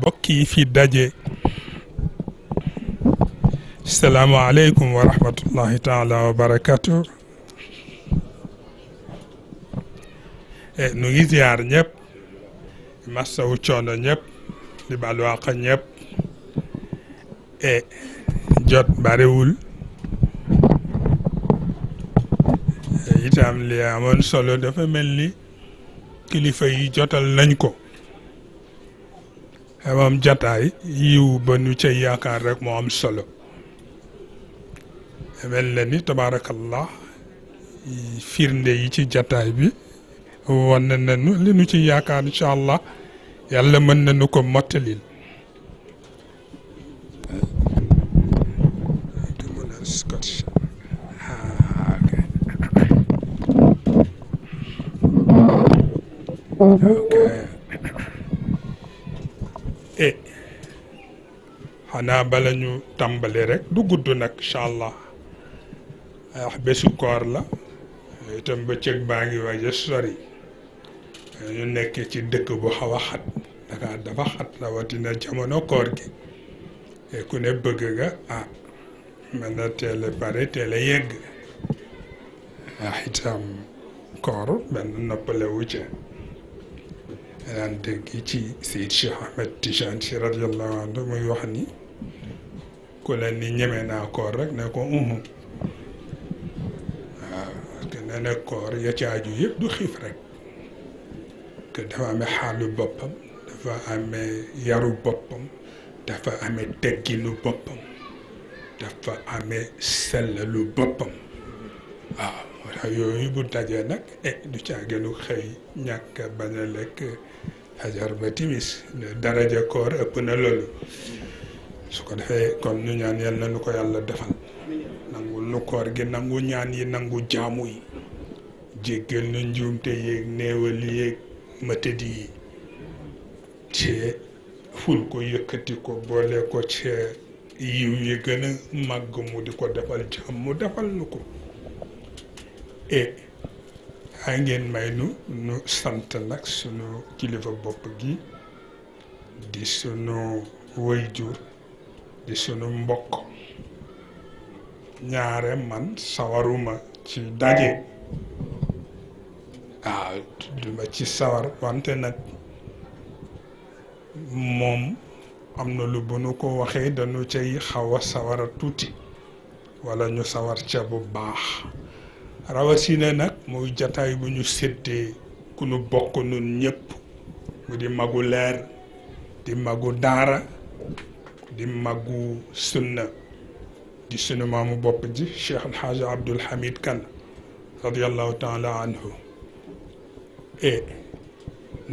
bokk yi fi daje salaamaaleykum wa rahmatullahi taala wa barakaatu e, nu ngi ziyaar ñëpp massawu coono di baal waaqa e jot barewul e, itam li solo dafa mel ni kilifa yi jotal nañ ko am jataay yiw ba ñu cay yaakaar rek moo am solo mel na ni tabaarakallah firnde yi ci jataay bi wan nañu li ñu ci yaakaar incha allah yàlla mën nañu ko mottalil e xanaa bala ñu tàmbali rek du gudd nag incha allah wax bésu koor la itam bëccëg baa ngi waaj a sori ñu nekk ci dëkk bu xaw a xat Dakar dafa xat rawatina jamono koor gi e, ku ne bëgg nga ah mën na teel a pare teel a yegg ah itam koor benn noppalewu ca daan dégg ci Seyd Cheikh Ahmed Tijaan si radiyallahu anhu muy wax ni ku leen ni ñeme naa koor rek ne ko umu waaw parce que nee koor ya caaju yëpp du xiif rek que dafa amee xaalu boppam dafa amee yaru boppam dafa amee tegginu boppam dafa amee sellalu boppam waaw. waaw yooyu bu dajee nag eh du caa gënu xëy ñàkk bañ a lekk fajar ba timis daraja koor ëpp na loolu su ko defee kon ñu ñaan yal na nu ko yàlla defal nangu nu koor gi nangu ñaan yi nangu jaamu yi jéggal nu njuumte yéeg néewal yéeg matadi yi ci ful ko yëkkati ko boole ko ci yiw yi gën a màgg mu di ko defal jàmm mu defal nu ko e waaye ngeen may nu nu sant nag sunu kilifa bopp gi di sunu wayjur di sunu mbokk ñaare man sawaruma ci daje waaw duma ci sawar wante nag moom am na lu bu nu ko waxee dañu cay xawa a sawar tuuti wala ñu sawar ca bu baax rawatina nag muy jataay bu ñu séddee ku nu bokk nun ñëpp mu di magu leer di magu daara di magu sunna di sunu maamu bopp ji Cheikh Alhaji Abdoul Hamid Kane radiallahu e,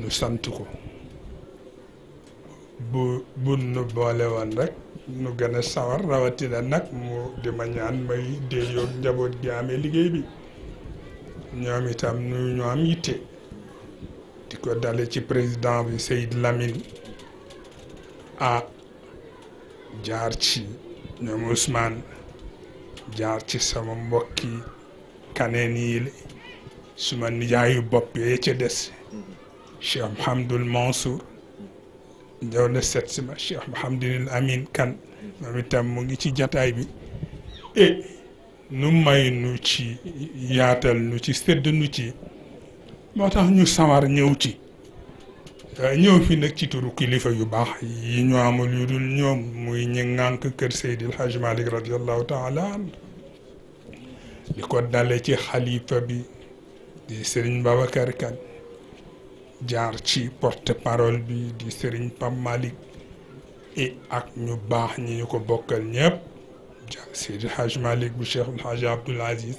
sant ko bu bu gën a sawar rawatina nag mu di ma ñaan may yoon njaboot gi amee liggéey bi ñoom itam ñu ñu yitte di ko dale ci président bi Seyd Lamine ah jaar ci ñoom Ousmane jaar ci sama mbokki kaneen yi suma nijaayu bopp yee ca des Cheikh Mouhamadul Mansour ñëw na set si ma Cheikh Mouhamadul Amin kan moom itam mu ngi ci jataay bi nu may nu ci yaatal nu ci sedd ci moo tax ñu sawar ñëw ci euh, ñëw fi nag ci turu kilifa yu baax yi ñu amul yu dul ñoom muy ñi ŋànk kër Seydil Hadj Malick radiallahu taala li ko dale ci xalifa bi di sëriñ Babacar Kane jaar ci porte parole bi di Serigne Pape Malick et ak ñu baax ñi ñu ko bokkal ñépp Seydi Hadj Malick bu Cheikh El Hadj Abdoul Aziz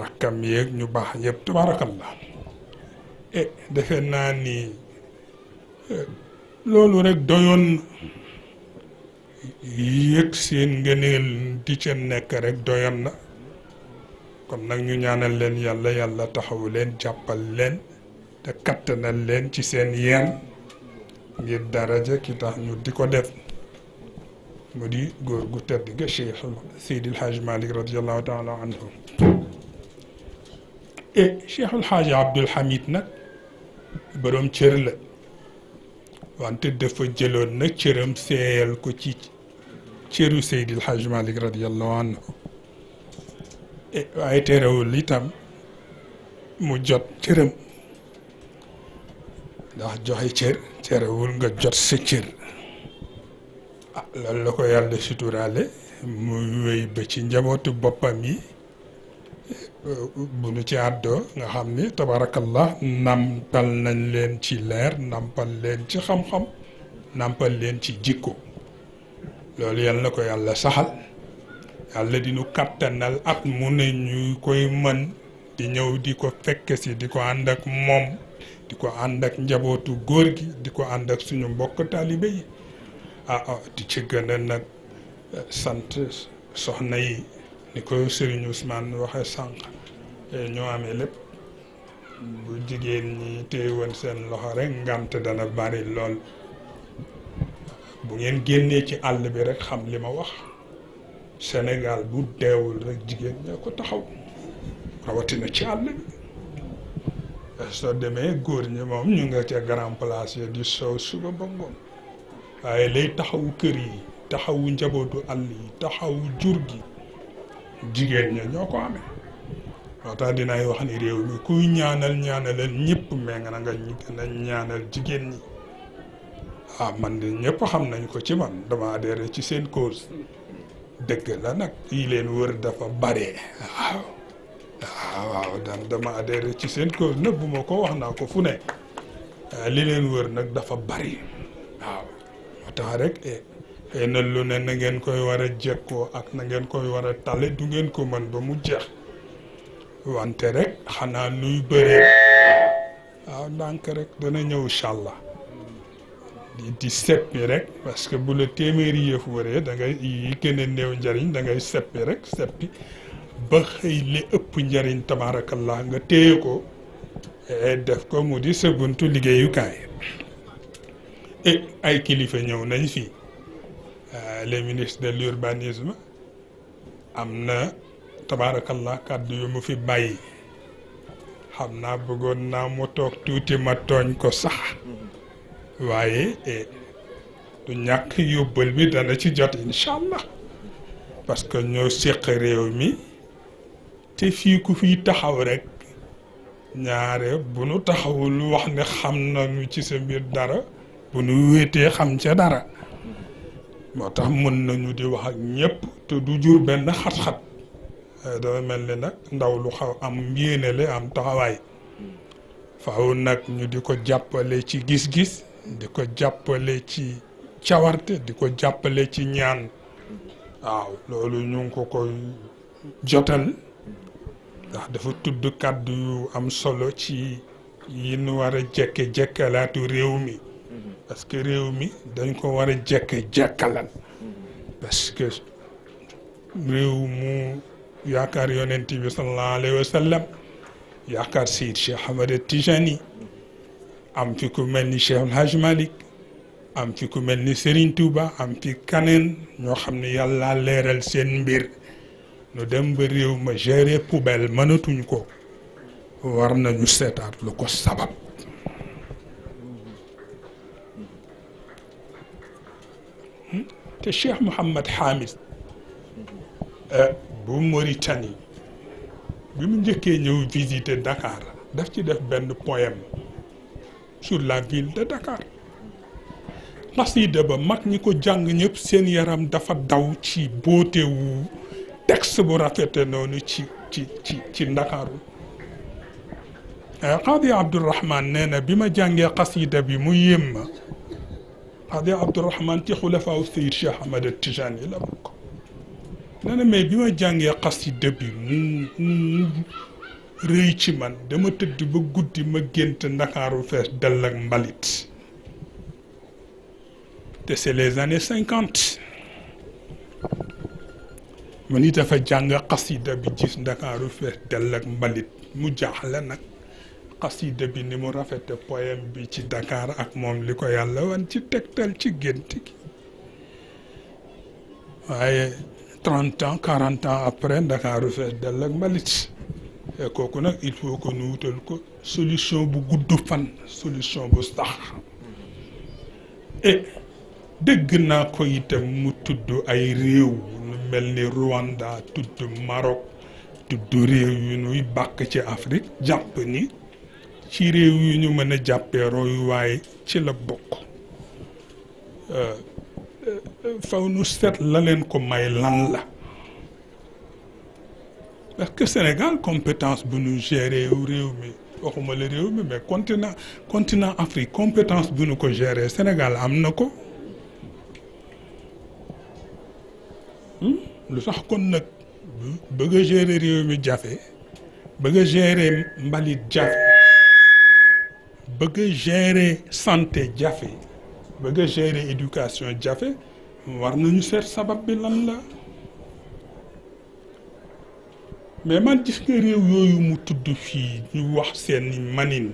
rakkam yeeg ñu baax ñëpp tabaarakallah e, defe naa ni e, loolu rek doyoon yëg seen ngëneel di ca nekk rek doyoon na kon nag ñu ñaanal leen yàlla yàlla taxawu leen jàppal leen te kattanal leen ci seen yeen ngir daraja ki tax ñu di ko def mu di góor gu tedd ga Cheikh Seydil Hadj Malick radiallahu taala anhu et Cheikhul Hadj Abdoul Hamid nag boroom cër la wante dafa jëloon nag cëram seeyal ko ci cëru Seydil Hadj Malick radiallahu anhu et waaye terewul itam mu jot cëram ndax joxe cër terewul nga jot sa cër ah la ko yàlla suturaale mu wéy ba ci njabootu boppam yi bu nu ci àddoo nga xam ni tabarakallah nampal nañ leen ci leer nampal leen ci xam-xam nampal leen ci jikko loolu yal la ko yàlla saxal yàlla dinu nu at mu ne ñu koy mën di ñëw di ko fekke si di ko ànd ak moom di ko ànd ak njabootu góor gi di ko ànd ak suñu mbokk taalibe yi Ah, ah di ci gën a nag eh, sant soxna yi ni ko Serigne Ousmane waxee sànq eh, ñoo amee lépp bu jigéen ñi téye woon seen loxo rek ngant dana bari lool bu ngeen génnee ci àll bi rek xam li ma wax Sénégal bu deewul rek jigéen ñoo ko taxaw rawatina ci àll bi eh, soo demee góor ñi moom ñu nga ca grand place yi di soow suba ba ngoon waaye lay taxawu kër yi taxawu njabootu àll yi taxawu jur gi jigéen ña ñoo ko amee moo tax dinaay wax ni réew mi kuy ñaanal ñaanalal ñëpp mais nga na nga gën a ñaanal jigéen ñi ah man de ñëpp xam nañ ko ci man dama adhéré ci seen cause dëgg la nag yi leen wër dafa bare waaw ah, waaw waaw daan dama adhéré ci seen cause nëbbu ma ko wax naa ko fu ne ah, li leen wër nag dafa bari waaw temps rek e na lu ne na ngeen koy war a jekkoo ak na ngeen koy war a tale du ngeen ko man ba mu jeex wante rek xanaa luy bëree waaw ndànk rek dana ñëw incha di di seppi rek parce que bu la téeméeri yëf waree da ngay yi gën a néew njariñ da ngay seppi rek seppi ba xëy li ëpp njariñ tabaarakallah nga téye ko eh, def ko mu di sa liggéeyukaay ay kilifa ñëw nañ fii euh, les ministre de l'urbanisme am na tabaarakallah kàddu yu mu fi bàyyi xam naa bëggoon naa mu toog tuuti ma tooñ ko sax waaye eh, du ñàkk yóbbal bi dana ci jot incha allah parce que ñoo séq réew mi te fii ku fiy taxaw rek ñaare bu nu taxawul wax ne xam nañu ci sa mbir dara bu nu wéetee xam ca dara moo tax mën nañu di wax ak ñëpp te du jur benn xat-xat eh, dafa mel ni nag ndaw lu xaw am yéene le am taxawaay faaw nag ñu di ko jàppale ci gis-gis di ko jàppale ci cawarte di ko jàppale ci ñaan waaw loolu ñu ngi ko koy jotal ndax dafa tudd kàddu yu am solo ci yi nu war jekkalaatu réew mi parce que réew mi dañ ko war a jekke jekkalan parce que réew mu yaakaar yonent bi sallallahu alayhi wa sallam yaakaar Seydi Cheikh Ahmada Tijani am fi ku mel ni Cheikh El Hadj Malick am fi ku mel ni Serigne Touba am fi kaneen ñoo xam ne yàlla leeral seen mbir nu dem ba réew ma gérer poubelle mënatuñ ko war nañu seetaat lu ko sabab te Cheikh Mouhamad Hamid eh, bu Mauritanie bi mu njëkkee ñëw visiter Dakar daf ci def benn poème sur la ville de Dakar xasida ba mag ñi ko jàng ñépp seen yaram dafa daw ci boote wu texte bu rafete noonu ci ci ci ci Ndakaaru Qaadi eh, Abdourahman nee na bi ma jàngee xasida bi mu yéem ma Xaadi Abdourahman ci xulafaaw Seyid Cheikh Ahmad Tijaan yi la bokk nee na mais bi ma jàngee xasida bi mu mu ci man dama tëdd ba guddi ma gént ndakaaru fees dell ak mbalit te c'est les années cinquante mu ni dafa jàng xasida bi gis ndakaaru fees dell ak mbalit mu jaaxle nag xasida bi ni mu rafete poème bi ci Dakar ak moom li ko yàlla wan ci tegtal ci gént gi waaye trente ans quarante ans après Ndakaaru fees dell ak mbalit et kooku nag il faut que nu wutal ko solution bu gudd fan solution bu sax et dégg naa ko itam mu tudd ay réew lu mel ni Rwanda tudd Maroc tudd réew yu nuy bàkk ci Afrique jàpp ci réew yi ñu mën a jàppee royuwaay ci la bokk euh, euh, faw nu seet la leen ko may lan la parce que Sénégal compétence bu ñu gérer réew mi waxuma la réew mi mais continent continent Afrique compétence bu nu ko gérer Sénégal am na ko hmm? lu sax kon nag bëgg a gérer réew mi jafe bëgg a mbalit jafe bëgg a gérer santé jafe bëgg a éducation jafe war nañu seet sabab bi lan la mais man gis nga réew yooyu mu tudd fii ñu wax seen manin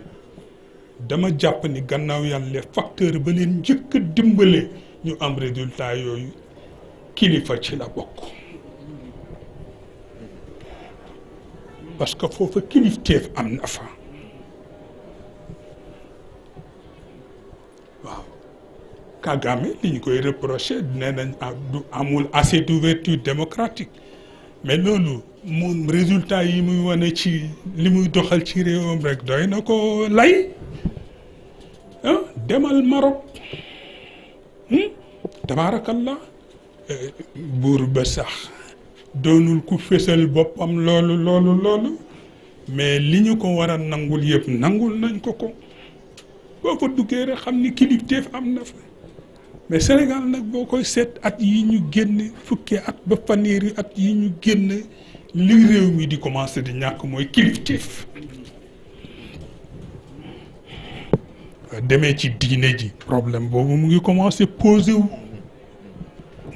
dama jàpp ni gannaaw yàlla facteur ba leen njëkk a dimbale ñu am résultat yooyu kilifa ci la bokk parce que foofa kilifteef am na fa Kagame li ñu koy reproché du nee nañ ah, amul assez d'ouverture démocratique mais loolu moom résultat yi muy wane ci li muy doxal ci réewam rek doy na ko lay ah demal Maroc hmm? tabaarakallah eh, buur ba sax doonul ku fésal boppam loolu loolu loolu mais li ñu ko war a nangul yëpp nangul nañ ko ko boo ko duggee rek xam ni kilifteef am na fa mais Sénégal nag boo koy seet at yi ñu génn fukki at ba yi at yi ñu génn li réew mi di commencé di ñàkk mooy kilifteef demee ci diine ji problème boobu mu ngi commencé posé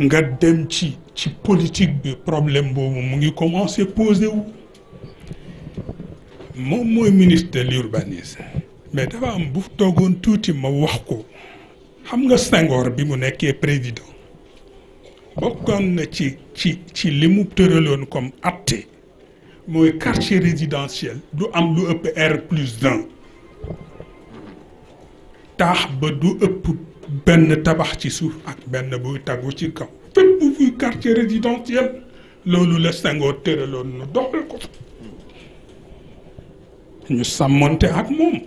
nga dem ci ci politique bi problème boobu mu ngi commencé posé wu moom mooy ministre de l'urbanisme mais dafa am bu toogoon tuuti ma wax ko xam nga Senghor bi mu nekkee président bokkoon na ci ci ci li mu tëraloon comme atte mooy quartier résidentiel du am lu ëpp R taax ba du ëpp benn tabax ci suuf ak benn buy tagu ci kaw fépp bu fuy quartier résidentiel loolu la Senghor tëraloon nu doxal ko ñu sàmmoonte ak moom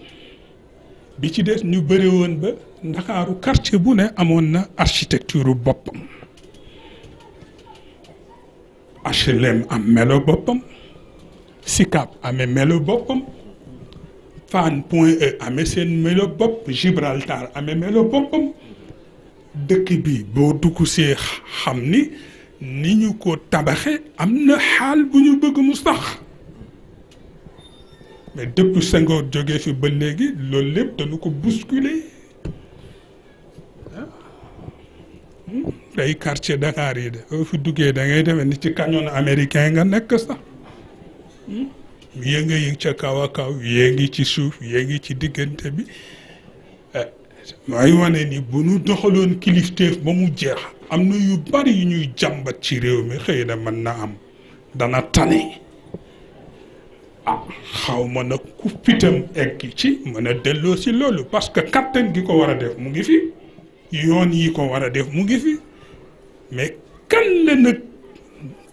bi ci des ñu bëri woon ba ndakaaru quartier bu ne amoon na architecture boppam HLM am melo boppam SICAP amee melo boppam fan Point E amee seen melo bopp Gibraltar amee melo boppam dëkk bi boo dugg see xam ni ni ñu ko tabaxee am na xaal bu ñu bëgg mu sax mais dëpp Senghor jógee fi ba léegi loolu lépp dañu ko bousculer day quartier Dakar yi de boo duggee da ngay demee ni ci canyon américain nga nekk sax yéen yëg ca kaw a kaw yéen ci suuf yéen ci diggante bi eh, mooy wane nii bu nu doxaloon kilifteef ba mu jeex am na yu bari yu ñuy jàmbat ci réew mi xëy na mën na am dana tane ah xaw ma nag ku fitam egg ci mën a delloo si loolu parce que kattan gi ko war a def mu ngi fi. yoon yi ko war a def mu ngi fi mais kan nag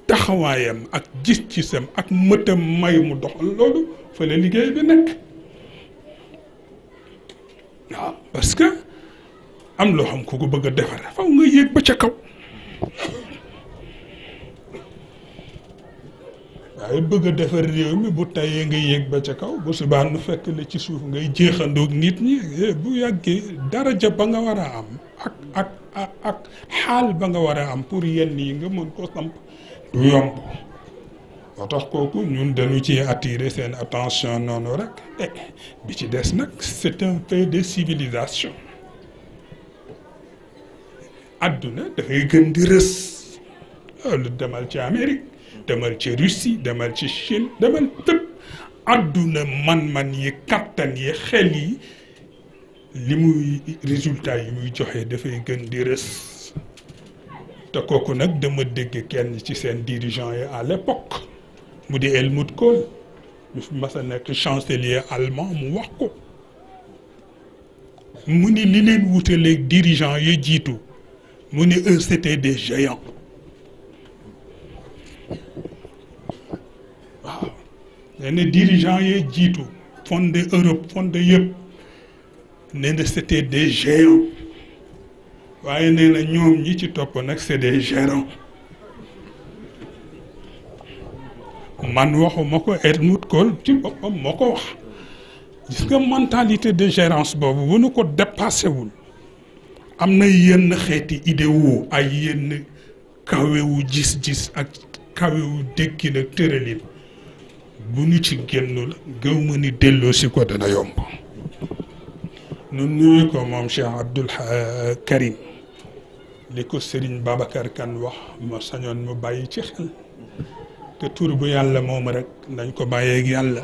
taxawaayam ak gis sem ak mëtam mayu mu doxal loolu fa la liggéey bi nekk waaw parce que am loo xam ku ko bëgg a defar faw nga yéeg ca kaw waaye bëgg defar réew mi bu tayee nga yéeg ba ca kaw bu subaa nu fekk la ci suuf ngay jéexandoog nit ñi bu yàggee daraja ba nga war a am ak ak ak xaal ba nga war a am pour yenn yi nga mën koo samp du yomb moo tax kooku ñun dañu ci attirer seen attention noonu rek eh, bi ci des nag c'est un fait de civilisation adduna dafay gën di rës euh, lu demal ci Amérique demal ci Russie demal ci Chine demal tëb adduna man-man yi kattan yi xel yi li muy résultat yi muy joxe dafay gën di rës te kooku nag dama dégg kenn ci seen dirigeant yi à l'époque mu di Helmut Kohl mu fi mas a nekk chancelier allemand mu wax ko mu ni li leen wutaleeg dirigeant yi jiitu mu ni eux c'était des géants waaw nee na dirigeant yi jiitu fondé Europe fondé yëpp nee na c'était des waaye nee na ñoom ñi ci topp nag c'est des gérants man waxuma ko Helmut Kohl ci boppam moo ko wax gis nga mentalité de gérance boobu bu nu ko dépassé wul am na yenn xeeti idéo ay yenn kawewu gis-gis ak kawewu dëkkin ak tëralin bu nu ci génnul gëw ma ni delloo si ko dana yomb nu nuyu ko moom Cheikh Abdoul Karim li ko Serigne Babacar kan wax ma sañoon mu bàyyi ci xel te tur bu yàlla moom rek nañ ko bàyyeeg yàlla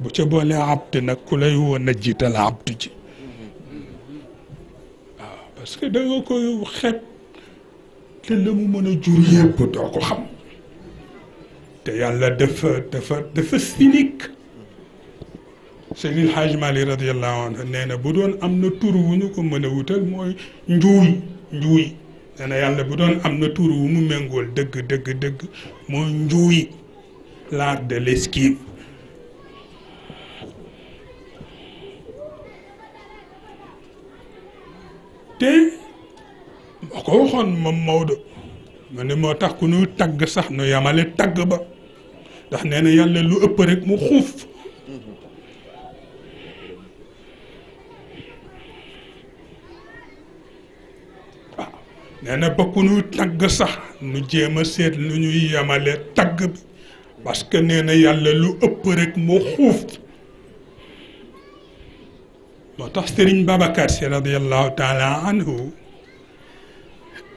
bu ca boole abd nag ku lay woon a jiital abd ji parce que da nga koy xet te la mu mën a jur yëpp doo ko xam te yàlla dafa dafa dafa Seydil Hadj Mali radiyallahu anhu nee na bu doon am na tur wu ñu ko mën a wutal mooy njuuy njuuy yàlla bu doon am na tur wu mu méngool dëgg dëgg dëgg mooy njuuy l'art de l'esquive te ma ko waxoon moom Maodo ma ne moo tax ku nuy tagg sax nu yamale tagg ba ndax nee yàlla lu ëpp rek mu xuuf nee na tagg sax nu jéem a seet lu ñuy yemale tagg bi parce que nee na yàlla lu ëpp rek moo xuuf moo tax Serigne Babacar Sy radiallahu taala anhu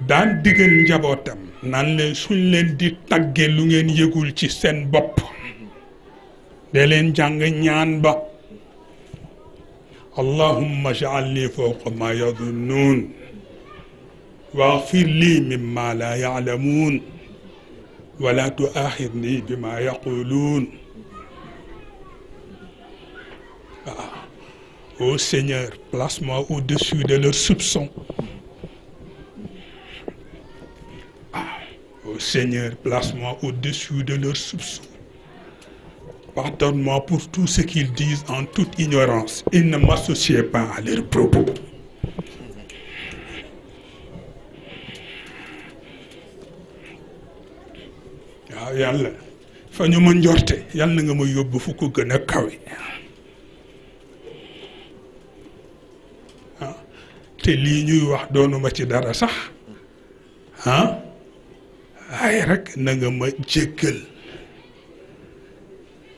daan digal njabootam naan leen suñ leen di tagge lu ngeen yëgul ci seen bopp da leen jàng ñaan ba allahumma jaalni fawqa ma yadunnun واغفر لي مما لا يعلمون ولا تؤاخذني بما يقولون Ô ah, oh Seigneur, place-moi au-dessus de leurs soupçons. Ô ah, oh Seigneur, place-moi au-dessus de leurs soupçons. Pardonne-moi pour tout ce qu'ils disent en toute ignorance et ne m'associez pas à leurs propos. waaw yàlla fa ñu ma njorte yàlla na nga ma yóbbu fu ko gën a kawe ah, te lii ñuy wax doonuma ci dara sax ah ay rek na nga ma jéggal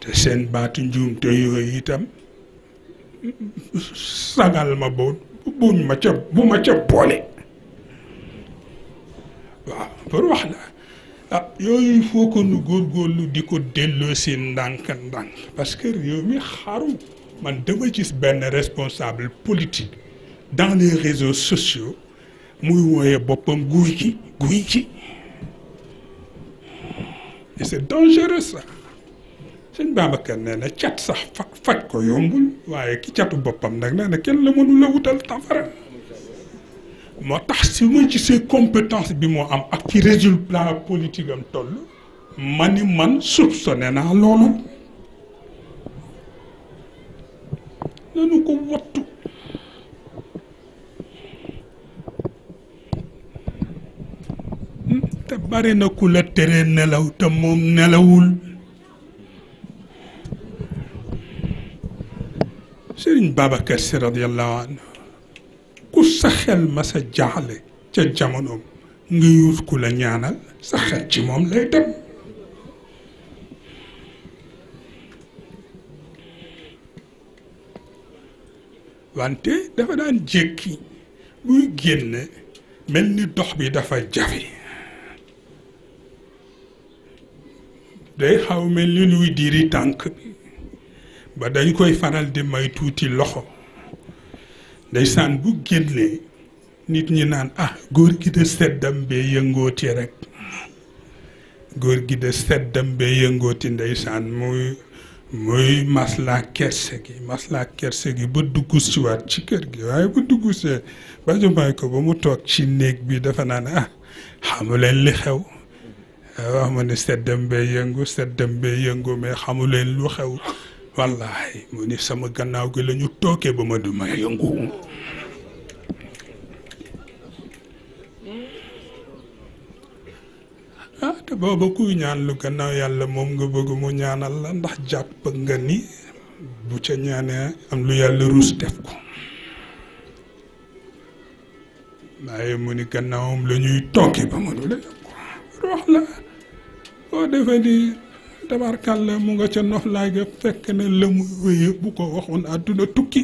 te seen baatu njuumte yooyu itam sagal ma boo buñ ma ca bu ma ca boole waaw pour wax la ah yooyu il faut góor nu góorgóorlu di ko delloo si ndànk-ndànk parce que réew mi xaru man dama gis benn responsable politique dans les réseaux sociaux muy wooye boppam guy ci guy ci et c'est dangereux seen sëñ Babacar nee na cat sax faj ko yombul waaye ki catu boppam nag nee na kenn la mënu la wutal tafara moo tax si mu gisee compétence bi moo am ak ci résultat politique am toll ma ni man soupçonné naa loolu nanu ko wattu te bari na ku la tere nelaw te moom nelawul Serigne Babacar Sy radiyallahu anhu ku sa xel ma sa jaaxle ca jamonoom nga yuut ku la ñaanal sa xel ci moom lay dem wante dafa daan jékki buy génn mel ni dox bi dafa jafe day xaw mel ni luy diri tànk bi ba dañ koy faral di may tuuti loxo ndeysaan bu génnee nit ñi naan ah góor gi de seddam bee yëngooti rek góor gi de seddam bee yëngooti ndeysaan muy muy maslaa kerse gi maslaa kerse gi ba dugg siwaat ci kër gi waaye bu dugg see ba ñu ko ba mu toog ci néeg bi dafa naan ah xamuleen li xew wax ma ne seddam bee yëngu seddam bee yëngu mais xamuleen lu xew wallaahi mu ni sama gannaaw gi lañu ñu tookee ba ma du ma yëngu ah te booba kuy ñaan lu gannaaw yàlla moom nga bëgg mu ñaanal la ndax jàpp nga ni bu ca ñaanee am lu yàlla ruus def ko waaye mu ni gannaawam la ñuy tookee ba ma du la yëngu la boo defee ni tabarkàlla mu nga ca noflaay ga fekk na la muy wéye bu ko waxoon àdduna tukki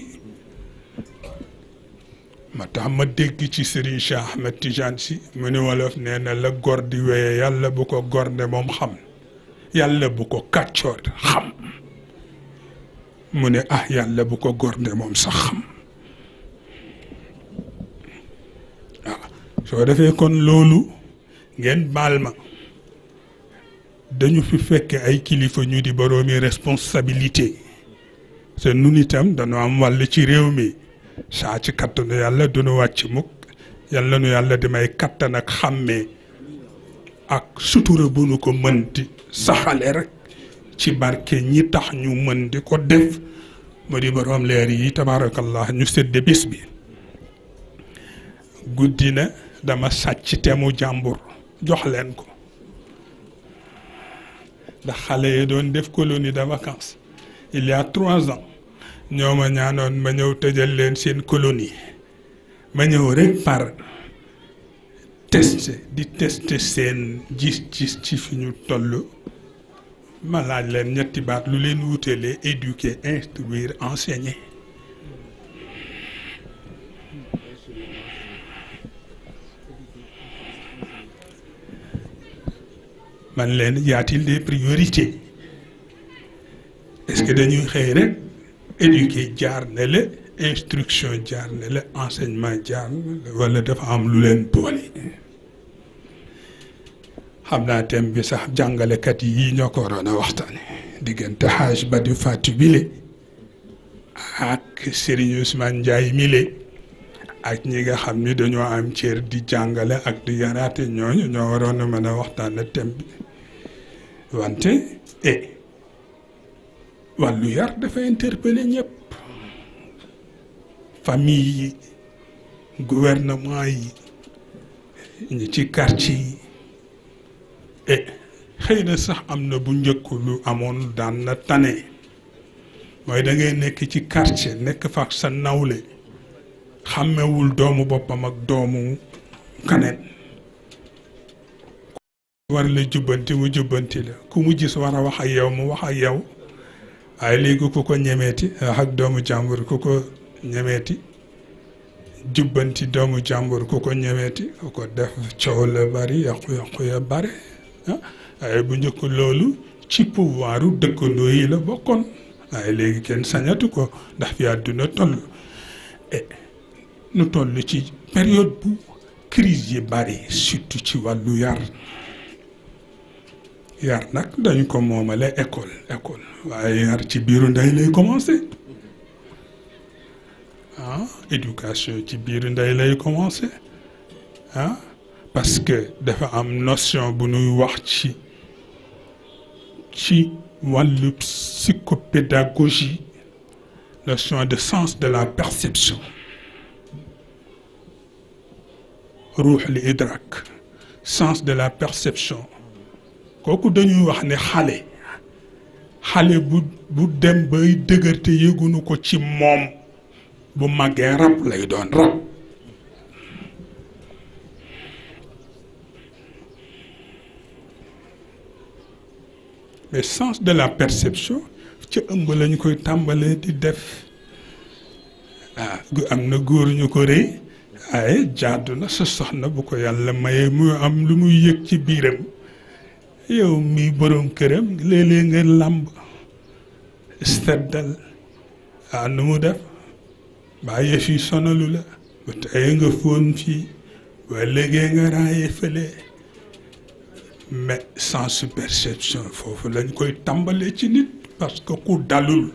ma tax ma dégg ci Serigne Cheikh Ahmed Tidiane si mu ni wolof nee na la gor di wéye yàlla bu ko gorne moom xam yàlla bu ko kàccoor xam mu ne ah yàlla bu ko gorne moom sax xam soo defee kon loolu ngeen baal ma dañu fi fekk ay kilifa ñu di boroomi responsabilité te nun itam dañu am wàll ci réew mi saa ci kattanu yàlla duñu wàcc mukk yàlla nu yàlla di may kattan ak xàmmee ak sutura bu nu ko mën di saxale rek ci barke ñi tax ñu mën di ko def mu di boroom leer yi tabaarakallah ñu sédde bis bi guddi na dama sàcc te jàmbur jox leen ko ndax xale yi doon def colonie de vacances il y a trois ans ñoo ma ñaanoon ma ñëw tëjël leen seen colonie ma ñëw rek par test di test seen gis-gis ci fi ñu toll ma laaj leen ñetti baat lu leen wutale éduquer instruire enseigner. man leen y a-t-il des est-ce que dañuy xëy rek éduquer jaar na la instruction jaar na la enseignement jaar na dafa am lu leen boole xam naa thème bi sax jàngalekat yi ñoo ko waroon a waxtaan diggante Haj Badi Fatou bile ak Serigne Ousmane mile ak ñi nga xam ni dañoo am cër di jàngale ak di yaraate ñooñu ñoo waroon a mën a waxtaan thème bi wante e wàllu yar dafa interpeller ñëpp famille yi gouvernement yi ñi ci quartier e xëy na sax am na bu njëkk lu amoon daan na tane mooy da nekk ci quartier nekk fa ak sa nawle xàmmewul doomu boppam ak doomu kaneen war la jubbanti mu jubbanti la ku mu gis war a wax ak yow mu wax ak yow waaye léegi ku ko ñemeeti wax doomu jàmbur ku ko ñemeeti doomu jàmbur ku ko ko def coow la bari yàqu-yàqu ya bare ah. waaye bu njëkk loolu ci pouvoiru dëkkandoo yi la bokkoon waaye léegi kenn sañatu ko ndax fi àdduna toll e nu toll ci période bu crise yi bari surtout ci wàllu yar yar nag dañ ko moomale école école waaye yar ci biiru ndey lay commencé ah ci biiru ndey lay commencé ah parce que dafa am notion bu nuy wax ci ci wàllu psychopédagogie notion de sens de la perception ruux li idrak sens de la perception kooku dañuy wax ne xale xale bu bu dem bay dëgër te yëgunu ko ci moom bu màggee rab lay doon rab mais sens de la perception ci ëmb lañu koy tàmbalee di def ah am na góor ñu ko rëy ay jaadu na sa soxna bu ko yàlla mayee mu am lu muy yëg ci biiram yow mi borom këram léeg nga làmb seddal ah nu mu def mbaa yëf yi sonalu la ba tey nga fóon fii ba léegi nga raaye fële mais sans perception foofu lañ koy tàmbalee ci nit parce que ku dalul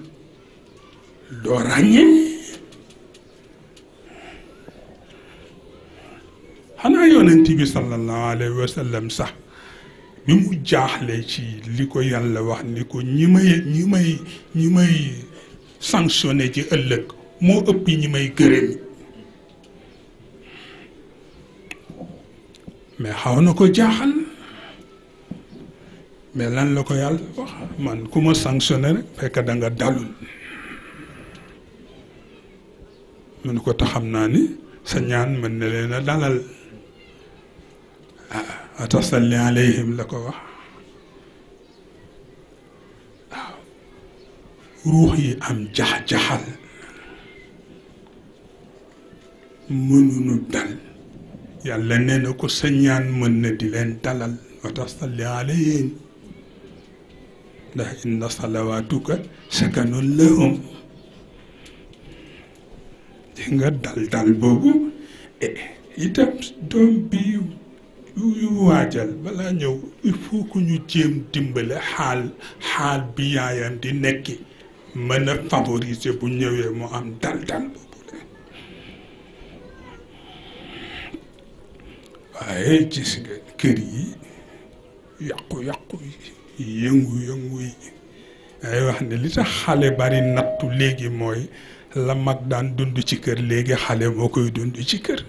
doo ràññee xanaa yonent bi sallallahu alayhi wa sallam sax bi mu jaaxlee ci li ko yàlla wax ni ko ñi may ñi may ñi may sanctionné ci ëllëg moo ëpp ñi may gërëm mais xaw na ko jaaxal mais lan la ko yàlla man ku ma sanctionné rek fekk da nga dalul ko taxam naa ni sa ñaan mën na a dalal ah atasalli alayhim la ko wax waaw ruux am jax-jaxal mënuñu dal yàlla nee na ko sa mën na di leen dalal watasalli alayhim ndax inna salawaatuka sakanun lahum di nga dal dal boobu eh, itam doom bi yu waajal balaa ñëw il faut que ñu jéem dimbale xaal xaal bi yaayam di nekki mën a favoriser bu ñëwee mu am dal-dal boobu la waaye gis nga kër yi yàqu-yàqu yëngu-yëngu yi wax ne li sax xale bari nattu léegi mooy la mag daan dund ci kër léegi xale moo koy dund ci kër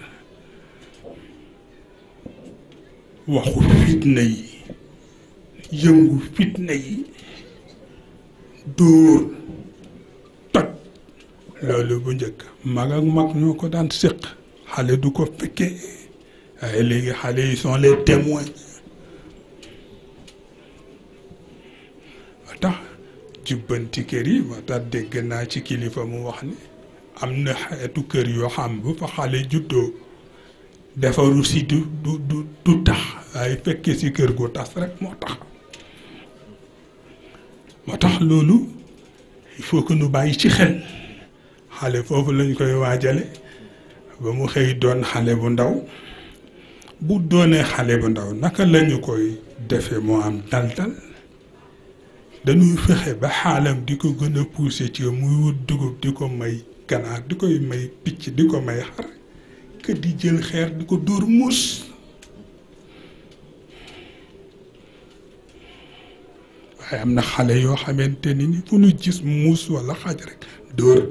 waxu fitna yi yëngu fitna yi dóor toj loolu bu njëkk mag mag ñoo ko daan séq xale du ko fekkee waaye léegi xale yi sont les témoins ba tax jubbanti kër yi ba dégg naa ci kilifa mu wax ni am na xeetu kër yoo xam bu fa xale juddoo defaru si du du du tax waaye fekkee si kër gu tas rek moo tax moo tax loolu il faut que nu bàyyi ci xel xale foofu lañ koy waajale ba mu xëy doon xale bu ndaw bu doonee xale bu ndaw naka lañu koy defe moo am dal-dal dañuy fexe ba xaalam di ko gën a pousser ci muy wut dugub di ko may ganaar di koy may picc di ko may xar que di jël xeer di ko dóor muus waaye am na xale yoo xamante ni ni fu ñu gis muus walla xaj rek dóor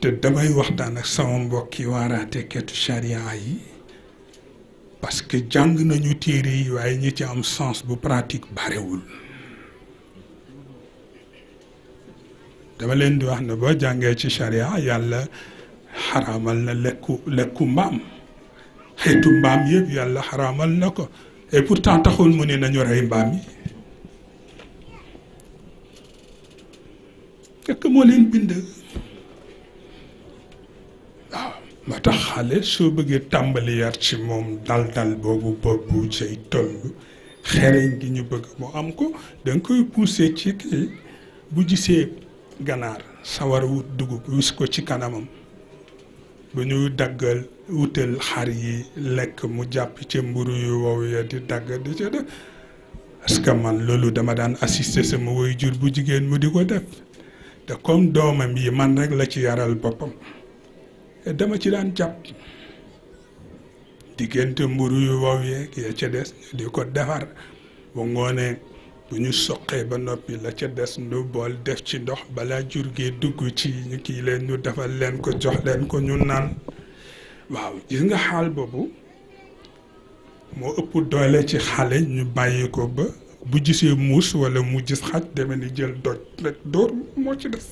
te damay waxtaan ak sama mbokki waaraate ketu charia yi parce que jàng nañu téere yi waaye ñu ci am sens bu pratique barewul dama leen di wax ne boo jàngee ci charia yàlla xaraamal na lekku lekku mbaam xeetu mbaam yépp yàlla xaramal na ko et pourtant taxul mu ne nañu rey mbaam yi fekk moo leen bind waaw ma tax xale soo bëggee tàmbali yar ci moom dal-dal boobu boobu cay toll xereñ gi ñu bëgg mu am ko danga koy pousser ci kii bu gisee ganaar sawar wut dugub wis ko ci kanamam bu ñuy daggal wutal xar yi lekk mu jàpp ci mburu yu wow ya di dagg di ca def parce que man loolu dama daan assister sama waajur bu jigéen mu di ko def te comme doomam yi man rek la ci yaral boppam dama ci daan jàpp diggante mburu yu wow yee ya ca des ñu di ko defar bu ngoonee bu ñu soqee ba noppi la ca des nu bool def ci ndox balaa jur gi dugg ci ñu kii leen ñu defal leen ko jox leen ko ñu naan waaw gis nga xaal boobu moo ëpp doole ci xale ñu bàyyi ko ba bu gisee muus walla mu gis xaj demee ni jël doj rek dóor moo ci des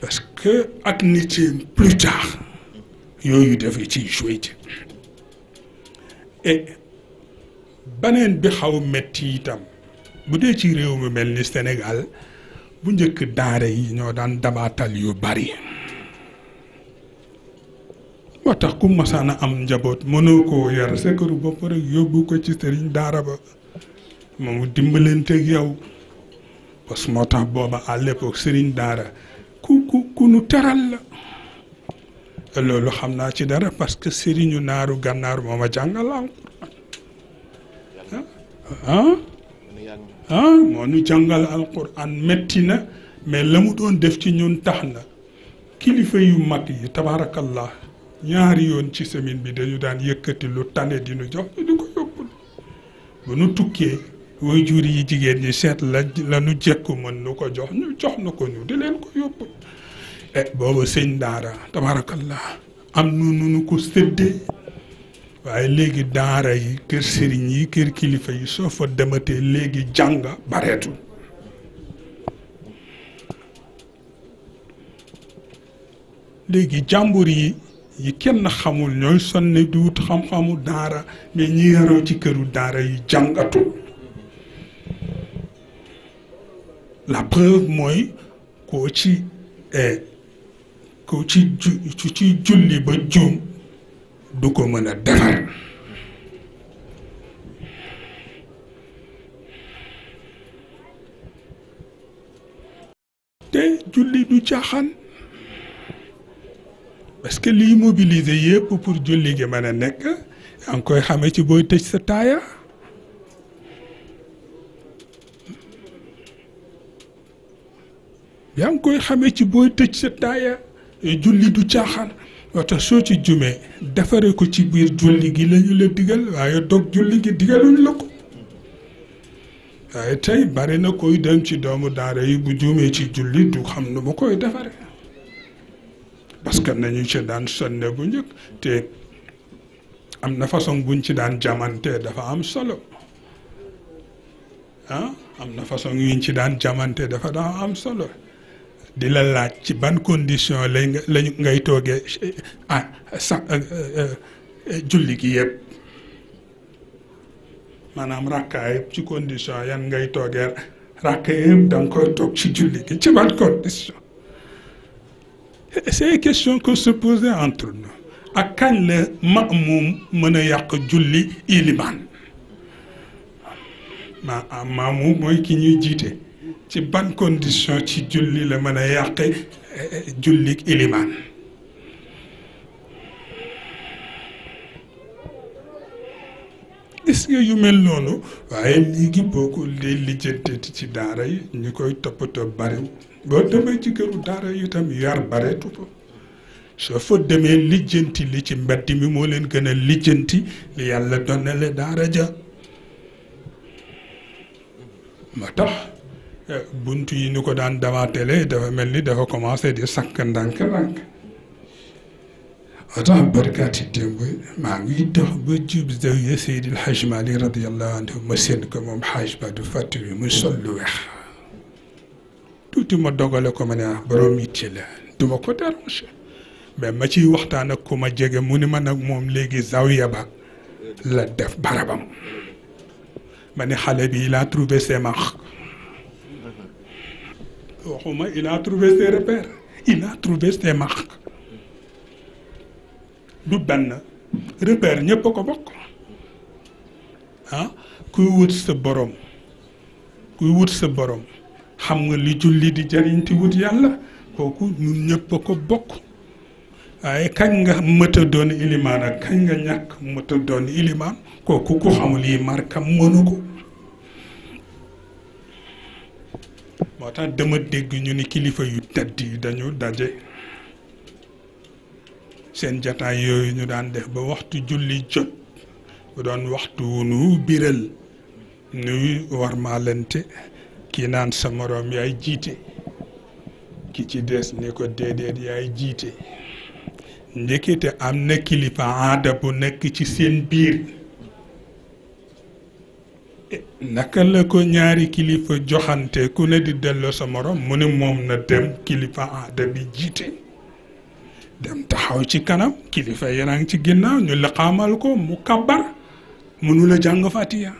parce que ak nit ci plus tard yooyu dafay ciy joué ci et beneen bi xaw metti itam bu dee ci réew mi mel ni Sénégal bu njëkk daara yi ñoo daan dabaatal yu bari moo tax ku masaan a am njaboot mënoo ko yar sa këru bopp yóbbu ko ci sëriñ daara ba moomu dimbalanteeg yow parce moo tax booba à l'époque sëriñ daara ku ku ku nu teral la loolu xam naa ci dara parce que sëriñu naaru gànnaar moo ma jàngal ah ah moo nu jàngal alquran metti na mais la mu doon def ci ñun tax na kilifa yu mag yi tabaarakallah ñaari yoon ci semaine bi dañu daan yëkkati lu tane di nu jox ñu di ko yóbbul bu nu tukkee way jur yi jigéen ñi seet la la nu jekku mën nu ko jox ñu jox na ko ñu di leen ko yóbbul e eh, booba sëñ daara tabaarakallah am nu nu ko séddee waaye léegi daara yi kër sëriñ yi kër kilifa yi soo fa dematee léegi jàng bareetul léegi jàmbur yi yi kenn xamul ñooy sonne di xam-xamu daara mais ñi yaroo ci këru daara yi jàngatu la preuve mooy koo ci eh, koo ci ju ci julli ba juum du ko mën a defar te julli du caaxaan parce que liy mobilisé yépp pour julli gi mën a nekk yaa ngi koy xame ci booy tëj sa taaya yaa ngi koy xame ci booy tëj sa taaya julli du caaxaan moo tax soo ci jumee defaree ko ci biir julli gi lañu la digal waaye dog julli gi digaluñu la ko waaye tey bari na koy dem ci doomu daara yi bu jumee ci julli du xam nu mu koy defare parce que nañu ci daan sonne bu njëkk te am na façon buñ ci daan jamante dafa am solo ah am na façon yuñ ci daan jamante dafa daa am solo di la laaj ci ban condition lay lañ ngay toogee ah euh, euh, julli gi yëpp maanaam rakka yëpp ci condition yan ngay toogee rakka yëpp da koy toog ci julli gi ci ban condition c'est question que se posait entre nous ak kañ la maamum mën a yàq julli ilimaan ma ah, maamu mooy ki ñuy jiite ci ban condition ci julli la mën a yàqe eh, eh, jullik ilimaan est-ce yu mel noonu waaye léegi boo ko dee lijjanteeti ci daara yi ñu koy toppatoo bare boo demee ci këru daara yi itam yar bareetu ko soo fa demee lijjanti li ci mbedd mi moo leen gën a lijjanti li yàlla donnale daara ja moo tax bunt yi nu ko daan damaatele dafa mel ni dafa commencé di sakk ndànk-ndànk atax barkaati démb maa ngi dox ba jub zawiya Seydi El Hadj Malick radiallahu anhu ma seen ko moom xaaj ba du fàtt bi mu sol lu weex tuuti ma dogale ko ma ne ah borom itti la du ma ko déranger mais ma ciy waxtaan ak ku ma jege mu ni ma nag moom léegi zawiya ba la def barabam ma ne xale bi il a trouvé ses waxuma il a trouvé ses il a trouvé ses du benn repère ñépp a ko bokk ah kuy wut sa borom kuy wut sa borom xam nga li julli di jariñ ti wut yàlla kooku ñun ñëpp a ko bokk waaye kañ nga mëta doon ilimaan ak kañ nga ñàkk mëta doon ilimaan kooku ku xamul yi markam mënu ko moo tax dama dégg ñu ni kilifa yu tedd yi dañu daje seen jataay yooyu ñu daan def ba waxtu julli jot bu doon waxtu wu nu biral nuy war maalante kii naan sa moroom yaay jiite ki ci des ni ko déedéet yaay jiite njëkkite am na kilifa aada bu nekk ci seen biir naka la ko ñaari kilifa joxante ku ne di delloo sa morom mu ne moom na dem kilifa aada bi jiite dem taxaw ci kanam kilifa yeneen ci ginnaaw ñu laqaamal ko mu kabar mënu la jàng fatiya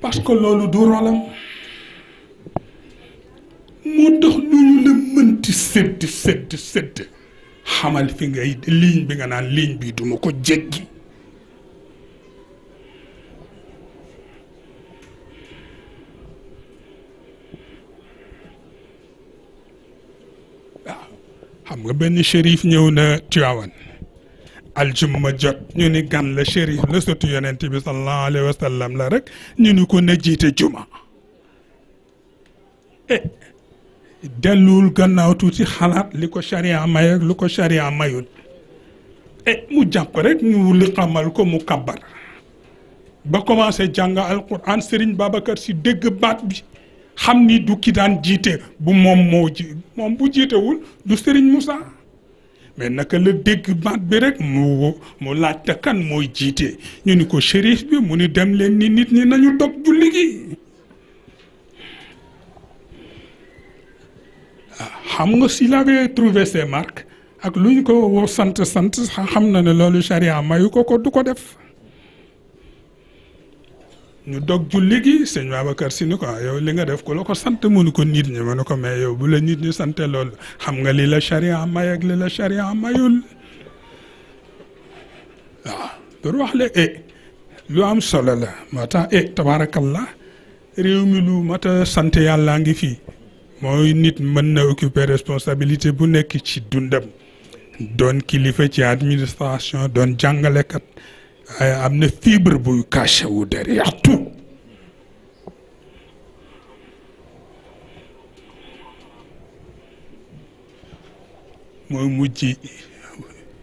parce que loolu du rolam moo tax lu ñu mënti sédd sédd sédd xamal fi ngay ligne bi nga naan ligne bi duma ko jéggi xam nga benn shérif ñëw na Tiwaawan aljumma jot ñu ni gan la shérif la sotu yonent bi sallallahu alayhi wa la rek ñu ni ko na jiite juma eh delluwul gannaaw tuuti xalaat li ko charia may lu ko charia mayul e mu jàpp rek ñu li xamal ko mu kabbar ba commencé jàng alquran Serigne Babacar si dégg baat bi xam ni du ki daan jiite bu moom moo ji moom bu jiitewul du Serigne Moussa mais naka la dégg baat bi rek mu mu laajte kan mooy jiite ñu ni ko shérif bi mu ni dem leen ni nit ñi nañu dog julli gi xam nga s'il avait mark ak lu ñu ko sant sant xam na ne loolu charia mayu ko ko du ko def ñu dog julli gi sëñ Babacar Si ni ko ah, yow li nga def ku la ko sant mënu ko nit ñi mënu ko mais yow bu la nit ñi sante loolu xam nga li la charia may ak li la charia mayul waaw pour wax la e lu am solo la moo tax e eh, tabaarakallah réew mi lu mat a sant yàllaa ngi fii mooy nit mën na occuper responsabilité bu nekk ci dundam doon kilifa ci administration doon kat am na fibre bu caché wu derrière tout mooy mujj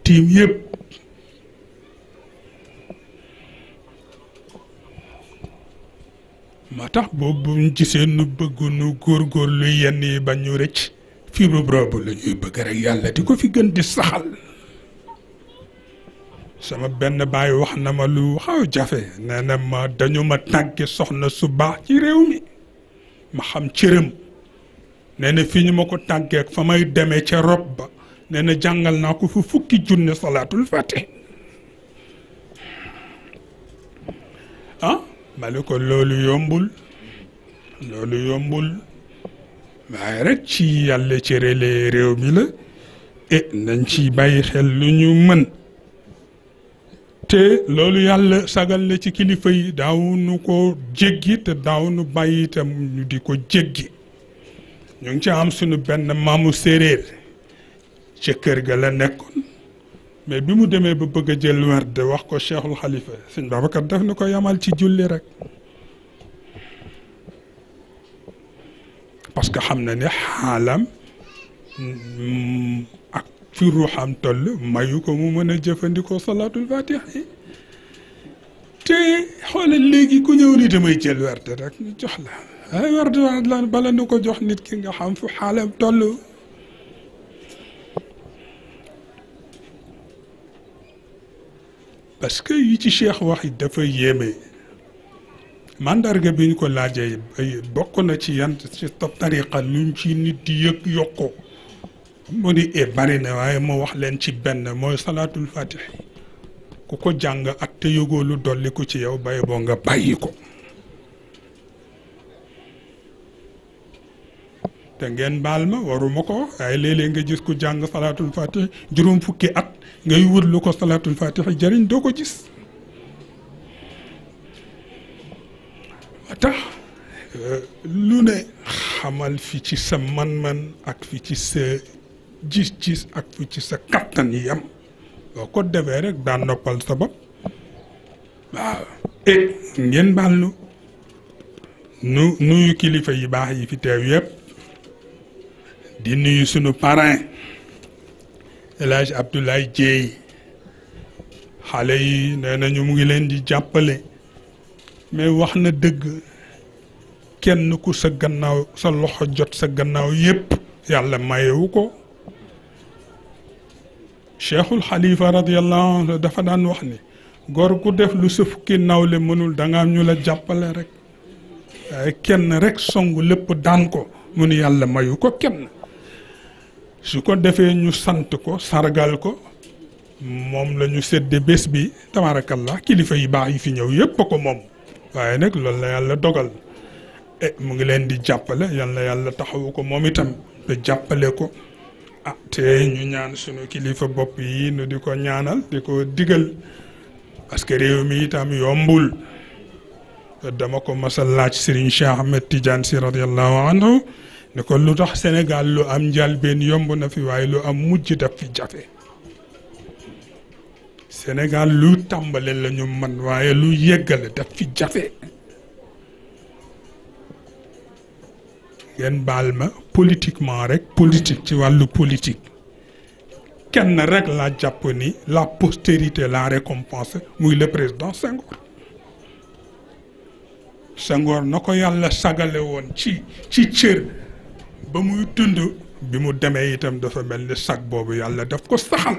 tiim yëpp moo tax boobu buñ gisee nu bëggunu góorgóorlu yenn yi bañ ñu rëcc fiiru boobu la ñuy bëgg rek yàlla di ko fi gën di saxal sama benn baay wax na ma lu xaw jafe nee na ma dañu ma tàgge soxna su baax ci réew mi ma xam cëram nee na fi ñu ma ko tàggeek fa may demee ca rob ba nee jàngal naa ko fu fukki junne salaatul fàtte ah? ma ko loolu yombul loolu yombul waaye rek ci yàlla cëralee réew mi la e nañ ci bàyyi xel lu ñu mën te loolu yàlla sagal la ci kilifa yi daaw nu ko jéggi te daaw nu bàyyi itam ñu di ko jéggi ñu ngi ci am sunu benn maamu séeréer ca kër ga la nekkoon mais bi mu demee ba bëgg a jël werd wax ko cheikhul xalifa sëñ Babacar def na ko yamal ci julli rek parce que xam na ne xaalam ak fi ruuxam toll mayu ko mu mën a jëfandikoo salaatul fatiha yi te xoolal léegi ku ñëw ni damay jël werd rek ñu jox la ay werd bala nu ko jox nit ki nga xam fu xaalam toll parce que yi ci Cheikh wax it dafa yéeme màndarga bi ñu ko laajee bokk na ci yan ci top tariqa luñ ci nit di yëg yokko mu ni e bari na waaye moo wax leen ci benn mooy salaatul fatih ku ko jàng ak te yëgoo lu dolli ko ci yow bay boo nga bàyyi ko te ngeen baal ma waruma ko waaye léeg-léeg nga gis ku jàng salaatul fatih juróom fukki at ngay wut ko salaatul fatih jariñ doo ko gis tax euh, lu ne xamal fi ci sa man-man ak fi ci sa gis-gis ak fi ci sa kattan yi am boo ko defee rek daa noppal sa bopp waaw e ngeen baal nu nu nuyu kilifa yi baax yi fi teew yëpp di nuyu sunu parrain El Hadj Abdoulaye Dieye xale yi nee nañu mu ngi leen di jàppale mais wax na dëgg kenn ku sa gannaaw sa loxo jot sa gannaaw yépp yàlla mayewu ko cheikhul xalifa radiallahu anhu dafa daan wax ni góor ku def lu sa fukki nawle mënul da ñu la jàppale rek waaye kenn rek songu lépp daan ko mu yàlla mayu ko kenn su ko defee ñu sant ko sargal ko moom lañu sedd bés bi tabarakallah kilifa yi baax yi fi ñëw yëpp a ko moom waaye nag loolu la yàlla dogal e mu ngi leen di jàppale yàlla yàlla taxawu ko moom itam te jàppale ko ah te ñu ñaan sunu kilifa bopp yi nu di ko ñaanal di ko digal parce que réew mi itam yombul dama ko mas a laaj Serigne Cheikh anhu ne ko lu tax Sénégal lu am njalbeen yomb na fi waaye lu am mujj daf fi jafe Sénégal lu tàmbale lañu man waaye lu yeggale daf fi jafe ngeen baal ma politiquement rek politique ci wàllu politique kenn rek la jàpp ni la postérité la récompense muy le président Senghor Senghor na ko yàlla sagale woon ci ci cër ba muy tund bi mu demee itam dafa mel ni sag boobu yàlla daf ko saxal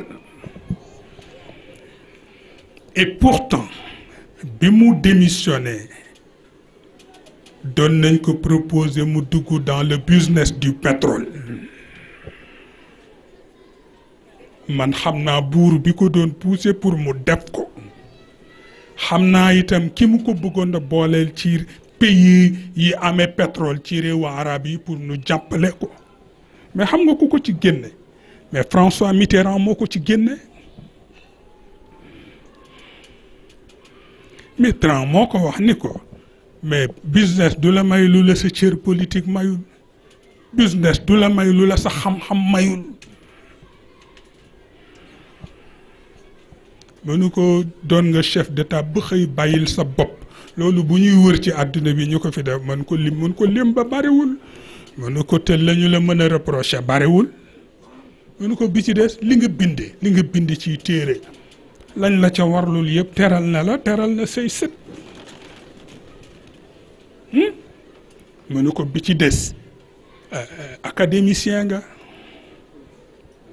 et pourtant bi mu démissionné doon nañ ko proposer mu dugg dans le business du pétrole man xam naa buur bi ko doon pousser pour mu def ko xam naa itam ki mu ko bëggoon a booleel ci pays yi amee pétrole ci réewu arab yi pour nu jàppale ko mais xam nga ku ko ci génne mais François Mitterrand moo ko ci génne Mitterrand moo ko wax ni ko mais business du la may lu la sa cër politique mayul business du la may lu la sa xam-xam mayul nu ko doon nga chef d'état ba xëy bàyyil sa bopp loolu bu ñuy wër ci àdduna bi ñu ko fi def mën ko lim mën ko lem ba barewul mënu ko tël la ñu la mën a reproché barewul mënu ko bi ci des li nga bindee li nga bind ci téere lañ la ca warlul yëpp teral na la teral na say sët hmm? mënu ko bi ci des eh, eh, académicien nga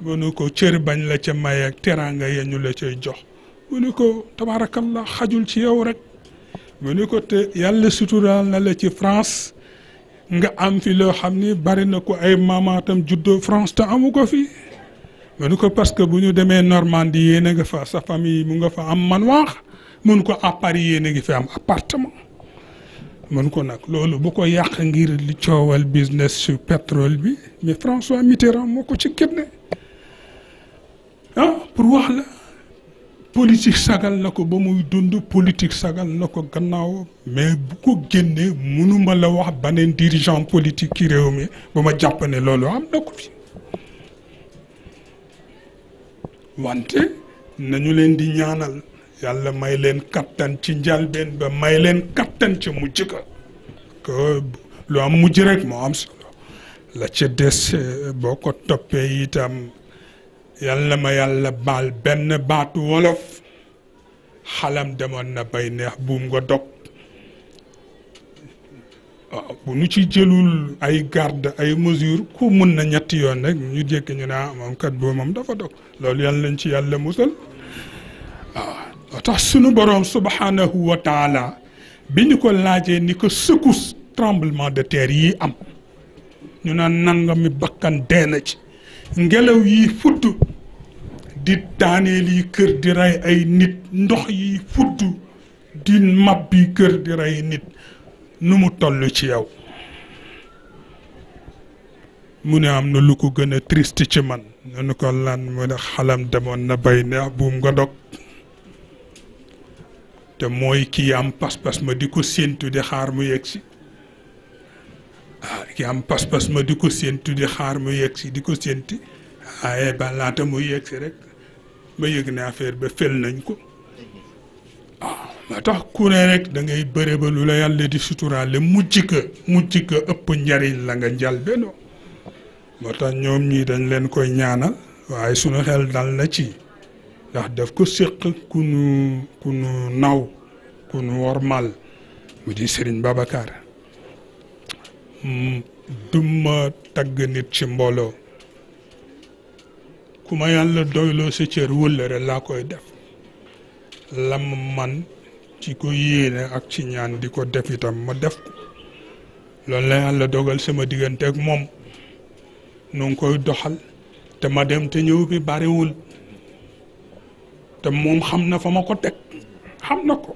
mënu ko cër bañ la ca may ak teraanga ya ñu la cay jox mënu ko tabaarakallah xajul ci yow rek mu ni ko te yàlla suturaal na la ci France nga am fi loo xam ni bari na ko ay maamaatam juddoo France te amu ko fi mu ni ko parce que bu ñu demee Normandie yéena nga fa sa famille mu nga fa am man waax mun ko à Paris yéena ngi fi am appartement mun ko nag loolu bu ko yàq ngir li coowal business su pétrole bi mais François Mitterrand moo ko ci génne ah, pour wax la politique sagal na ko ba muy dund politique sagal na ko gannaaw mais bu ko génnee mënuma la wax beneen dirigeant politique ki réew mi ba ma jàpp ne loolu am na ko fi wante nañu leen di ñaanal yàlla may leen kattan ci njalbeen ba may leen kattan ca mujj ka que lu am mujj rek moo am solo la ca des eh, boo ko toppee itam yàlla ma yàlla baal benn baatu wolof xalam demoon na bay neex buum nga dog waaw ah, bu ñu ci jëlul ay garde ay mesure ku mun na ñetti yoon rek ñu jékki ñu ne ah, moom kat dafa dog loolu yàlla nañ ci yàlla musal waaw ah, tax sunu boroom subhanahu wa taala bi ñu ko laajee ni ko secousse tremblement de terre yi am ñu naan mi bakkan dee na ci ngelaw yi fudd di daaneel yi kër di rey ay nit ndox yi fudd di mabbi kër di rey nit nu mu toll ci yow mu ne am na lu ko gën a triste ci man ñu ne ko lan mu ne xalam demoon na bay neex ah, buum nga dog te mooy kii am pas-pas ma di ko séentu di xaar mu yegg si waaw ah, ki am pas-pas ma di ko séentu di xaar mu yegg si di ko séenti waaye ba laata mu yegg si rek ma yëg ne affaire ba fel nañ ko waaw ah, ma tax ku ne rek da ngay lu la yàlla di suturaale mucc ka mucc ka ëpp njariñ la nga njal benoo moo tax ñoom ñii dañ leen koy ñaanal waaye sunu xel dal na ci ndax def ko séq ku nu ku nu naw ku nu wormal mu di Serigne Babacar Mm, duma tagg nit ci mbooloo ku ma yàlla doyloo sa cër wëllëre laa koy def lam man ci ko yéene ak ci ñaan di ko def itam ma def loolu la yàlla dogal sama diggante ak moom nu ngi koy doxal te ma dem te ñëw bi bariwul te moom xam na fa ma ko teg xam na ko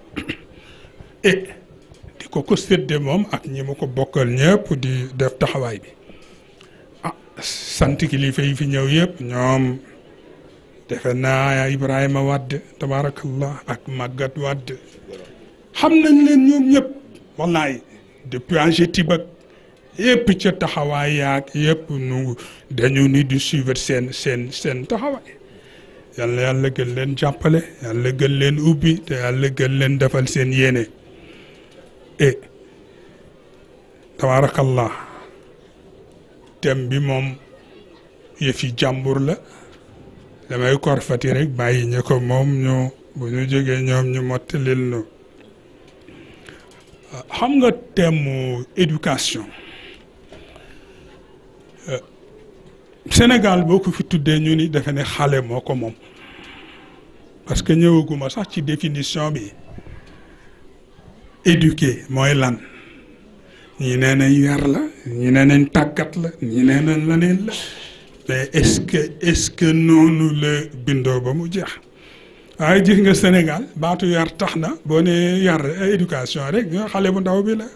eh ko ko sédde moom ak ñi mu ko bokkal ñëpp di def taxawaay bi ah sant kilifa yi fi ñëw yëpp ñoom defe naa Ibrahima Wade tabarakallah ak Maguette Wade xam nañ leen ñoom ñëpp wallaay depuis AGETIP ak yëpp ca taxawaay yaag yépp nu dañu ni di suivre seen seen seen taxawaay yàlla yàlla gën leen jàppale yàlla gën ubbi te yàlla gën leen defal seen yéene. e tabaarakallah thème bi moom yëfi jàmbur la damay korfati rek bàyyi ñu ko moom ñu bu ñu jógee ñoom ñu mottalil nu xam nga thème mu éducation e, Sénégal boo ko fi tuddee ñu ni defe ne xale moo ko moom parce que ñëwaguma sax ci définition bi éduquer mooy lan ñi nee nañ yar la ñi nee nañ tàggat la ñi nee nañ leneen la mais est-ce noonu la bindoo ba mu jeex waaye gis nga Sénégal baatu yar tax na boo ne yar éducation rek nga xale bu ndaw bi la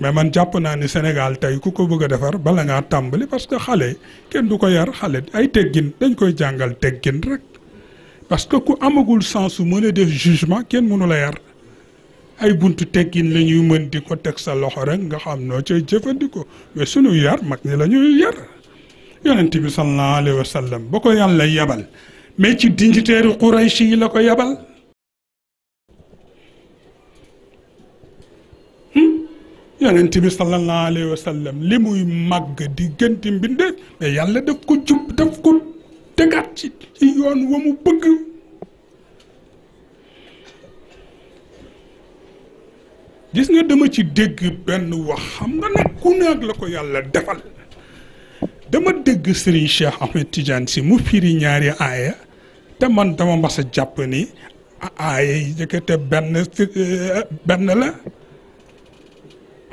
mais man jàpp naa ni Sénégal tey ku ko bëgg a defar bala ngaa tàmbali parce que xale kenn du ko yar xale ay teggin dañ koy jàngal teggin rek parce que ku amagul sens su mën a def jugement kenn mënu la yar ay buntu tekkin la ñuy mën di ko teg sa loxo rek nga xam noo ca jëfandikoo mais sunu yar mag ñi la yar yonent bi sallallahu alayhi wa sallam ko yàlla yabal mais ci dignitaire Quraysh yi la ko yabal. Hmm? yonent bi sallallahu alayhi wa li muy màgg diggante mbindeef mais yàlla daf ko jub daf tegaat ci yoon wa mu bëgg gis nga dama ci dégg benn wax xam nga nag ku la ko yàlla defal dama dégg Serigne Cheikh Ahmed Tidiane si mu firi ñaari aaya te man dama mas jàpp ni aaya yi jëkkate benn benn la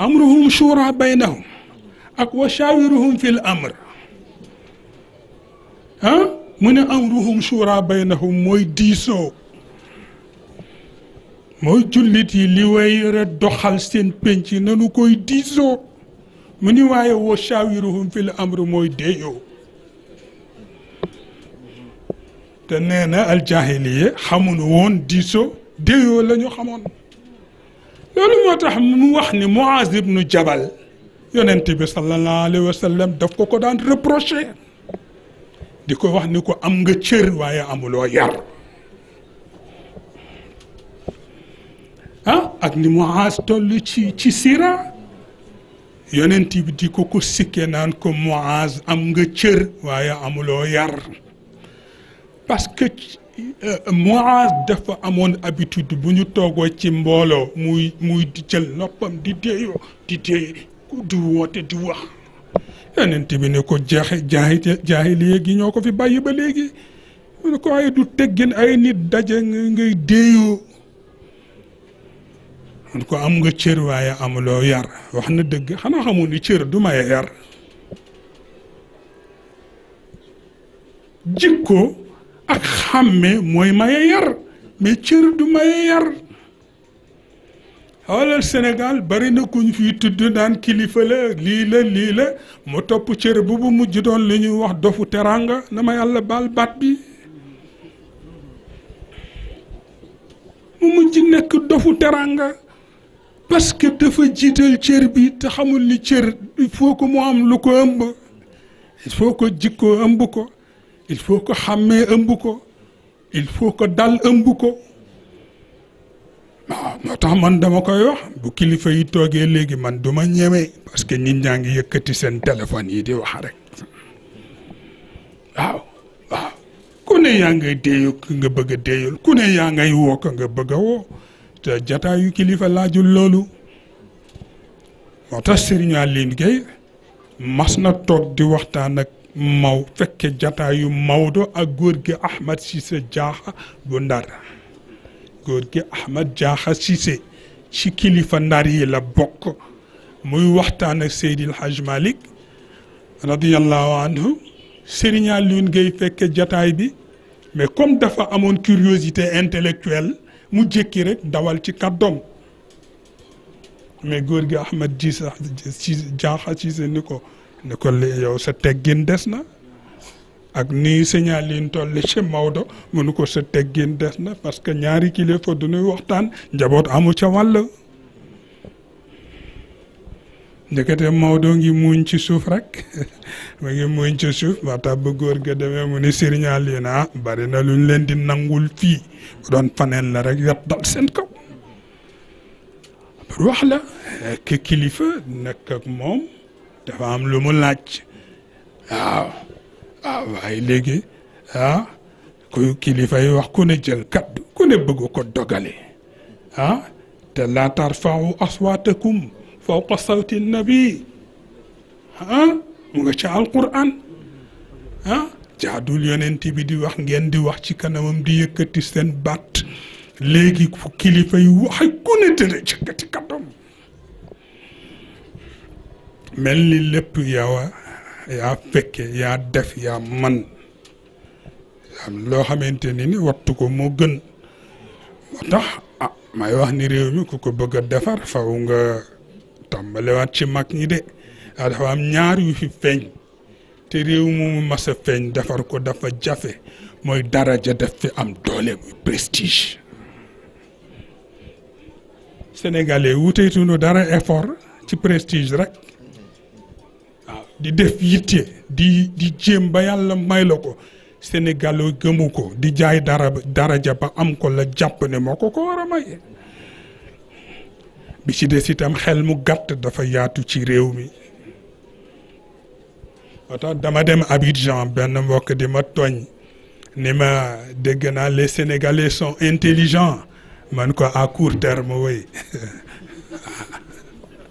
amruhum shura baynahum ak wa shawiruhum fil amr ah mu ne amruhum shura baynahum mooy diisoo mooy jullit yi li way doxal seen penc nanu koy diisoo mu ni waaye wa shawiruhum fil amru mooy deeyoo te nee na aljahiliye xamuñu woon diisoo deeyoo lañu ñu xamoon loolu moo tax mu wax ni Muaz ibnu Jabal yonent bi sallallahu alayhi wa sallam daf ko ko daan reproché di ko wax ni ko am nga cër waaye amuloo yar ah ak ni Muaaz toll ci ci sira yonent bi di ko ko sikke naan ko Muaaz am nga cër waaye amuloo yar parce que euh, Muaaz dafa amoon habitude bu ñu toogoo ci mbooloo muy muy jël noppam di déeyoo di déey du woote di wax yonent bi ne ko jaaxe jaaxe jaahiliya ñoo ko fi bàyyi ba léegi mu ne ko waaye du teggin ay nit daje ngay déeyoo mun ko am nga cër waaye amuloo yar wax na dëgg xanaa xamul ni cër du maye yar jikko ak xàmme mooy maye yar mais cër du maye yar xoolal Sénégal bari na ku ñu fi tudd naan kilifa la lii la lii la mu topp cër bu bu mujj doon li ñuy wax dofu teraanga na ma yàlla baal baat bi mu mujj nekk dofu teranga parce que dafa jiital cër bi te xamul ni cër il faut ko mu am lu ko ëmb il faut que jikkoo ëmb ko il faut ko xàmmee ëmb ko il faut que dal ëmb ko waaw moo tax man dama koy wax bu kilifa yi toogee léegi man duma ma ñeme parce que nit ñaa ngi yëkkati seen téléphone yi di wax rek waaw waaw ku yaa ngay déeyu nga ku ne yaa ngay woo nga bëgg woo te jataayu kilifa laajul loolu moo tax Serigne Aline Gueye mas na toog di waxtaan ak Maw fekke jataayu Maodo ak góor gi Ahmad Cissé Diakha bu Ndar góor gi Ahmed Diakha Cissé ci kilifa ndar yi la bokk muy waxtaan ak Seydil Hadj Malick radiyallahu anhu Serigne Alioune Gueye fekke jataay bi mais comme dafa amoon curiosité intellectuelle mu jékki rek dawal ci kàddoom mais góor gi Ahmed Diakha Cissé ni ko ni ko yow sa teggin des na ak ni signal yi toll ci Maodo mënu ko sa teggin des na parce que ñaari kilifa du ñuy waxtaan njaboot amu ca wàll. ndekete Maodo ngi muñ ci suuf rek ma ngi muñ ci suuf ba tax ba ga demee mu ni siriñaal yi bari na luñ leen di nangul fii bu doon faneen la rek yot dal seen kaw pour wax la ki kilifa nekk ak moom dafa am lu mu laaj waaw ah waaye léegi ah ku kilifa yi wax ku ne jël kaddu ku ne bëgg ko dogale ah te laa tarfau aswaatakum fawqa sawti nabi ah mu nga ca ah, jaadul yonent bi di wax ngeen di wax ci kanamam di yëkkati seen baat léegi fu kilifa yi waxe ku ne tëre yëkkati kaddam mel ni lépp yow yaa fekke yaa def yaa man loo xamante ne ni wattu ko moo gën moo tax ah, may wax ni réew mi ku ko bëgg a defar faw nga tàmbalewaat ci mag ñi de ah dafa am ñaar yu feeñ te réew mu mas feeñ defar ko dafa jafe mooy daraja def fi am doole muy prestige sénégalais wuteetuñu dara effort ci prestige rek di def yitte di di jéem ba yàlla may la sénégalo gëmu ko di jaay dara daraja ba am ko la jàpp ne moo ko ko war a bi ci des itam xel mu gàtt dafa yaatu ci réew mi watax dama dem Abidjan benn mbokk di ma tooñ ni ma dégg naa les sénégalais sont intelligents man ko à court terme woy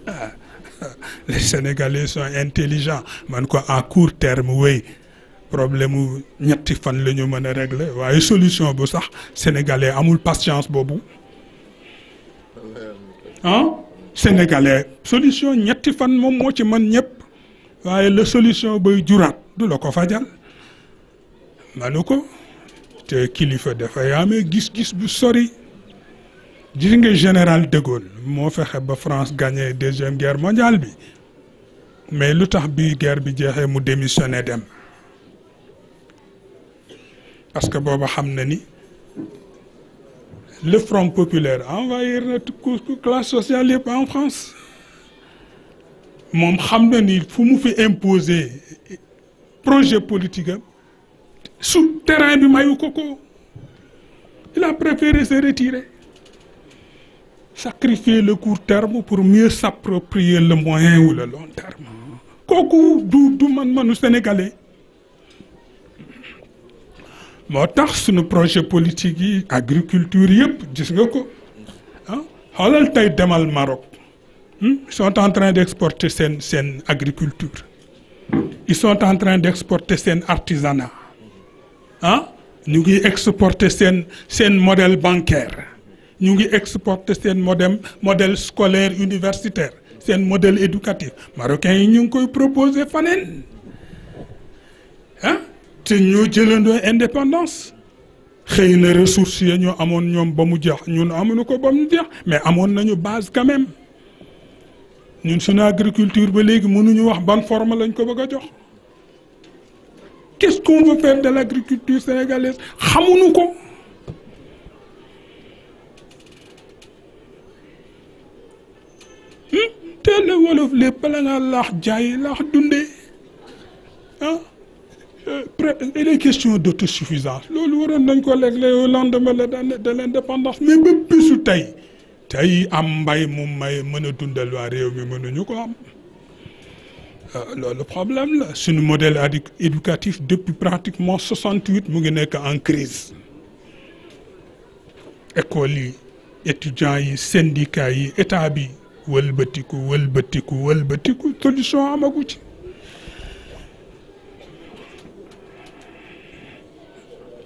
les sénégalais sont intelligents man ko à court terme wéy problème mu ñetti fan la ñu mën a waaye solution bu sax sénégalais amul patience boobu ah sénégalais solution ñetti fan moom moo ci mën ñëpp waaye la solution bay juraat du la ko fajal manu ko te kilifa dafay amee gis-gis bu sori gis nga général de Gaulle moo fexe ba France gagné deuxième guerre mondiale bi mais lu tax bi guerre bi jeexee mu démissionné dem parce que booba xam na ni le front populaire envahir na classe sociale yëpp en France moom xam na ni fu mu fi imposer projet politique am terrain bi mayu ko ko il a préféré se retirer. sacrifier le court terme pour mieux s'approprier le moyen ou le long terme kooku du du man manu sénégalais moo tax suñu projet politique yi agriculture yëpp gis nga ko ah xoolal tey demal Maroc hmm? ils sont en train d'exporter seen seen agriculture ils sont en train d'exporter seen artisanat ah ñu ngi exporter seen seen modèle bancaire ñu ngi exporter seen modem modèle scolaire universitaire seen modèle éducatif marocain yi ñu ngi koy proposer faneen ah te ñoo jëlandoo indépendance xëy na ressources ya ñoo amoon ñoom ba mu jeex ñun amuñu ko ba mu jeex mais amoon nañu base quand même ñun suñu agriculture ba léegi mënuñu wax ban forme lañ ko bëgg a jox qu'est-ce qu'on veut faire de l'agriculture sénégalaise xamuñu ko. Hmm? te la wolof lépp bala ngaa laax jaay laax dundee ah il est question d'autosuffisance loolu waroon nañ ko léeg-léeg au lendemain de l'indépendance mais ba bisu tey tey am mbay mu may mën a dundal waa réew mi mënuñu ko am ah, loolu problème la sunu modèle éducatif depuis pratiquement soixante-huit mu ngi nekk en crise école yi étudiants yi syndicats yi état bi wëlbatiku wëlbatiku wëlbatiku solution amagu ci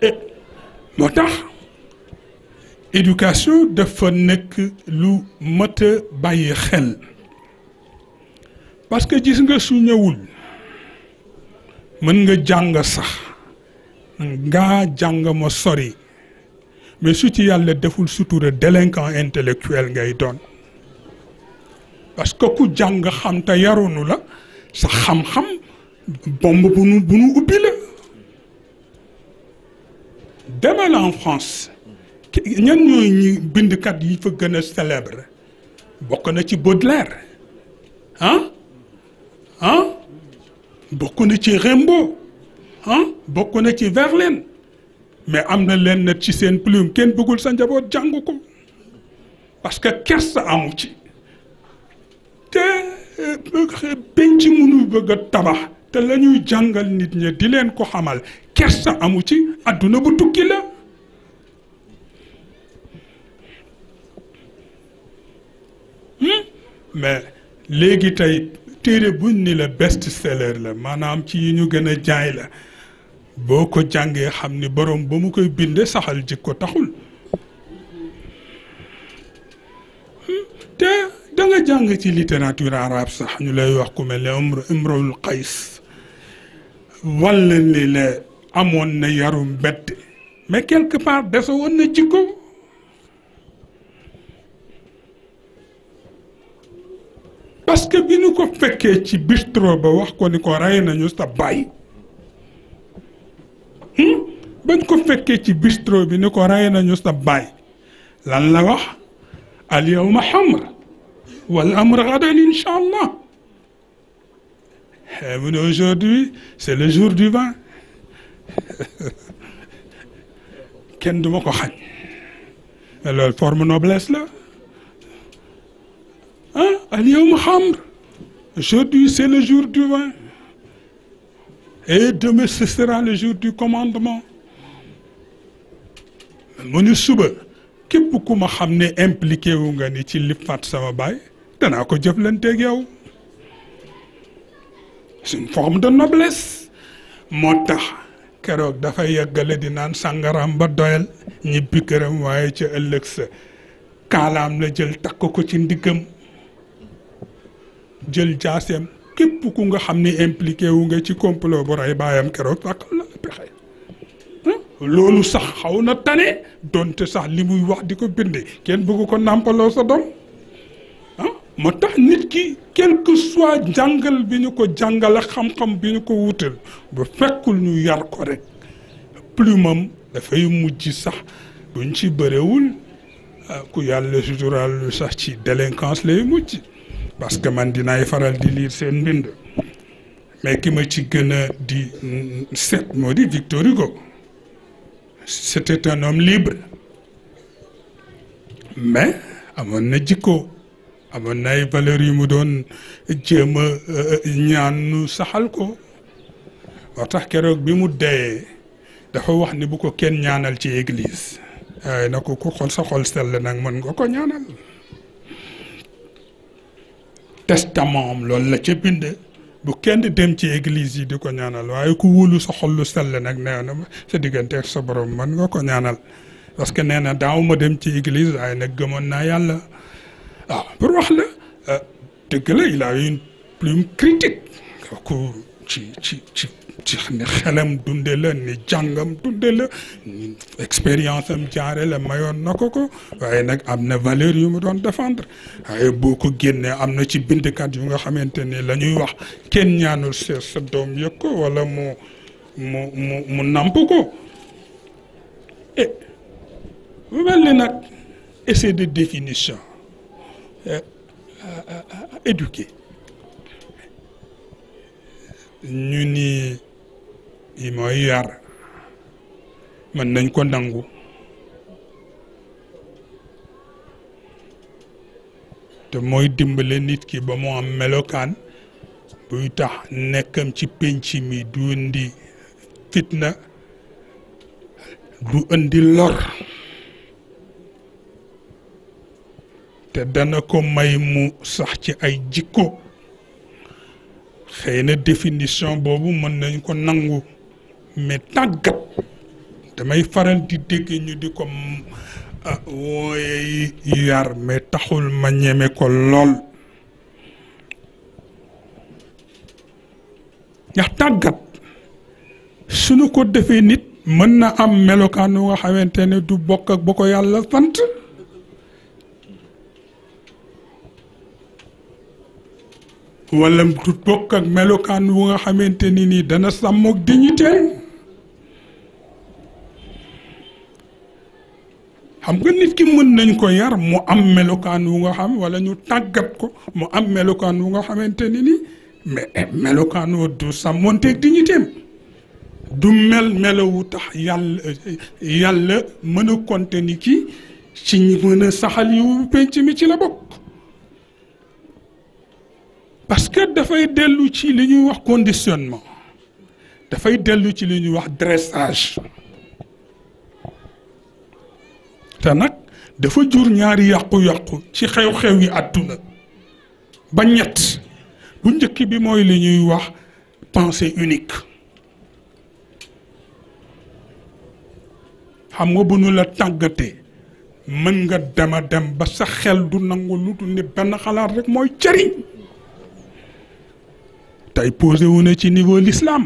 eh, moo tax éducation dafa nekk lu mat bàyyi xel parce que gis nga su ñëwul mën nga jàng sax ngaa jàng ma sori mais su ci yàlla deful sutura délinquant intellectuel ngay doon parce que ku jàng xam te yaroonu la sa xam-xam bomb bu nu bu ubbi la demal en France ñan ñooy ñi bindkat yi fa gën a célèbre bokk na ci Baudelaire ah ah bokk na ci Rimbaud ah bokk na ci Verlaine mais am na leen na ci seen plume kenn bëggul sa njaboot jàng ko parce que kersa amu ci te penc munu bëgg a tabax te lañuy jàngal nit ñi di leen ko xamal kersa amu ci àdduna bu tukki la hmm? mais léegi tey téere buñ ni la best seller la maanaam ci yi ñu gën a jaay la boo ko jàngee xam ni borom ba mu koy bindee saxal ko taxul hmm? te da nga jàng ci littérature arabe sax ñu lay wax ku mel ne Imr Imrul Qays walla ni la amoon na yaru mbedd mais quelque part dese woon na ci parce que bi ñu ko fekkee ci bistro ba wax ko ni rey nañu sa baay hmm? bañ fekkee ci bistro bi ni ko rey nañu sa baay lan la wax al yawma xamr والأمر غدا إن شاء الله mais aujourd'hui c'est le jour du vin kenn du ma ko xañ forme noblesse la ah al-yawma khamr aujourd'hui c'est le jour du vin et demain ce sera le jour du commandement mu ni suba képp ku ma xam ne impliqué wu nga ni ci li faat sama baay danaa ko jëflanteeg yow c'est une forme de noblesse moo tax keroog dafa yeggale di naan sàngaram ba doyal ñibbi këram waaye ci ëllëg sa kaalaam la jël takk ko ci ndiggam jël jaaseem képp ku nga xam ni impliqué wu nga ci complot bu rey baayam keroog takkal la pexe loolu sax xaw na tane donte sax li muy wax di ko bindee kenn bëgg ko nàmpaloo sa moo tax nit ki quel que soit jàngal bi ñu ko jàngale xam-xam bi ñu ko wutal ba fekkul ñu yar ko rek plumam dafay mujj sax buñ ci bëreewul ah, ku yàlla sutural lu sax ci délinquance lay mujj parce que man dinaay faral di liir seen mbind mais ki ma ci gën a di seet moo di Victor Hugo c'était un homme libre mais amoon na jikko amoon na ay valeurs yu mu doon jéem a eh, ñaan nu saxal ko wax tax keroog bi mu dee dafa wax ni bu ko kenn ñaanal ci église waaye na ko ku xol sa xol sell nag man nga ko ñaanal testament am loolu la ca bind bu kenn dem ci église yi di ko ñaanal waaye ku wóolu sa xol lu sell nag nee na sa diggante sa borom man nga ko ñaanal parce que na daaw ma dem ci église waaye nag gëmoon naa yàlla waaw ah, pour wax la ah, dëgg la il a une plume critique kooku ci ci ci ci ne ni jàngam dunde la ni expérience am jaare la mayoon na ko ko waaye nag am na valeur yu mu doon défendre waaye boo ko génnee am na ci bindkat yu nga xamante ne lañuy wax kenn ñaanul seet sa doom yëg ko wala mu mu mu mu ko e eh, bu mel ni de définition Euh, euh, euh, éduquer ñu ni yi mooy yar mën nañ ko nangu te mooy dimbale nit ki ba mu am melokaan buy tax nekkam ci pénc mi du indi fitna du indi lor dana ko may mu sax ci ay jikko xëy na définition boobu mën nañ ko nangu mais tàggat damay faral di dégg ñu di ko ah, wooye yar mais taxul ma ñeme ko lool ndax tàggat suñu ko defee nit mën na am melokaan wu nga xamante ne du bokk ak ba ko yàlla sant wala du bokk ak melokaan wu nga xamante ni nii dana sàmmook dignité xam nga nit ki mën nañ ko yar mu am melokaan wu nga xam wala ñu tàggat ko mu am melokaan wu nga xamante ni nii mais eh, melokaan woo du sàmmoonteeg dignité du mel melowu tax yàlla yàlla mën konte ni kii ci ñi mën saxal yu penc mi ci la bokk parce que dafay dellu ci li ñuy wax conditionnement dafay dellu ci li ñuy wax dressage te nag dafa jur ñaari yàqu-yàqu ci xew-xew yi àdduna ba ñett bu njëkk bi mooy li ñuy wax pensée unique xam nga bu ñu la tàggatee mën nga dema dem ba sa xel du nangu lu dul ne benn xalaat rek mooy cëriñ tey posé wu na ci niveau lislaam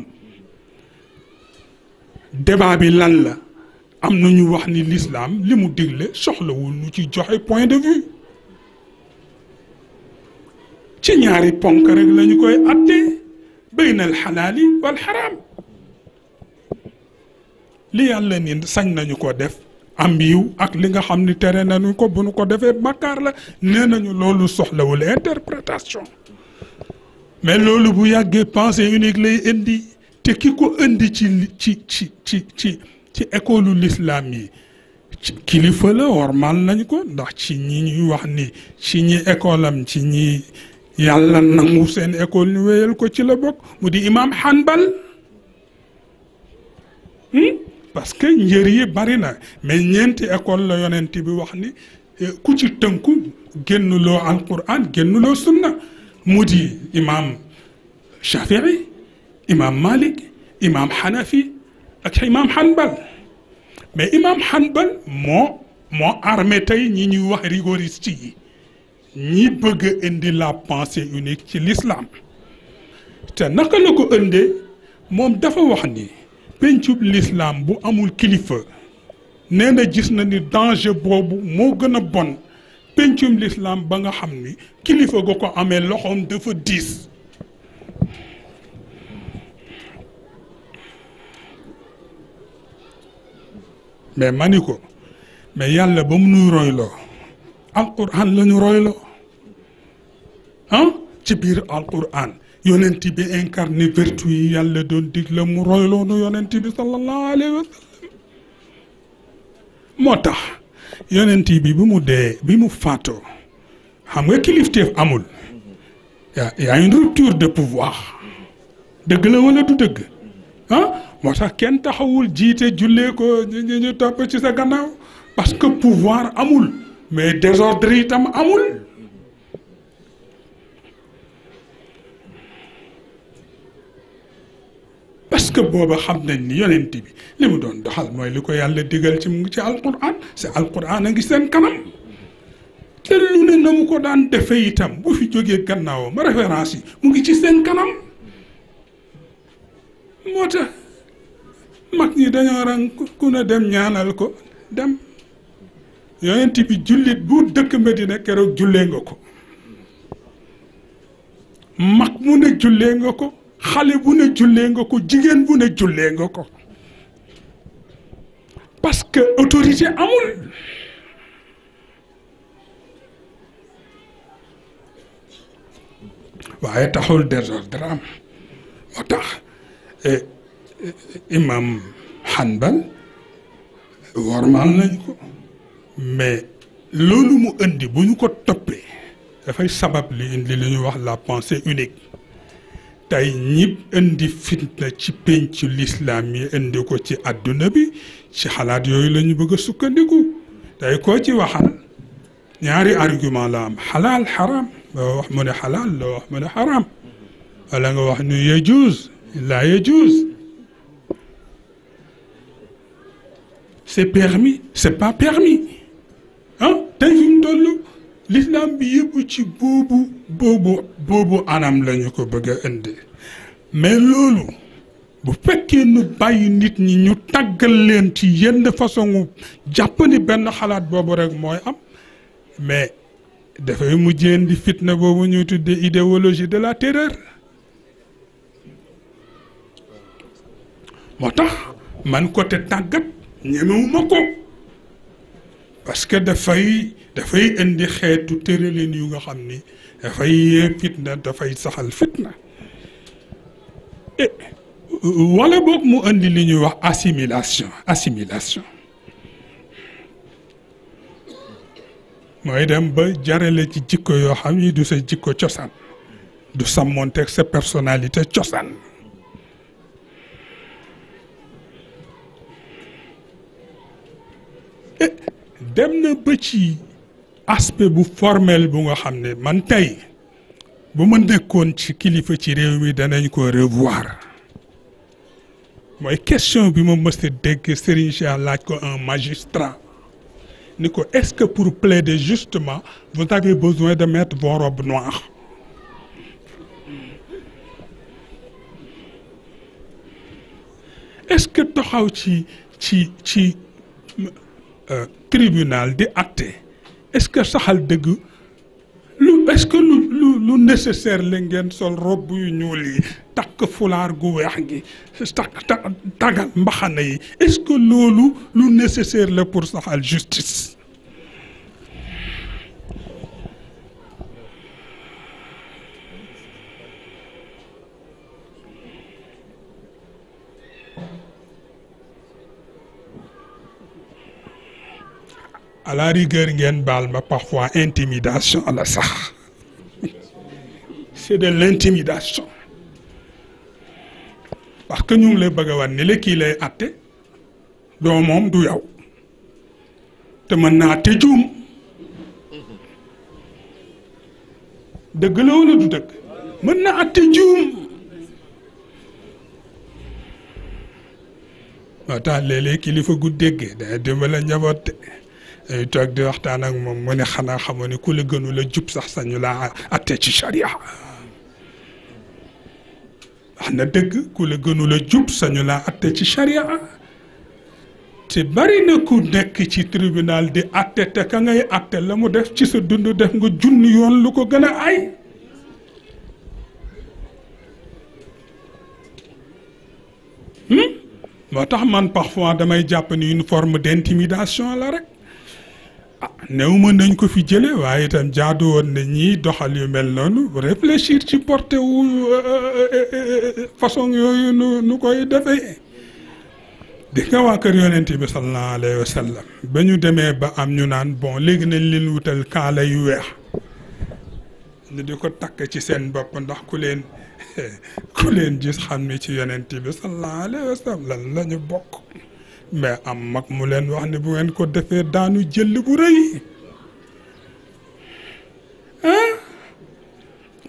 débat bi lan la am na ñu wax ni l'islam li mu digle soxlawul ñu ci joxe point de vue ci ñaari ponk rek la ñu koy attee bayna al xalaali wal xaraam li yàlla ni sañ nañu ko def am yiw ak li nga xam ni tere na nañu ko bu nu ko defee bàkkaar la nee nañu loolu soxlawul interprétation mais loolu bu yàggee pensée unique lay indi te ki ko indi ci ci ci ci ci ci école l'islam yi ci kilifa la wormaal nañ ko ndax ci ñi ñuy wax ni ci ñi école am ci ñi yàlla nangu seen école ñu wéyal ko ci la bokk mu di imam Hanbal hmm? parce que njër yi bari na mais ñeenti école la yonent bi wax ni eh, ku ci tënku génnuloo alquran génnuloo sunna mu di imaam Shafii imaam Malik imaam Hanafi ak imaam Hanbal mais imaam Hanbal moo moo armé tey ñi ñuy wax rigoriste yi ñi bëgg indi la pensée unique ci l'islam te naka la ko indee moom dafa wax ni pencub l'islam bu amul kilifa nee na gis na ni danger boobu moo gën a bon pencum lislaam ba nga xam ni kilifa ga ko amee loxoom dafa diis mais ma ni ko mais yàlla ba mu nuy royloo alquran la ñu royloo ah ci biir alquran yonent bi incarné vertu yi yàlla doon digle mu royloo nu yonent bi sallallahu alayhi wa moo tax yonent bi bi mu dee bi mu faatoo xam nga kilifteef amul yaa yaa une rupture de pouvoir dëgg la wala du dëgg ah moo tax kenn taxawul jiite jullee ko ñu topp ci sa gannaaw parce que pouvoir amul mais désordre itam amul parce que booba xam nañ ni yonent bi li mu doon doxal mooy li ko yàlla digal ci mu ngi ci alquran al alquran a ngi seen kanam te lu ne na ko daan defe itam bu fi jógee gannaawam référence mu ngi ci seen kanam moo tax mag ñi dañoo rang ku ne dem ñaanal ko dem yonent bi jullit bu dëkk Medina keroog jullee nga ko mag mu ne jullee nga ko xale bu ne jullee nga ko jigéen bu ne jullee nga ko parce que autorité amul waaye taxul désordre am moo tax eh, eh, eh, imam Hanbal wormaal nañ ko mais loolu mu indi bu ñu ko toppee dafay sabab li indi li ñuy wax la pensée unique tey ñib indi fitna ci péncu lislaam yi ko ci àdduna bi ci xalaat yooyu la ñu bëgg a sukkandiku tey koo ci waxal ñaari argument la am xalaal xaraam loo wax mu ne xalaal loo wax mu wala nga wax nu yajuuz laa yajuuz c'est permis c'est pas permis ah tey fi l'islam bi yëpp ci boobu boobu boobu anam lañu ko bëgg a indi mais loolu bu fekkee nu bàyyi nit ñi ñu tàggal leen ci yenn façon jàpp ni benn xalaat boobu rek mooy am mais dafay mujjee di fitna boobu ñuy tuddee idéologie de la terreur moo tax man côté tàggat ñemewuma ko parce que dafay. dafay indi xeetu tëralin yu nga xam ni dafay yee fitna dafay saxal fitna eh, wala boog mu indi li ñuy wax assimilation assimilation mooy dem ba jarale ci jikko yoo xam ni du sa jikko cosaan du sàmmonteeg sa personnalité cosaan eh, dem na ba ci aspect bu formel bu nga xam ne man tey ba ma nekkoon ci kilifa ci réew mi danañ ko revoir mooy question bi ma mës a dégg Serigne Cheikh laaj ko un magistrat ni ko est-ce que pour plaider justement vous avez besoin de mettre vos robes noires est-ce que taxaw ci ci ci euh, tribunal di àtte est-ce que saxal dëgg lu est-ce que lu lu lu nécessaire le ngeen sol robe yu ñuul yi takk fulaar gu weex gi takk tagal mbaxana yi est-ce que loolu lu nécessaire la pour saxal justice à la rigueur ngeen baal ma parfois intimidation la sax c'est de l'intimidation parce que ñu ngi lay bëgg la kii lay atte doo moom du yow te mën naa te juum dëgg la wala du dëgg mën na atte juum moo tax kilifa gu déggee day dimbale njaboot de dañuy eh, toog di waxtaan ak moom mu ne xanaa xamoo ne ku la gënu la jub sax sañu laa atte ci charia wax na dëgg ku la gënu jub sañu laa ci charia te bari na ku nekk ci tribunal di atte te ka ngay atte la mu def ci sa dund def nga junni yoon lu ko gën a ay hmm? moo tax man parfois damay jàpp ni une forme d'intimidation la rek Ah, new mën nañ ko fi jële waaye itam jaadu na ñiy doxal yu mel noonu réfléchir ci porté wu euh, euh, euh, façon yooyu nu nu koy defee di nga waa kër yonent bi sallallahu alayhi wa ba ñu demee ba am ñu naan bon léegi nañ leen wutal kaala yu weex ñu di ko takk ci seen bopp ndax ku leen ku leen gis xam ni ci yonent bi sallallahu alayhi wa sallam lan bokk mais am mag mu leen wax ne bu ngeen ko defee daanu jël bu rëy ah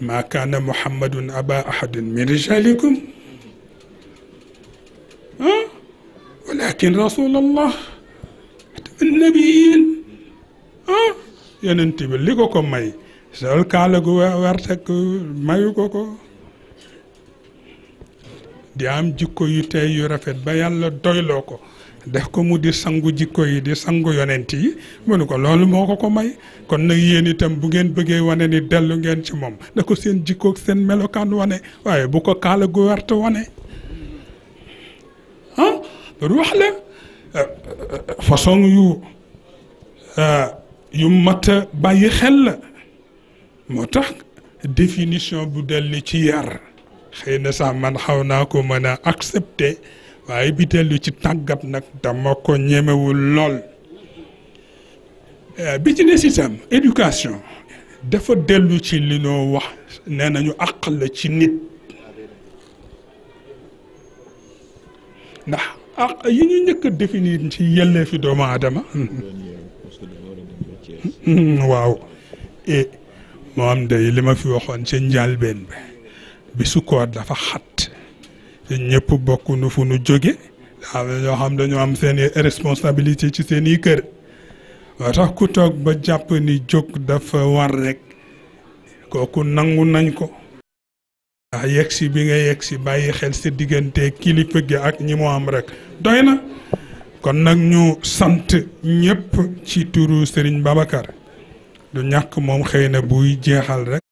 maa kaana muhammadun aba ahadin min rijalikum ah walakin rasulallah xatama nabiyin ah yonent bi ko may sol kaala gu werte mayu ko ko di am jikko yu tey yu rafet ba yàlla doyloo ko def ko mu di sangu jikko yi di sangu yonent yi mënu ko loolu moo ko ko may kon nag yéen itam bu ngeen bëggee wane ni dellu ngeen ci moom da ko seen jikkook seen melokaan wane waaye bu ko kaala gu wert wane ah loolu wax la eh, eh, eh, façon yu yu mat a bàyyi xel la moo tax définition bu dellu ci yar xëy na sax man xaw naa ko mën a accepter waaye bi tellu ci tàggat nag dama ko ñemewul lool eh, bi ci des itam éducation dafa dellu ci li noo wax nee nañu àq la ci nit ndax yi ñu njëkk a définir ci yelleefi doomu aadama waaw e moom day li ma fi waxoon ci njalbeen bi bisu koor dafa xat ñëpp bokk nu fu nu jóge am na xam dañoo am seeni responsabilité ci seen i kër waa tax ku toog ba jàpp ni jóg dafa war rek kooku nangu nañ ko ndax yegg bi nga yegg si bàyyi xel sa diggante kilifa gi ak ñi mu am rek doy na kon nag ñu sant ñëpp ci turu sëriñ Babacar du ñàkk moom xëy na buy jeexal rek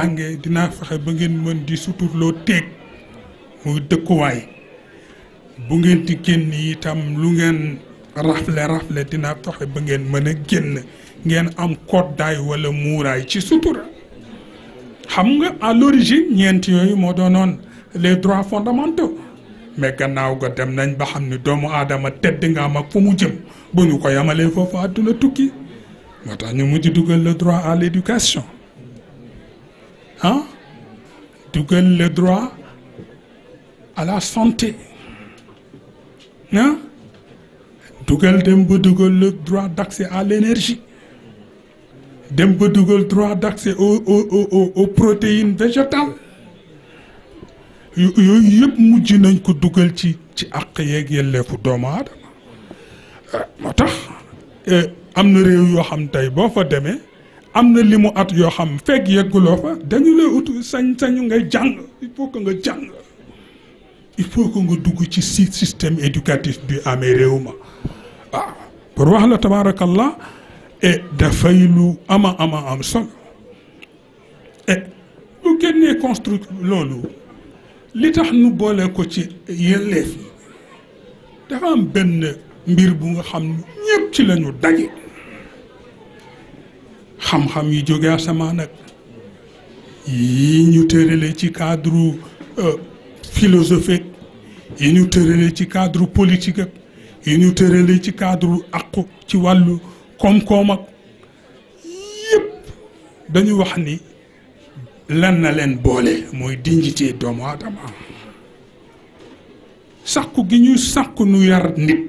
tàngee dina fexe ba ngeen mën di loo teeg muy dëkkuwaay bu ngeen di génn itam lu ngeen rafle rafle dinaa fexe ba ngeen mën a génn ngeen am koddaay wala muuraay ci sutura xam nga à l'origine ñeent yooyu moo doonoon les droits fondamentaux mais gannaaw ga dem nañ ba xam ni doomu aadama tedd nga am ak fu mu jëm bu ñu ko yamalee foofu àdduna tukki moo tax ñu mujj dugal le droit à l'éducation ah dugal le droit à la santé ah dugal dem ba dugal le droit d'accès à l'énergie dem ba dugal droit d'accès aux aux aux aux protéines végétales yooyu yëpp mujj nañ ko dugal ci ci àq yeeg yelleefu doomu aadama ah, moo tax eh, am na réew yoo xam tey boo fa demee am na li mu at yoo xam fekk yegguloo fa dañu lay utu sañ-sañu nga jàng il faut que nga jàng il faut que nga dugg ci système éducatif bi amee réew ma waaw ah, pour wax la tabaarakallah et eh, dafay lu ama ama am solo et eh, bu génnee construit loolu li tax nu boole ko ci yelleef dafa am benn mbir bu nga xam ñëpp ci lañu daje xam-xam yu jóge asamaan ak yi ñu tërale ci cadre euh, philosophique yi ñu tërale ci cadre politique ak yi ñu tërale ci cadre aqu ci wàllu koom-koom ak dañu wax ni lan na leen boole mooy dignité doomu aadama sàkku gi ñu sàkku nu yar nit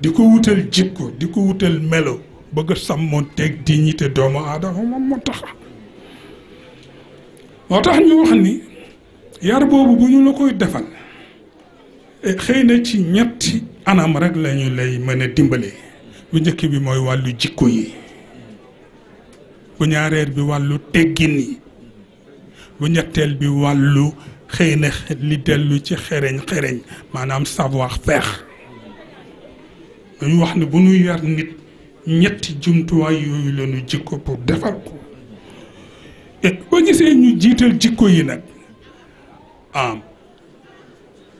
di ko wutal jikko di ko wutal melo bëgg sàmmonteeg dignité doomu aadama moom moo tax moo tax ñu wax ni yar boobu bu ñu la koy defal eh, xëy na ci ñetti anam rek lañu lay mën a dimbale bu njëkk bi mooy wàllu jikko yi bu ñaareel bi wàllu teggin yi bu ñetteel bi wàllu xëy na li dellu ci xereñ xereñ maanaam savoir faire dañu wax ne bu ñu yar nit ñetti jumtuwaay yooyu la ñu jikko pour defar ko boo gisee ñu jiital jikko yi nag am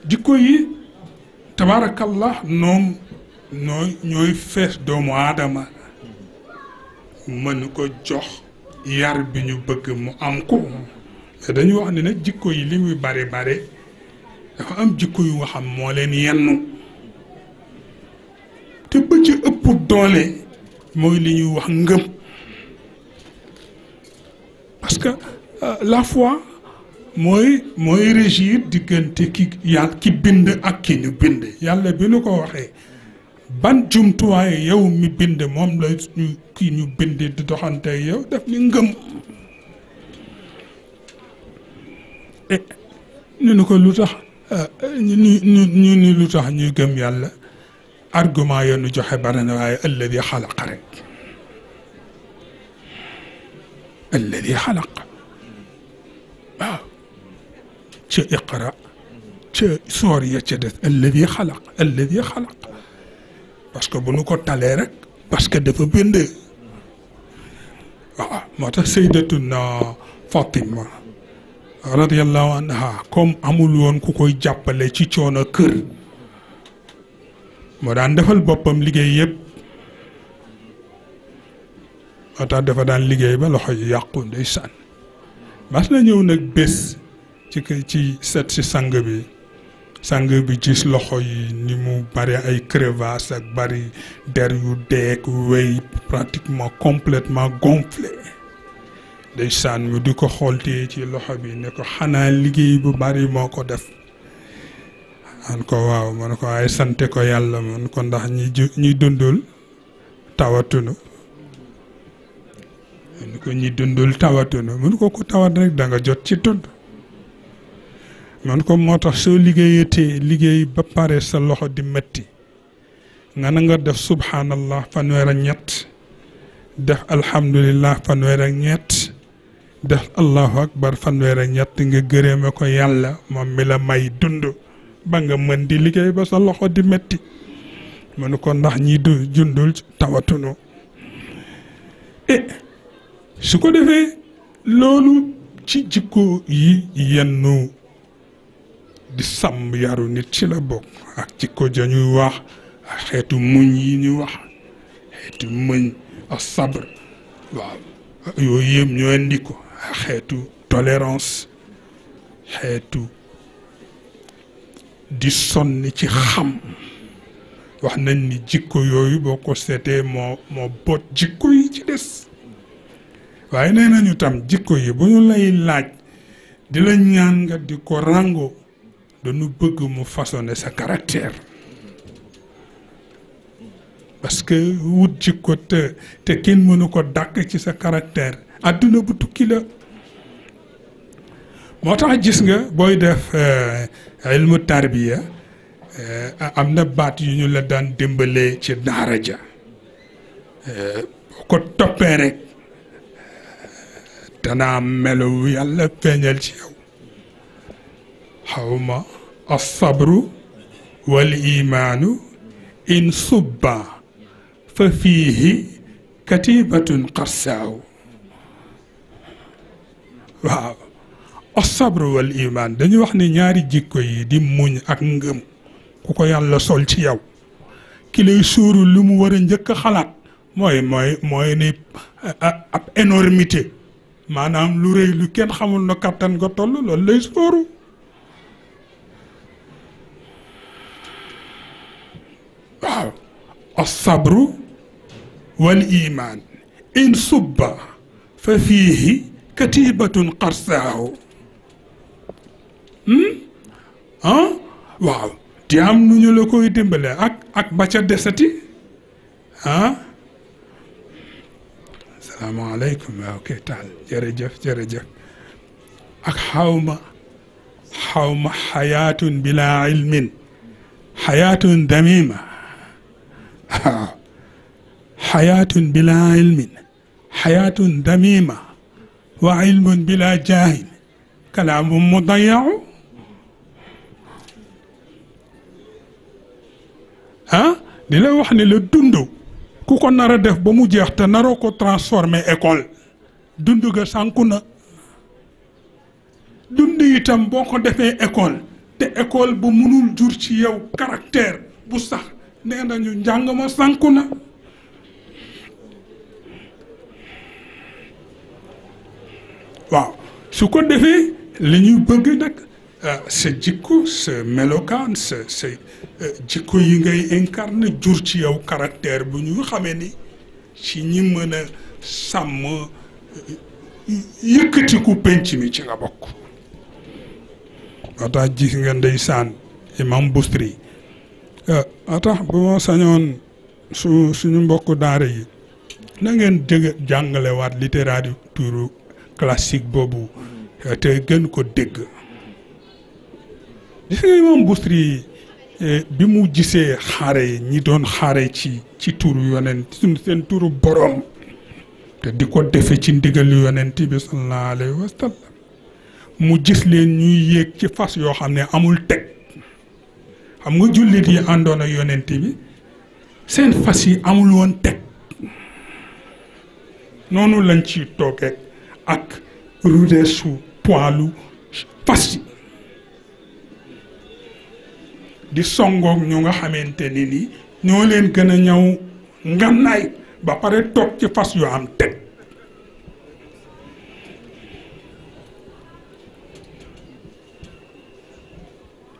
jikko yi tabaarakallah la nooy ñooy fees doomu aadama mën ko jox yar bi ñu bëgg mu am ko mais dañu wax ne nag jikko yi li muy bare bare dafa am jikko yu nga xam moo leen yennu te ba ëpp doole mooy li ñuy wax ngëm parce que euh, la foi mooy mooy régir diggante ki yàlla ki bind ak ki ñu bind yàlla bi nu ko waxee ban jumtuwaay yow mi bind moom la ñu ki ñu bind di doxante yow daf ni ngëm e ñu ni ko lu tax euh, ñu ni ñu ni lu tax ñuy gëm yàlla argument ya nu joxe bare na waaye alladi xalaqa rek xalaq waaw iqra ca soor ya ca des alladi xalaq parce que bu nu ko talee rek parce que dafa bind waaw moo tax saydatuna Fatima radiallahu anha comme amul ku koy jàppale ci coono kër moo daan defal boppam liggéey yëpp moo tax dafa daan liggéey ba loxo yi yàqu ndeysaan mas na ñëw nag bés ci ci set si sang bi sang bi gis loxo yi ni mu bari ay crevasses ak bari der yu deeg wéy pratiquement complètement gonflé ndeysaan mu di ko xoolte ci loxo bi ne ko xanaa liggéey bu bari moo ko def man ko waaw man ko ay sante ko yàlla man ko ndax ñi ñi dundul tawatunu man ko ñi dundul tawatunu man ko tawat rek da jot ci dund man ko moo tax soo liggéeyatee liggéey ba pare sa loxo di metti nga na nga def subhanallah fanweer ak ñett def ñett def allahu akbar fanweer ak ñett nga gërëme ko yàlla moom mi la may dund ba nga mën di liggéey ba sa loxo di metti mënu ko ndax ñi du jundul tawatunu e su ko defee loolu ci jikko yi yennu di sàmm yaru nit ci la bokk ak jikko ja ñuy wax ak xeetu muñ yi ñuy wax xeetu muñ ak sabr waaw yooyu yëpp ñoo indi ko xeetu tolérance xeetu di sonn ci xam wax nañ ni jikko yooyu boo ko seetee moo moo boot jikko yi ci des waaye nee nañu tam jikko yi bu ñu lay laaj di la ñaan nga di ko rango dañu bëgg mu façonné sa caractère parce que wut jikko te te kenn mënu ko dàkk ci sa caractère àdduna bu tukki la moo tax gis nga booy def euh, ilmu tarbiya euh, am na baat yu ñu la daan dimbalee ci daara ja euh, boo ko toppee rek danaa melu yàlla feeñal ci yow xawma asabru wal imaanu in subba fa fiihi katibatun xarsaaw waaw asabr wal iman dañu wax ne ñaari jikko yi di muñ ak ngëm ku ko yàlla sol ci yow ki lay suuru lu mu war njëkk a xalaat mooy mooy mooy ni ab énormité maanaam lu rëy lu kenn xamul na kattan ga toll loolu lay suuru waaw asabru wal iman in subba fa fiihi katibatun qarsaahu ah waaw di nu ñu la koy dimbalee ak ak ba ca desati ah salaamaaleykum waaw kay taal jërëjëf jërëjëf ak xawma xawma xayaatun bila ilmin xayaatun damima waaw xayaatun bila ilmin xayaatun damima wa ilmun bila jahin kalaamu mudayacu ah di la wax ne la dund ku ko nar def ba mu jeex te naroo ko transformer école dund ga sànku na dund itam boo ko defee école te école bu munul jur ci yow caractère bu sax nee nañu njàng ma sànku na waaw su ko defee li ñuy bëgg nag sa jikko sa melokaan sa euh, jikko yi ngay incarné jur ci yow caractère bu ñu xamee ni ci ñi mën a sàmm euh, yëkkatiku penc mi ci nga bokk waa tax gis nga ndeysaan imam Busiri waa euh, tax bu ma sañoon su suñu mbokku daara yi na ngeen dëgg jàngalewaat littérature classique boobu te gën ko dégg gis nga imaam eh, bi mu gisee xaare yi ñi doon xaare ci ci turu yonent seen turu borom te di ko defe ci ndigalu yonent bi sallallahu alayhi wa mu gis leen ñuy yéeg ci fas yoo xam ne amul teg xam nga jullit yi àndoon ak yonent bi seen fas yi amul woon teg noonu lañ ci toogee ak rudeesu poilu fas di songook ñu nga xamante ni ni ñoo leen gën a ñëw ngannaay ba pare toog ci fas yu am teg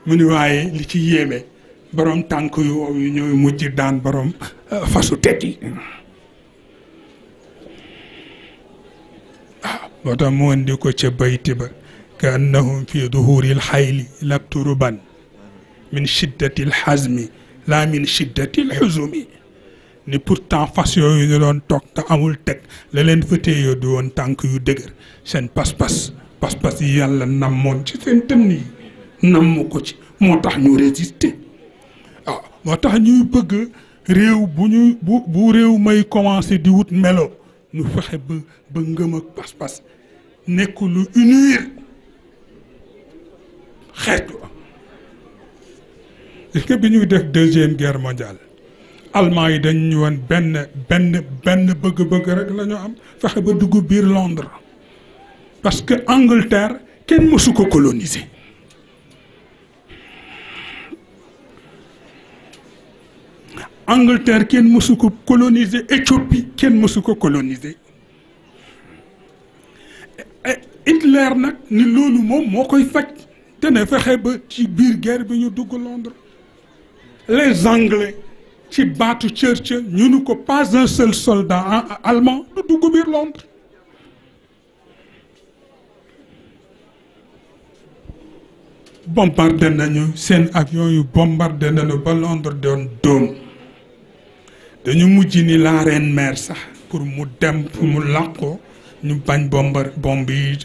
mu ni waaye li ci yéeme boroom tànk yu wow yu ñooy mujj daan boroom euh, fasu teg yi waaw ah, moo tax mu indi ko ca bayti ba ka annahum fi duhuril xayli lakturuban min shiddati alxazmi la min shiddati alxuzumi ni pourtant fas yooyu ñu doon toog te amul teg la leen fa téye du woon tànk yu dëgër seen pas-pas pas-pas yi yàlla nammoon ci seen tënn yi namm ko ci moo tax ñu résister waaw ah, moo tax ñuy bëgg réew bu ñuy bu bu réew may commencé di wut melo ñu fexe ba ba ngëm ak pas-pas nekk lu unir xeetu est bi ñuy def deuxième guerre mondiale allemand yi dañ ñu woon benn benn benn bëgg-bëgg rek la am fexe ba dugg biir Londres parce que Angleterre kenn mësu ko coloniser Angleterre kenn mësu ko coloniser Éthiopie kenn mësu ko coloniser Hitler nag ni loolu moom moo koy faj te ne fexe ba ci biir guerre bi ñu dugg Londres les anglais ci baatu Churchill ñu nu ko pas un seul soldat allemand du dugg biir Londres bombardé nañu seen avion yu bombardé nañu ba Londres doon dóom dañu mujj ni la reine mère sax pour mu dem pour mu làqoo ñu bañ bombar bomb yi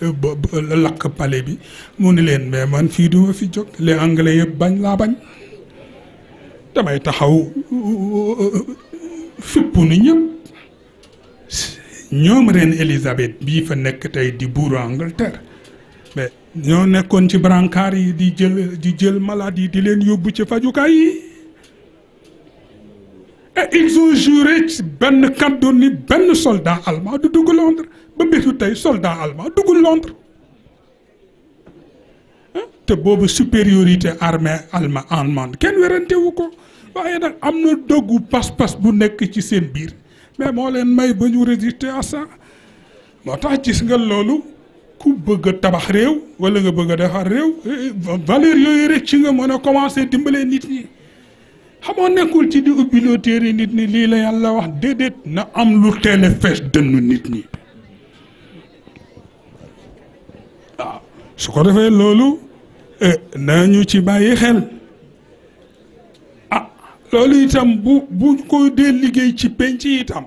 lakk pale bi mu ni leen mais fii duma fi jóg les anglais yëpp bañ laa bañ damay taxaw fipp nu ñëpp ñoom reine Élisabeth bii fa nekk tey di buuru Angleterre mais ñoo nekkoon ci brancard yi di jël di jël malade di leen yóbbu ci fajukaay yi et ils ont juré ci benn kàddu ni benn soldat allemand du dugg Londres ba bésu tey soldat allemand duggul Londres te boobu supériorité armée allemand allemande kenn werante wu ko waaye nag am na doggu pas-pas bu nekk ci seen biir mais moo leen may ba ñu résister à ça moo tax gis nga loolu ku bëgg tabax réew walla nga bëgg a defar réew eh, valeur yooyu rek ci nga mën a commencer dimbalee nit ñi xamoo nekkul ci di ubbi loo téere nit ñi lii la yàlla wax déedéet na am lu teel a fees dënnu nit ñi su ko defee loolu. Eh, nañu ci bàyyi xel a ah, loolu itam bu bu ko dee liggéey ci penc itam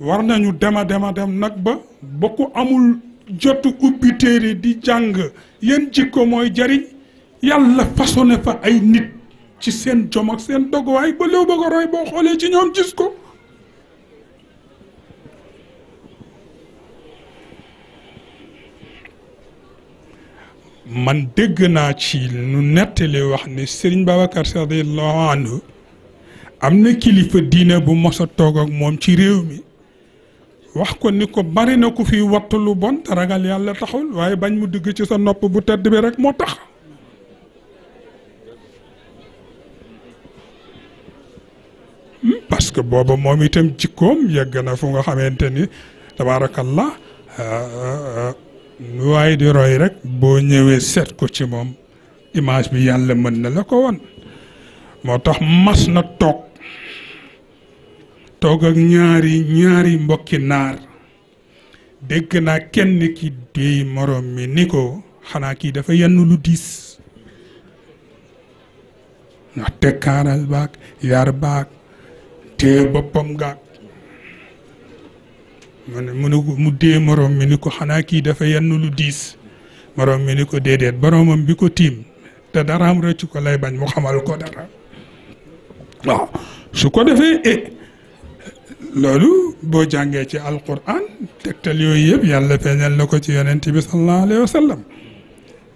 war nañu dema dema dem nag ba ba ku amul jot ubbi téere di jàng yan jikko mooy jariñ yàlla façonné fa ay nit ci seen jom ak seen doguwaay ba léew ba ko roy boo xoolee ci ñoom gis ko man dégg naa ci nu nettali wax ni Serigne Babacar Sy radiyallahu anhu am na kilifa diine bu mos toog ak moom ci réew mi wax ko ni ko bari na ko fi wattu lu bon te ragal yàlla taxul waaye bañ mu dugg ci sa nopp bu tedd bi rek moo tax hmm? parce que booba moom itam jikkoom yegg na fu nga xamante ni tabarakallah euh, euh, euh, waaye di roy rek boo ñëwee seet ko ci moom image bi yàlla mën na la ko won moo tax mas na toog toog ak ñaari ñaari mbokki naar dégg na kenn ki déy moroom mi ni ko xanaa kii dafa yenn lu diis ndax te kaaral baak yar baag te boppam gaag mu ne mu dee moroom mi ni ko xanaa kii dafa yenn lu diis moroom mi ni ko déedéet boroomam bi ko tiim te daraam ci ko lay bañ mu xamal ko dara waaw su ko defee e loolu boo jàngee ci alquran tegtal yooyu yëpp yàlla feeñal na ko ci yonent bi sallallahu alayhi wa sallam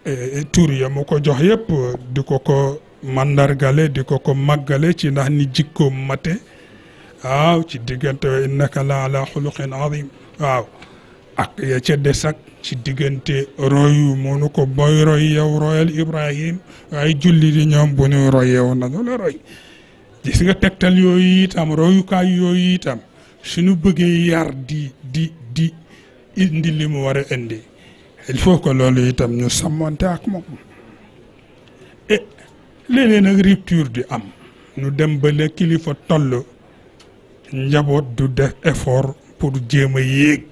eh, eh, tur ya mu ko jox yëpp di ko ko màndargale di ko ko màggale ci ndax ni jikkoom mate waaw ci diggante innaka la ala xuluqin azim waaw ak ya ca des ci diggante royu mënu ko boy roy yow royal Ibrahim waaye julli di ñoom bu ñu roy yow nañu la roy gis nga tegtal yooyu itam royukaay yooyu itam suñu bëggee yar di di di indi mu war a indi il faut que loolu itam ñu sàmmante ak moom et eh, léeg-léeg rupture di am ñu dem ba la kilifa toll njaboot du def effort pour jéem a yéeg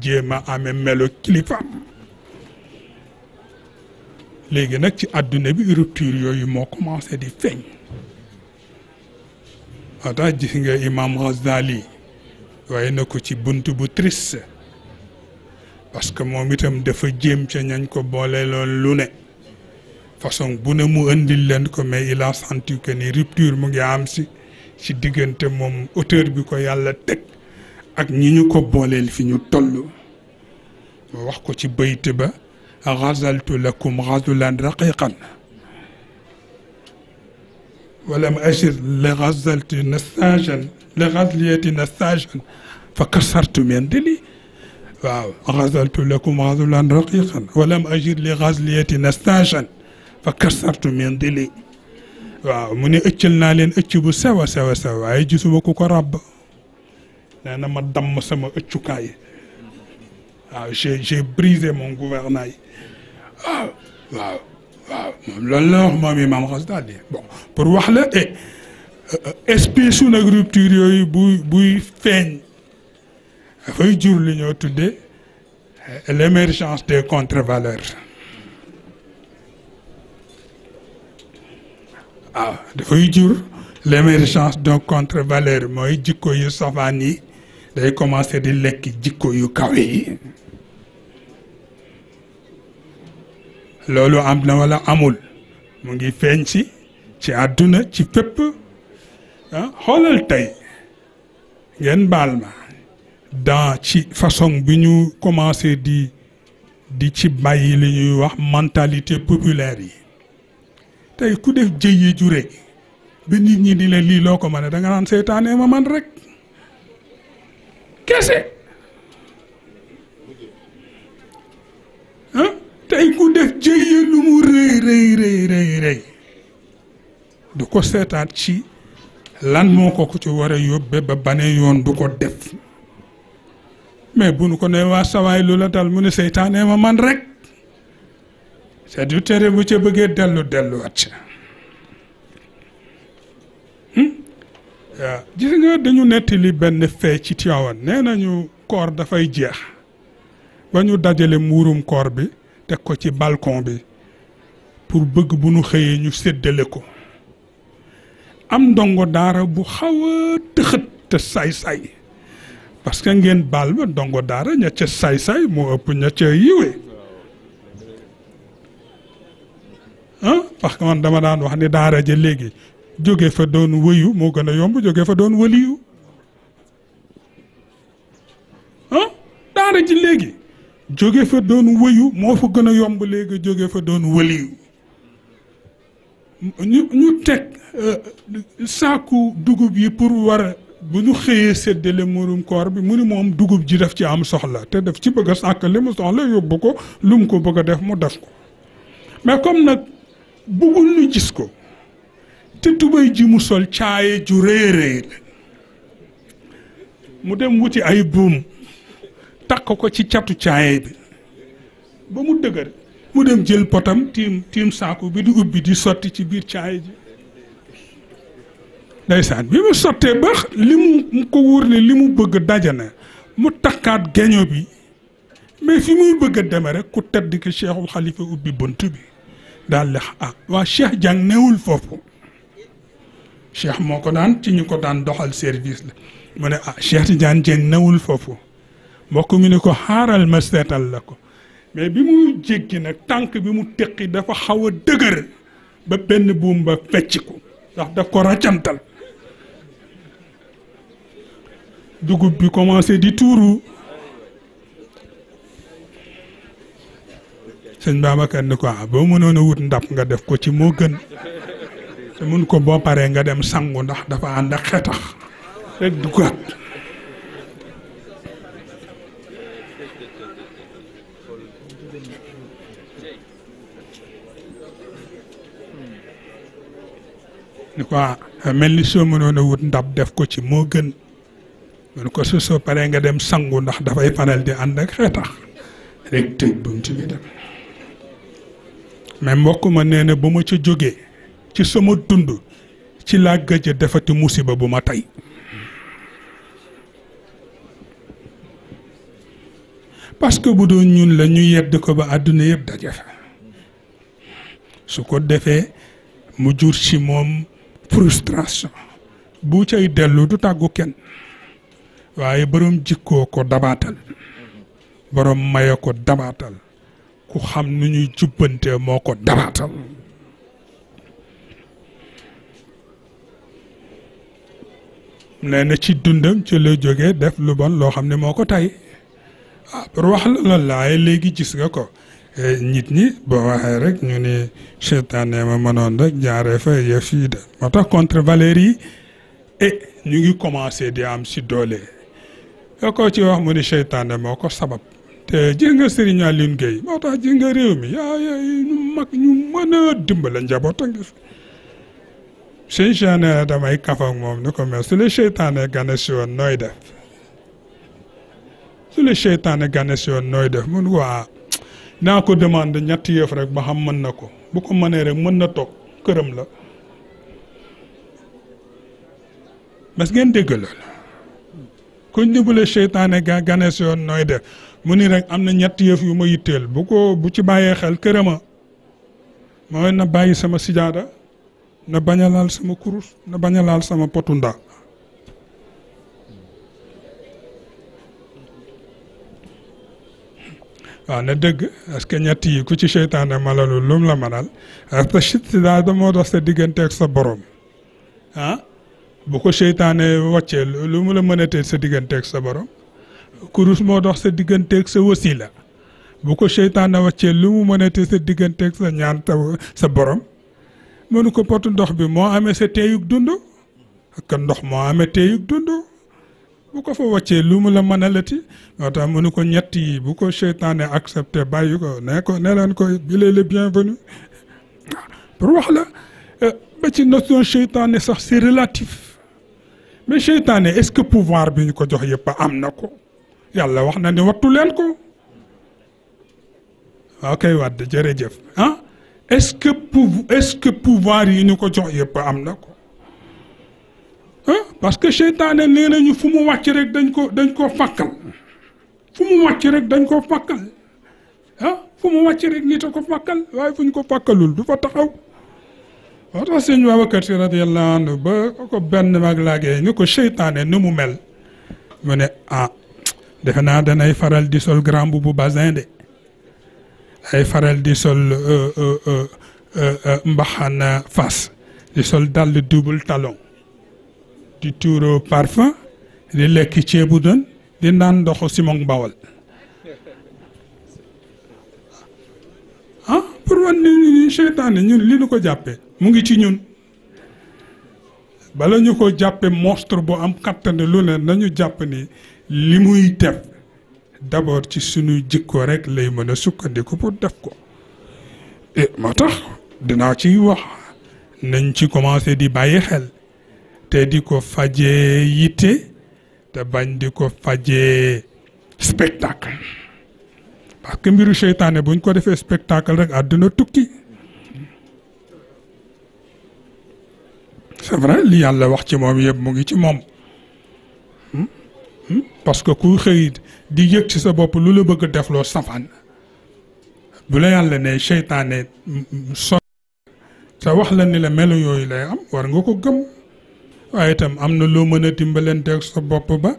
jéem a amee melo kilifaam léegi nag ci àdduna bi rupture yooyu moo commencé di feeñ ata gis imam Ghazali waaye na ko ci bunt bu triste parce que moom itam dafa jéem ca ñañ ko boole loon lu ne façon bu ne mu indil leen ko mais il a senti ni rupture mu ngi am si ci diggante moom auteur bi ko yàlla teg ak ñi ñu ko booleel fi ñu toll wax ko ci bayt ba xazaltu lakum xazulan raqiqan walam achir li xazalti nasajan li xazliyati nasajan fa kasartu men di li waaw xazaltu lakum xazulan walam achir li xazliyati nasajan fa kasartu men waaw mu ne ëccal naa leen ëcc bu sew a sew a sew waaye gisuma ku ko ràbb na na ma damm sama ëccukaay waaw j'ai j'ai brisé mon gouvernail waaw ah, waaw waaw moom loolu la wax moom imaam bon pour wax la e espèce su nag rupture yooyu buy buy feeñ dafay jur li ñoo tuddee eh, l'émergence des contre-valeurs waaw ah, dafay jur l'émergence d'un contre-valeur mooy jikko yu safaan yi day commencer di lekk jikko yu kawe yi loolu am na walla amul mu ngi feeñ si ci adduna ci fépp ah xoolal tey ngeen baal ma dans ci façon bi ñu commencé di di ci bàyyi li ñuy wax mentalité populaire yi tey ku def jëy yi jure ba nit ñi di la lii loo ko mën da nga naan seytaane ma man rek kese ah tey ku def jëy lu mu rëy rëy rëy du ko seetaat ci lan moo ko ku ci war a yóbbe ba bane yoon du ko def mais bu ko ne waa sawaay lu la dal mu ne seytaane ma man rek te du tere bu ci bëggee dellu delluwaat ca hmm? waaw dañu nettali benn fee ci Tiwaawan nee nañu koor dafay jeex ba ñu dajale muurum koor bi teg ko ci balkon bi pour bëgg bu nu xëyee ñu séddale ko am ndongo daara bu xaw a tëxët te saay-saay parce que ngeen baal ba ndongo daara ña ca moo ëpp ña ca yiwee ah parce que man dama daan wax ni daara léegi jóge fa doon wëyu moo gën a yomb jóge fa doon wëliyu ah daara ji léegi jóge fa doon wëyu moo fa gën a yomb léegi jóge fa doon wëliyu ñu ñu teg euh, saaku dugub yi pour war a bu ñu xëyee séddale murum koor bi mu ni moom dugub ji def ci am soxla te def ci bëgg a sàkk li mu soxla yóbbu ko lu ko bëgg a def mu def ko mais comme nag bëggul nu gis ko te tubéy ji mu sol caaye ju réeréer mu dem wuti ay buum takk ko ci catu caaye bi ba mu dëgër mu dem jël potam tiim tiim saako bi di ubbi di sotti ci biir caaye ji ndeysaan bi mu sottee ba li mu ko wóor ne li mu bëgg na mu takkaat geño bi mais fi muy bëgg a deme rek ku tedd ki cheikhul xalifa ubbi bunt bi daal di ah waa Cheikh Dieng newul foofu Cheikh moo ko daan ci ñu ko daan doxal service la mu ne ah Cheikh Tidiane Dieng newul foofu mbokk mi ni ko xaaral ma seetal la ko mais bi mu jéggi nag tànk bi mu teqi dafa xaw a dëgër ba benn buum ba fecc ko ndax daf ko ràccantal dugub bi commencé di tuuru. sëñ Babacar ni ko ah boo mënoon a wut ndab nga def ko ci moo gën te ko boo paree nga dem sangu ndax dafa ànd ak xetax ko ah, mel ni soo mënoon a wut ndab def ko ci moo gën mun ko su soo paree nga dem sangu ndax dafay faral di ànd ak xetax rek tëj bunt bi dem mais mbokk ma nee na ba ma ca jógee ci sama dund ci laa gëj a defati musiba bu ma tey parce que bu doon ñun la ñu yedd ko ba àdduna yëpp daje fa su ko defee mu jur ci moom frustration bu cay dellu du tàggu kenn waaye boroom jikkoo ko dabaatal boroom maye ko dabaatal ku xam nu ñuy jubbantee moo ko daraatal nee na ci dundam ci la jóge def lu bon loo xam ne moo ko tay ah pour wax la laay léegi gis nga ko eh, nit ñi boo waxee rek ñu ni seytaane ma mënoon rek jaaree fa yëf yi de moo tax contre valeurs yi et eh, ñu ngi commencé di am si doole yoo ko ci wax mu ni seytaane moo ko sabab te ji nga Serigne Alioune Gueye moo tax ji nga réew mi yaa ñu mag ñu mën a dimbale njaboot a ngi fi sëñ damay kafa moom ni ko mais su la seytaane gane nooy def su la seytaane naa ko demande ñetti yëf rek ba xam mën na ko bu ko mënee rek mën na toog këram la mas ngeen dégg loolu kuñ ni bu la seytaane gane nooy def mu ni rek am na ñett yëf yu ma yitteel bu ko bu ci bàyyee xel kërama mooy na bàyyi sama sijaada na bañ a sama kurus na bañ a sama potu waa waaw na dëgg parce que ñett ku ci seytaane malalu lum la manal parce que sijaada moo dox sa digganteeg sa borom ah, bu ko seytaane wàccee lu mu la mënatee sa digganteeg sa borom kurus moo dox sa digganteeg sa wasila bu ko seytaan a wàccee lu mu mënatee sa digganteeg sa ñaan sa borom mënu ko potu ndox bi moo amee sa teeyug dund ak ndox moo amee teeyug dund bu ko fa waccee lu mu la mën a lati moo tax mënu ko ñett bu ko seytaane accepté bàyyi ko ne ko ne leen ko bilee le bienvenu pour wax la euh, ba ci notion seytaane sax c'est relatif mais seytaane est-ce que pouvoir bi ñu ko jox yëpp am na ko yàlla wax na ne wattu leen ko waaw kay Wade jërëjëf ah est que pou est que pouvoir yi ñu ko jox yëpp am na ko ah, parce que seytaane nee nañu fu mu wàcc rek dañ ko dañ koo fàkkal fu mu wàcc rek dañ koo fàkkal ah fu mu wàcc rek nit ko fàkkal waaye fu ñu ko fàkkalul du fa taxaw waaw tax sëñ Babacar Si radiyallahu anhu ba ko benn mag laagee ni ko seytaane ni mu mel mu ne ah defe naa danay faral di sol grand boubou bazin de ay faral di sol euh, euh, euh, mbaxana fas di sol dàll double talon di tuuro parfum di lekk ceebu doon di naan ndoxu simon bawal ah pour wan ni ni ñun li ñu ko jàppee mu ngi ci ñun bala ñu ko jàppee monstre bu am kattan lu ne nañu jàpp nii li muy ter d'abord ci suñuy jikko rek lay mën a sukkandiku pour def ko et eh, moo tax dinaa ciy wax nañ ci commencé di bàyyi xel te di ko fajee yitte te bañ di ko fajee spectacle parce mbiru seytaane buñ ko defee spectacle rek àdduna tukki c'est vrai li yàlla wax ci moom yëpp mu ngi ci moom parce que ku xëyit di yëg ci sa bopp lu la bëgg defloo safaan bu la yàlla ne seytaane so te wax la ni la melo yooyu lay am war nga ko gëm waaye itam am na loo mën a dimbalanteeg sa bopp ba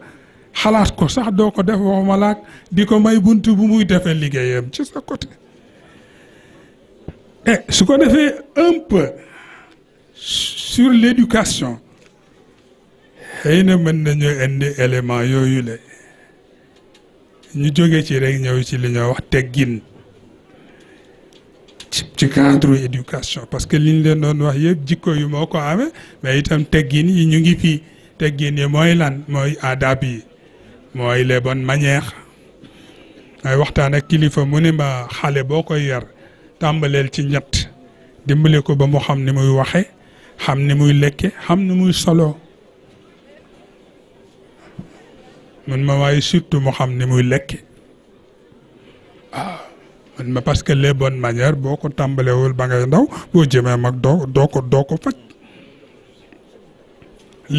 xalaat ko sax doo ko def waxuma laak di ko may bunt bu muy defee liggéeyam ci sa côté et eh, su ko defee un peu sur l'éducation xëy na mën nañoo indi élément yooyu la ñu jóge ci rek ñëw ci li ñoo wax teggin ci ci cadre éducation parce que liñ leen doon wax yëpp jikko yu moo ko amee mais itam teggin yi ñu ngi fii teggin yi mooy lan mooy adab yi mooy les bonnes manières ay waxtaan ak kilifa mu ne ma xale boo koy yar tàmbaleel ci ñett dimbale ko ba mu xam ni muy waxe xam ni muy lekke xam ni muy solo man ma waaye surtout mu xam ni muy lekki waaw ah, man ma parce que les bonnes boo ko tàmbalewul ba ngay ndaw boo jëmee mag doo ko doo ko faj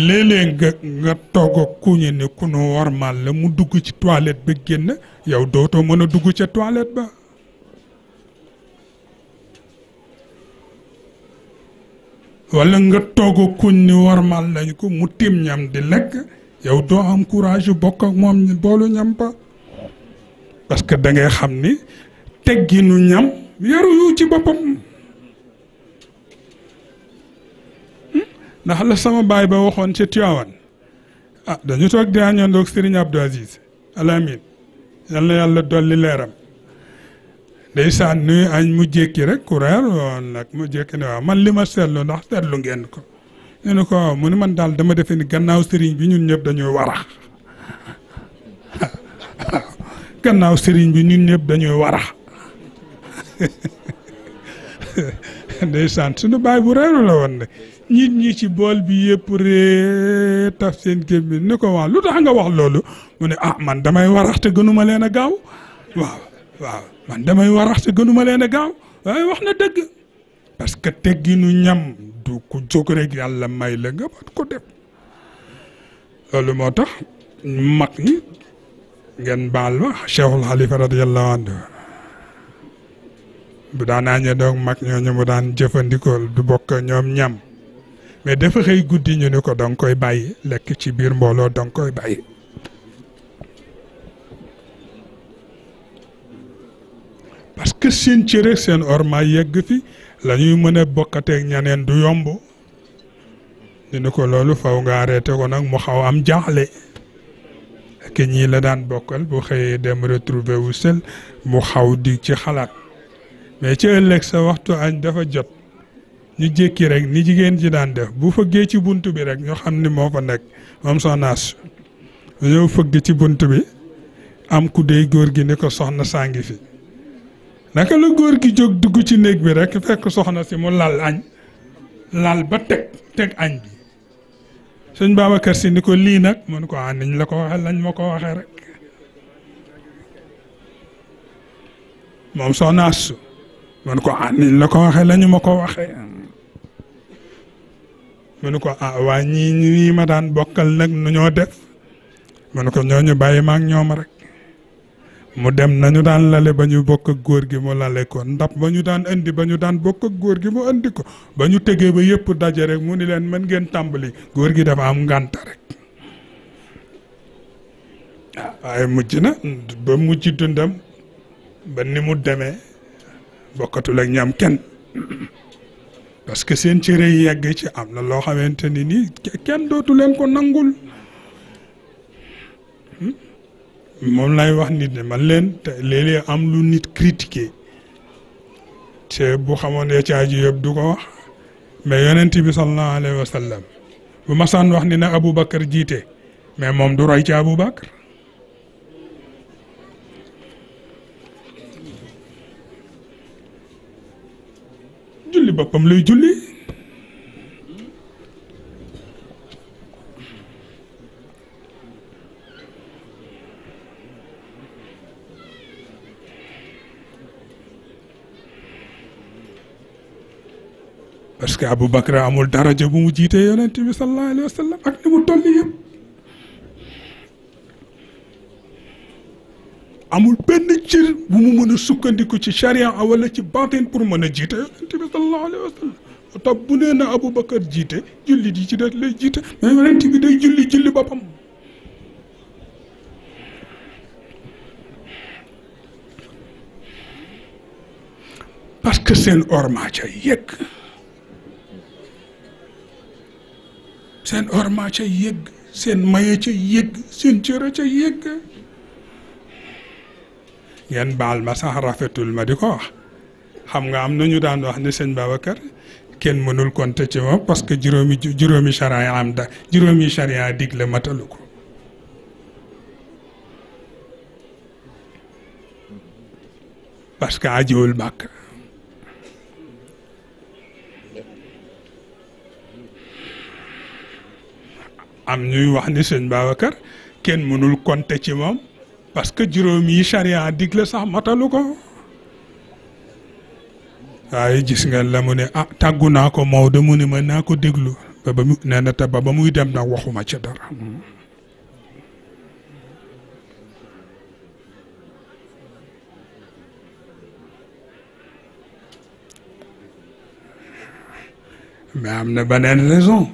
léeg-léeg nga nga toog kuñu ni ku nu warmal la mu dugg ci toilette ba génn yow dootoo mën a dugg ca toilette ba wala nga toog a kuñ ni warmal lañ ko mu tim ñam di lekk yow doo am courage yu bokk moom boolu ñam ba parce que da ngay xam ni tegginu ñam yaruyu ci boppam hmm? ndax la sama baay ba waxoon ci Tiwaawan ah dañu toog di añandoog Serigne Abdou Aziz Alamin yal na yàlla dolli leeram ndeysaan nuy añ mu jékki rek ku woon nag mu jékki ne waaw man li ma seetlu ndax seetlu ngeen ko ñu ne ko waaw mu ne man daal dama defe ni gannaaw sëriñ bi ñun ñëpp dañuy wara gannaaw sëriñ bi ñun ñëpp dañuy wara ndeysaan sunu baay bu reeru la woon de nit ñi ci bool bi yëpp ree taf seen gémmiñ ni ko waaw lu tax nga wax loolu mu ne ah man damay warax te gënuma leen a gaaw waaw waaw man damay warax te gënuma leen a gaaw waaye wax na dëgg parce que tegginu ñam du ku jóg rek yàlla may la nga mën ko def loolu moo tax mag ñi ngeen baal ma cheikhul xalifa radiallahu anhu bu daan añee doog mag ñooñu mu daan jëfandikoo du bokk ñoom ñam mais dafa xëy guddi ñu ni ko danga koy bàyyi lekk ci biir mbooloo danga koy bàyyi parce que seen cër seen orma yegg fi la ñuy mën a bokkateeg ñaneen du yomb ñu ni ko loolu faw nga arrêté ko nag mu xaw am jaaxle ak ñii la daan bokkal bu xëyee dem retrouver wu sel mu xaw di ci xalaat mais ci ëllëg sa waxtu añ dafa jot ñu jékki rek ni jigéen ji daan def bu fëggee ci bunt bi rek ñu xam ni moo fa nekk moom soxnaas ñëw fëgg ci bunt bi am ku góor gi ni ko soxna saa ngi fi naka la góor gi jóg dugg ci néeg bi rek fekk soxna si mu laal añ lal ba teg teg añ bi sëñ Babacar si ni ko lii nag mun ko ah la ko waxee ma ko waxee rek moom soxna Astou ko ah niñ la ko lañu ma ko waxee mun ko ah waa ñii ñii ma daan bokkal nag nu ñoo def mun ko ñu bàyyi maak ñoom rek. mu dem nañu daan lale ba ñu bokk góor gi mu lale ko ndab ba ñu daan indi ba ñu daan bokk ak góor gi mu indi ko ba ñu tegee ba yëpp daje rek mu ni leen mën ngeen tàmbali góor gi dafa am ngànta rek ah, waaye mujj na ba mujj dundam ba ni mu demee bokkatul ak ñam kenn parce que seen cëre yi yegg ci am na loo xamante ni nii kenn dootu leen ko nangul moom lay wax nit ne man leen te am lu nit critiqué te bu xamoon ne caaju yëpp du ko wax mais yonent bi sallallahu alayhi wa sallam bu masaan wax ni na Aboubacar jiite mais moom du roy ci Aboubacar julli boppam lay julli. parce que Aboubacar amul daraja bu mu jiitee yonent bi sallallahu ak ni mu toll yëpp amul benn cër bu mu mën a sukkandiku ci charia wala ci baatin pour mën a jiite yonent bi sallallahu alayhi wa oto bu nee na Aboubacar jiite jullit yi jiite mais yonent day julli julli boppam parce que seen orma ca yegg seen orma ca yëgg seen maye ca yëgg seen cëra ca yëgg ngeen baal ma sax rafetul ma di ko wax xam nga am na ñu daan wax ne sëñ Babacar kenn mënul compter ci moom parce que juróomi juróomi charia am da juróomi charia digle matalu ko parce que ajiwul bàkk am ñuy wax ni sëñ Babacar kenn mënul compter ci moom parce que juróom yi charia digle sax matalu ko waaye gis nga la mu ne ah tàggu naa ko Maodo mu ne mën naa ko déglu ba ba mu muy dem nag waxuma ci dara mais am na beneen raison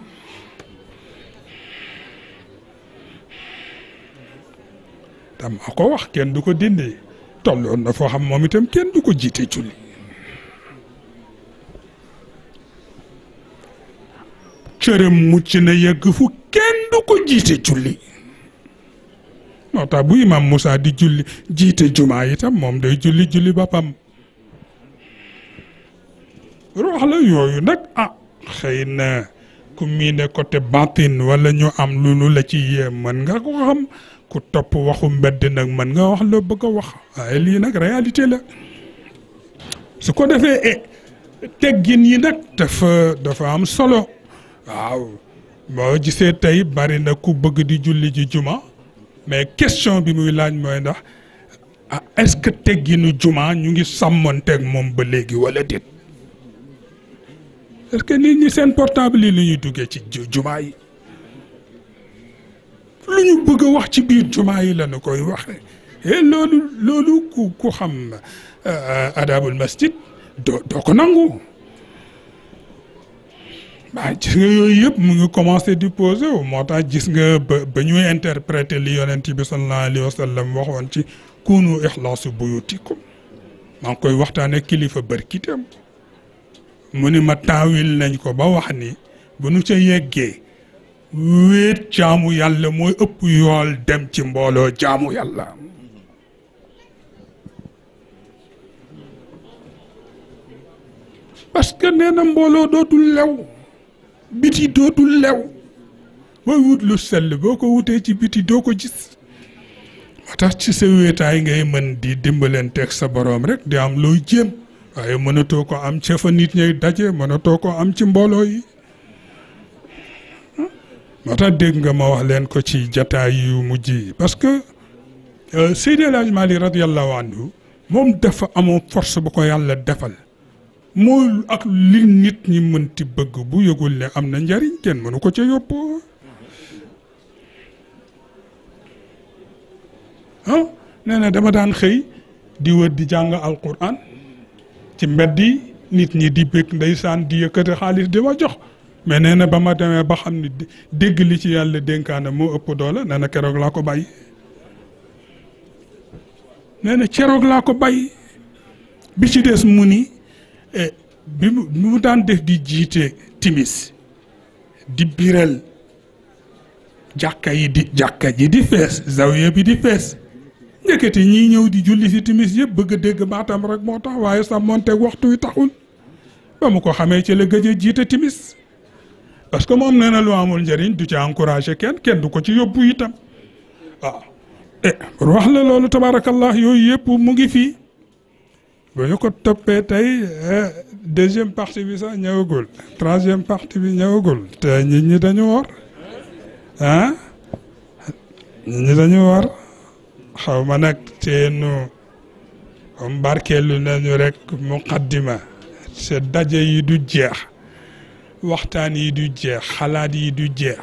dama ko wax kenn du ko dindi tolloon na foo xam moom itam kenn du ko jiite julli cëram mucc na yegg fu kenn du ko jiite julli moo tax bu imam Moussa di julli jiite jumaa itam moom day julli julli boppam roox la yooyu nag ah xëy na ku miine côté batin wala ñu am lu loolu la ci yee mën nga ko xam ku topp waxu mbedd nag mën nga wax la bëgg a wax waaye lii nag réalité la su ko defee eh, teggin yi nag dafa dafa am solo waaw boo gisee tey bari na ku bëgg di julli ji juma mais question bi muy laaj mooy ndax a ah, est-ce que tegginu juma ñu ngi sàmmanteeg moom ba léegi wala déet. parce que nit ñi seen portable yi la ñuy duggee ci jumaa yi lu bëgg a wax ci biir jumaa yi la ñu koy waxee et eh, loolu loolu ku xam euh, euh, adabul masjid doo doo ko nangu waaw gis nga yooyu yëpp mu ngi commencé di poser wu moo tax gis nga ba ba ñuy interpréter li yonent bi sallallahu alayhi wa sallam ci kunu ixlaasu buyutikum maa ngi koy waxtaane kilifa bërkitam mu ni ma taawil nañ ko ba wax ni bu nu ca yeggee wéet jaamu yàlla mooy ëpp yool dem ci mbooloo jaamu yàlla parce que nee mbooloo dootul lew biti dootul lew booy wut lu sell boo ko wutee ci biti doo ko jis moo tax ci sa wéetaay ngay mën di dimbaleen teg sa boroom rek di am looy jéem waaye mënatoo ko am ca fa nit ñay daje mënatoo ko am ci mbooloo yi moo tax dégg nga ma wax leen ko ci jataay yu mujj yi parce que euh, Seydi El Hadji Malick radiyallahu anhu moom dafa amoon force ba ko yàlla defal moo ak li nit ñi mënti bëgg bu yëgul ne am na njariñ kenn mënu ko ca yóbboo ah na dama daan xëy di wër di jàng alquran ci mbedd nit ñi di bëgg ndeysaan di yëkkati xaalis di ma jox mais nee na ba ma demee ba xam ni dégg li ci yàlla dénkaane moo ëpp doole nee na keroog laa ko bay nee na keroog laa ko bay bi ci des mu ni eh, bi mu daan def di jiite timis di biral jàkka yi di jàkka ji di fees zawiya bi di fees ndekete ñii ñëw di julli si timis yëpp bëgg a dégg baatam rek moo tax waaye sàmmonteeg waxtu wi taxul ba mu ko xamee ci la gëj a timis parce que moom nee na lu amul njëriñ du ci encouragé kenn kenn du ko ci yóbbu itam waaw ah, e eh, pour wax la loolu tabaarakallah yooyu yëpp mu ngi fii ba ñu ko toppee tey eh, deuxième partie bi sax ñëwagul troisième partie bi ñëwagul te nit ñi dañu wor ah nit ñi dañu war xaw ma nag teenu om barkeelu nañu rek muqaddima se daje yi du jeex waxtaan yi du jeex xalaat yi du jeex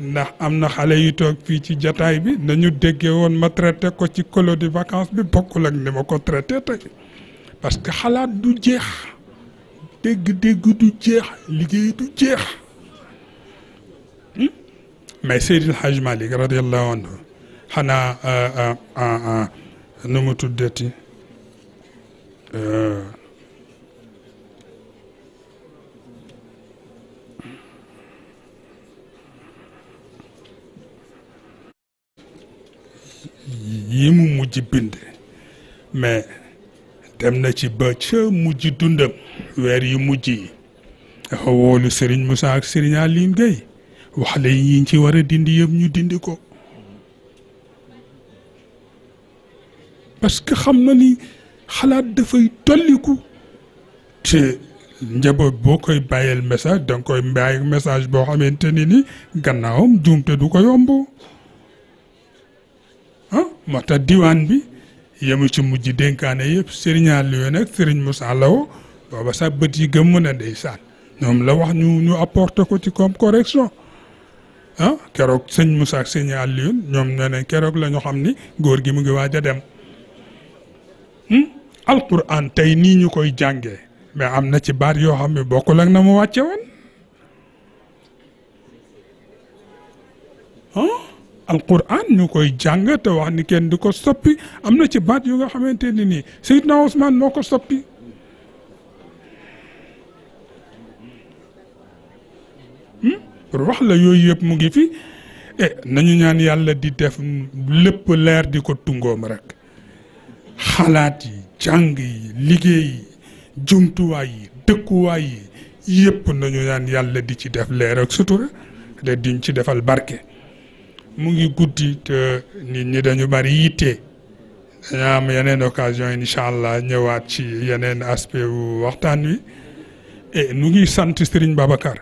ndax am na xale yu toog fii ci jataay bi nañu déggee woon ma traité ko ci colonie de vacances bi bokkul ak ni ko traité tey parce que xalaat du jeex dégg-dégg du jeex liggéey du jeex hmm? mais Seydil Hadj Malick radiyallahu anhu xanaa euh, euh, euh, nu mu tuddati mais dem na ci ba ca mujj dundam weer yu mujj yi dafa woolu Serigne Moussa ak Serigne Aline Gueye wax la yi ñu ci war a dindi yëpp ñu dindi ko parce que xam na ni xalaat dafay tolliku te njaboot boo koy bàyyeel message danga koy bàyyi message boo xamante ni ni gannaawam juumte du ko yomb ah moo tax diwaan bi yemu ci mujj dénkaane yëpp Serigne Aliou nag Serigne Moussa Lawo booba sax bët yi gëmm na ndeysaan ñoom la wax ñu ñu ko ci comme correction ah, keroog sëñ Moussa ak li Aliou ñoom ñoo ne keroog la ñu xam ni góor gi mu ngi waaj a dem. Hmm? alquran tey nii ñu koy jàngee mais am na ci baat yoo xam ne bokkul ak na mu wàcce woon alquran ñu koy jàng te wax ni kenn di ko soppi am na ci baat yu nga xamante ni nii Seydina Ousmane moo ko soppi pour hmm? wax la yooyu yëpp mu ngi fi e nañu ñaan yàlla di def lépp leer di ko tungoom rek xalaat yi jàng yi liggéey yi jumtuwaay yi dëkkuwaay yi yëpp nañu naan yàlla di ci def leer ak sutura te diñ ci defal barke mu ngi guddi te nit ñi dañu bari yitte dañaa am yeneen occasion incha allah ñëwaat ci yeneen aspect wu waxtaan wi et nu ngi sant Serigne Babacar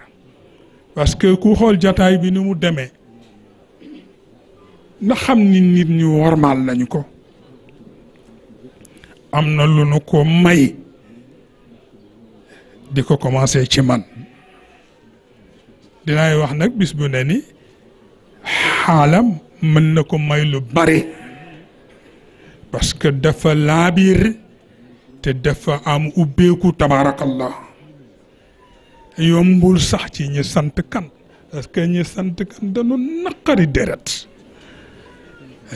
parce que ku xool jataay bi ni mu demee ndax xam ni nit ñu wormaal nañu ko am na lu nu ko may di ko commencé ci man dinaay wax nag bis ne ni xaalam mën na ko may lu bari parce que defa laabir te dafa am ubbeeku tabaarakallah yombul sax ci ñi sant kan parce que ñi sant kan dañu naqari deret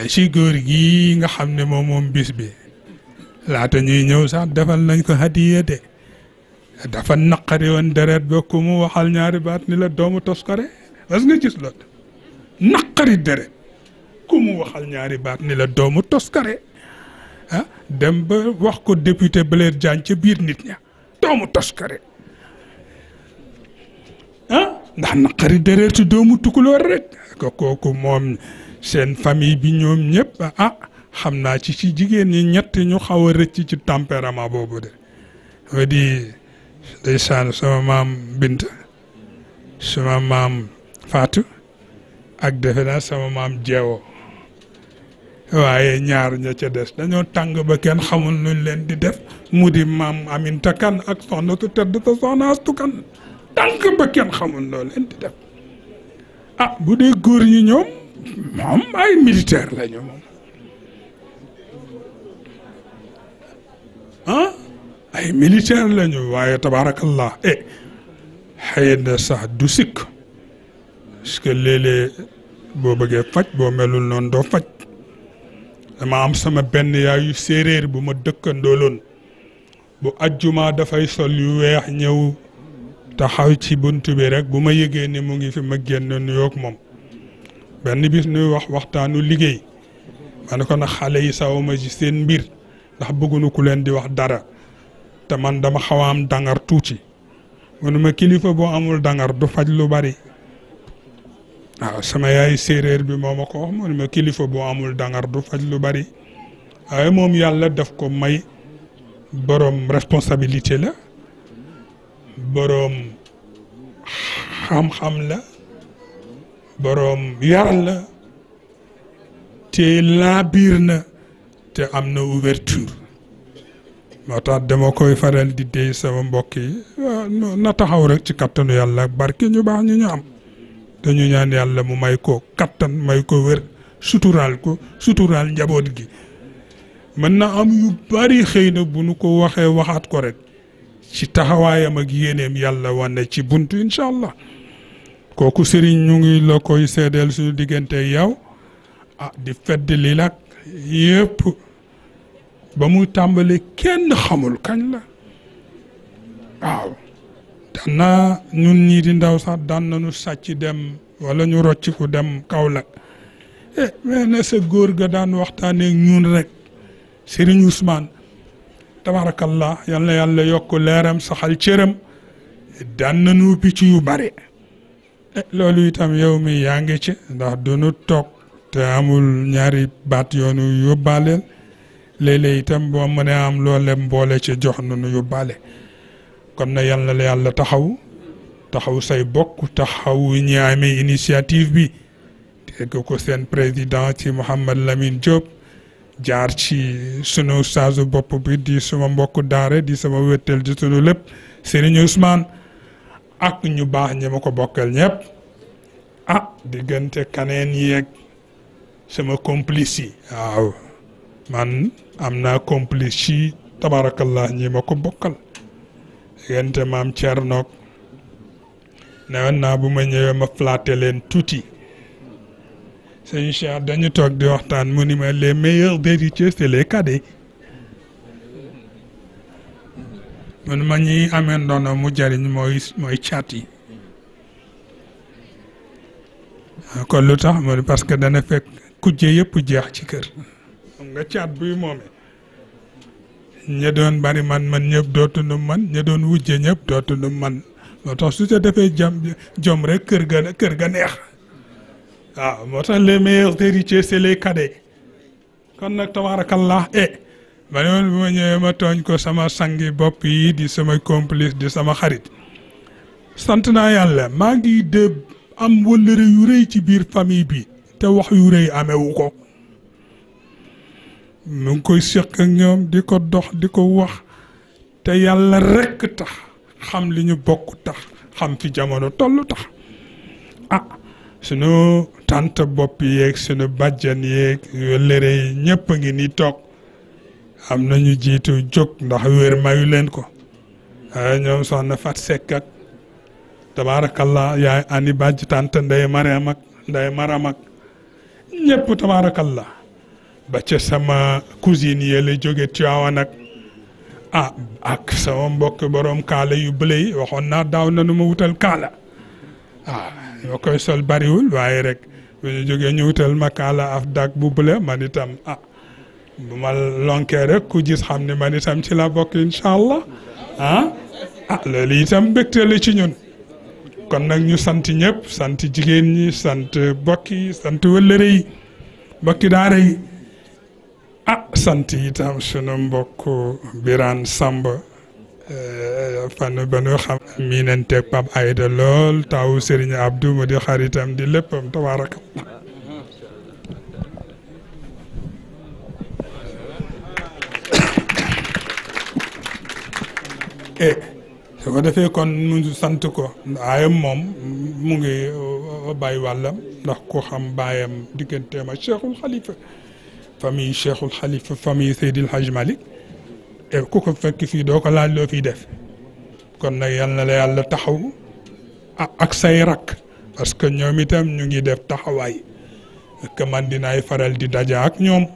ci góor gi nga xam ne moom moom bis bi laata ñuy ñëw sax defal nañ ko hadiya de dafa naqari woon deret ba ku waxal ñaari baat ni la doomu toskare mas ñaari baat ni la doomu toskare dem ba wax ko député Blaise Diagne ca biir nit ña doomu toskare ah ndax naqari deret doomu tukulóor rek ko kooku moom seen famille bi ñoom ñëpp ah xam naa ci ci jigéen ñi ñett ñu xaw a rëcc ci tempérament boobu de wa di ndeysaan sama maam Binta sama maam Fatou ak defe naa sama maam Jeewo waaye ñaar ña ca des dañoo tàng ba kenn xamul luñ leen di def mu di maam Aminta Kan ak soxna ah, bu dee góor ñi ñoom moom ay militaire lañu ah ay militaire lañu waaye tabaarakallah eh xëy na sax du sikk parce que léeg-léeg boo bëggee faj boo melul noonu doo faj dama am sama benn yaayu séeréer bu ma dëkkandooloon bu ajjuma dafay sol yu weex ñëw taxaw ci bunt bi rek bu ma yëgee ni mu ngi fi ma génn nuyoog moom benn bis nuy wax waxtaanu liggéey ma ne ko na xale yi saw ma ci seen mbir ndax bëggunu ku leen di wax dara te man dama xaw a am dangar tuuti ma kilifa bo amul dangar du faj lu bari waaw sama yaay séeréer bi moom ma ko wax mënuma kilifa bo amul dangar du faj lu bari waaye moom yàlla def ko may boroom responsabilité la borom xam-xam la boroom yar la te laabiir na. te am na ouverture moo tax dama koy faral di déy sama mbokk yi ah, na taxaw rek ci kattanu yàlla barke ñu baax ñu ñu am dañu ñaan yàlla mu may ko kattan may ko wér suturaal ko suturaal njaboot gi mën na am yu bari xëy na bu nu ko waxee waxaat ko rek ci taxawaayam ak yéeneem yàlla wane ci bunt incha allah kooku sëriñ ñu ngi la koy seedeel suñu diggante yow ah di fedd li lak ba mu tàmbali kenn xamul kan la waaw daan na ñun ñii di ndaw sax daan nañu sàcc dem wala ñu rocciku dem kaw la eh mais sa góor ga daan waxtaanee ñun rek Serigne Ousmane tabarakallah yal na yàlla yokk leeram saxal cëram daan nañu picc yu bare eh, loolu itam yow mi yaa ngi ci ndax du toog te amul ñaari baat yu yóbbaaleel léeg-léeg itam boo mënee am loolee mboole ci jox nunu yóbbaale kon na yàlla la yàlla taxaw taxaw say bokk taxaw ñi initiative bi teg ko seen président ci Mouhamed Lamine Diop jaar ci sunu saasu bopp bi di suma mbokk daare di sama wéttal di sunu lépp Serigne Ousmane ak ñu baax ñi ko bokkal ñépp a ah, diggante kaneen yeeg sama complice yi waaw man am naa complice ci tabarakallah ñi ma ko bokkal diggante maam Thierno newoon naa bu ma ñëwee ma flatter leen tuuti sëñ Cheikh dañu toog di waxtaan mu ni ma les meilleurs héritiers c'est les cadets mun ma ñuy amee ndono mu jariñ mooy mooy caat yi kon lu tax parce que dana fekk kujje yëpp jeex ci kër xam nga caat buy moome ña doon bari man man ñëpp dootuñu man ña doon wujje ñëpp dootuñu man moo tax su ca defee jam jom rek kër ga kër ga neex waaw moo tax les meilleurs héritiers c'est les cadets kon nag tabarakallah e ma ne woon bu ma ñëwee ma tooñ ko sama sangi bopp yi di sama complice di sama xarit sant naa yàlla maa ngi de am wëllëre yu rëy ci biir famille bi te wax yu rëy amewu ko mu koy seq ñoom di ko dox di ko wax te yàlla rekk tax xam li ñu bokk tax xam fi jamono toll tax ah sunu tànt bopp yeeg sunu bàjjan yeeg lëre yi ñëpp a ngi ni toog am na ñu jiitu jóg ndax wér mayu leen ko ah, ñoom soxna Fat Seck ak tabaarakallah yaay ani bàjj tànt nday Mariam ak nday Maram ak ñëpp ba ca sama cousine yële jóge Tiwaawan nag ah ak sama mbokk borom kaala yu bële yi waxoon naa daaw na nu ma wutal kaala ah koy sol bariwul waaye rek joge ñu jógee ma kaala af dag bu bële man itam ah bu ma lonkee rek ku gis xam ne man itam ci la bokk incha allah ah ah itam mbégte ci ñun kon nag ñu sant ñëpp sant jigéen ñi sant bokk yi sant wëllëre yi ah sant itam sunu mbokk Birane samb eh, fan ba nu xam miinanteeg Pape Aïda lool taawu Serigne Abdou di xaritam di léppam tabaaraka e su ko defee kon mu sant ko waaye moom mu ngi eh, bay wàllam ndax ku xam bàyyam digganteem ak Cheikhul Khalifa famille Cheikhul Khalifa famille Seydil Hadj Malick et ku ko fekk fii doo ko laal loo fiy def kon nag yal na la yàlla taxaw ak say rakk parce que ñoom itam ñu ngi def taxawaay que man dinaay faral di daja ak ñoom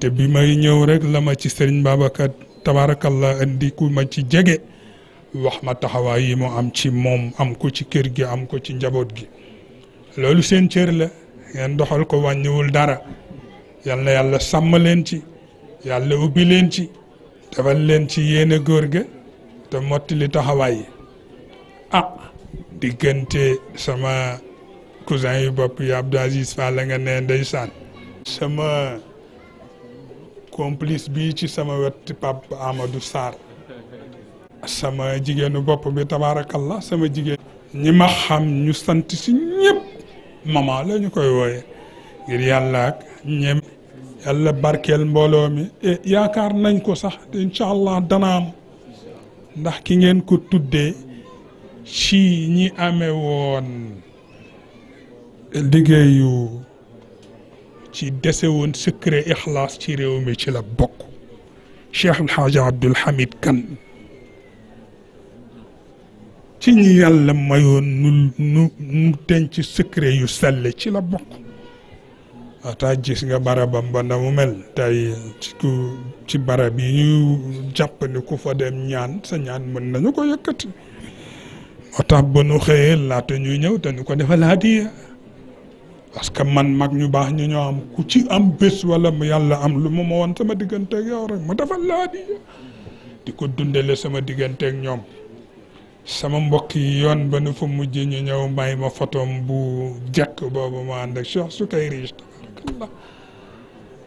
te bi may ñëw rek la ma ci sëriñ Babacar tabarakallah indi ku ma ci jege wax ma taxawaay yi mu am ci moom am ko ci kër gi am ko ci njaboot gi loolu seen cër la ngeen doxal ko wàññiwul dara. yal na yàlla sàmm leen ci yàlla ubbi leen ci defal leen ci yéene góor ga te mottali taxawaay yi ah diggante sama cousin yu bopp yi Abdou Aziz Fall la nga ne ndeysaan sama complice bi ci sama wet Pape Amadou Sarr sama jigéenu bopp bi tabaarakallah sama jigéen ñi ma xam ñu sant si ñëpp mama la koy wooye ngir yàlla ñem yàlla barkeel mbooloo mi eh, yaakaar nañ ko sax incha allah dana ndax ki ngeen ko tuddee ci ñi amee woon liggéeyu ci dese woon secret ixlaas ci réew mi ci la bokk Cheikh El Hadj Abdoul ci ñi yàlla mayoon nu nu nu denc secret yu sell ci la bokk ata gis nga barabam ba na mu mel tey ci ku ci barab yi ñu jàpp ni ku fa dem ñaan sa ñaan mën nañu ko yëkkati moo ba nu xëyee laata ñuy ñëw te ñu ko defal hadiya parce que man mag ñu baax ñu ñoo am ku ci am bis walla mu yàlla am lu mu ma woon sama digganteeg yow rek ma defal la hadiya di ko dundale sama digganteeg ñoom sama mbokk yi yoon ba nu fa mujj ñu ñëw may ma fotoom bu jekk boobu ma ànd ak Cheikh Soukayri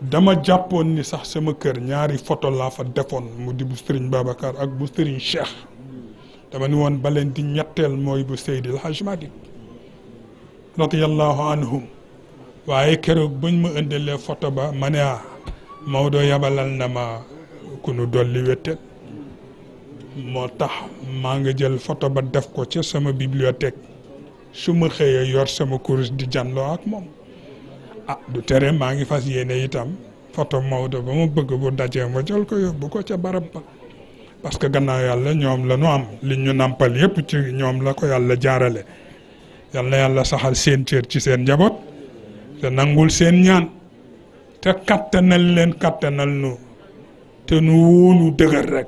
dama jàppoon ni sax sama kër ñaari photo laa fa defoon mu di bu Serigne Babacar ak bu Serigne Cheikh dama ni woon ba leen di ñetteel mooy bu Seydil Hadj Malick radiyallahu anhum waaye keroog buñ ma ëndalee photo ba ma ne ah Maodo yabalal na ma ku nu dolli wéttal moo tax maa nga jël photo ba def ko ca sama bibliothèque su ma xëyee yor sama kurus di janloo ak moom ah du tere maa ngi fas yéene itam photo Maodo ba mu bëgg bu dajee ma jël ko yóbbu ko ca barab ba parce que gannaaw yàlla ñoom la ñu am li ñu nampal yépp ci ñoom la ko yàlla jaarale yal na yàlla saxal seen cër ci seen njaboot te nangul seen ñaan te kattanal leen kattanal nu te nu wóolu dëgër rek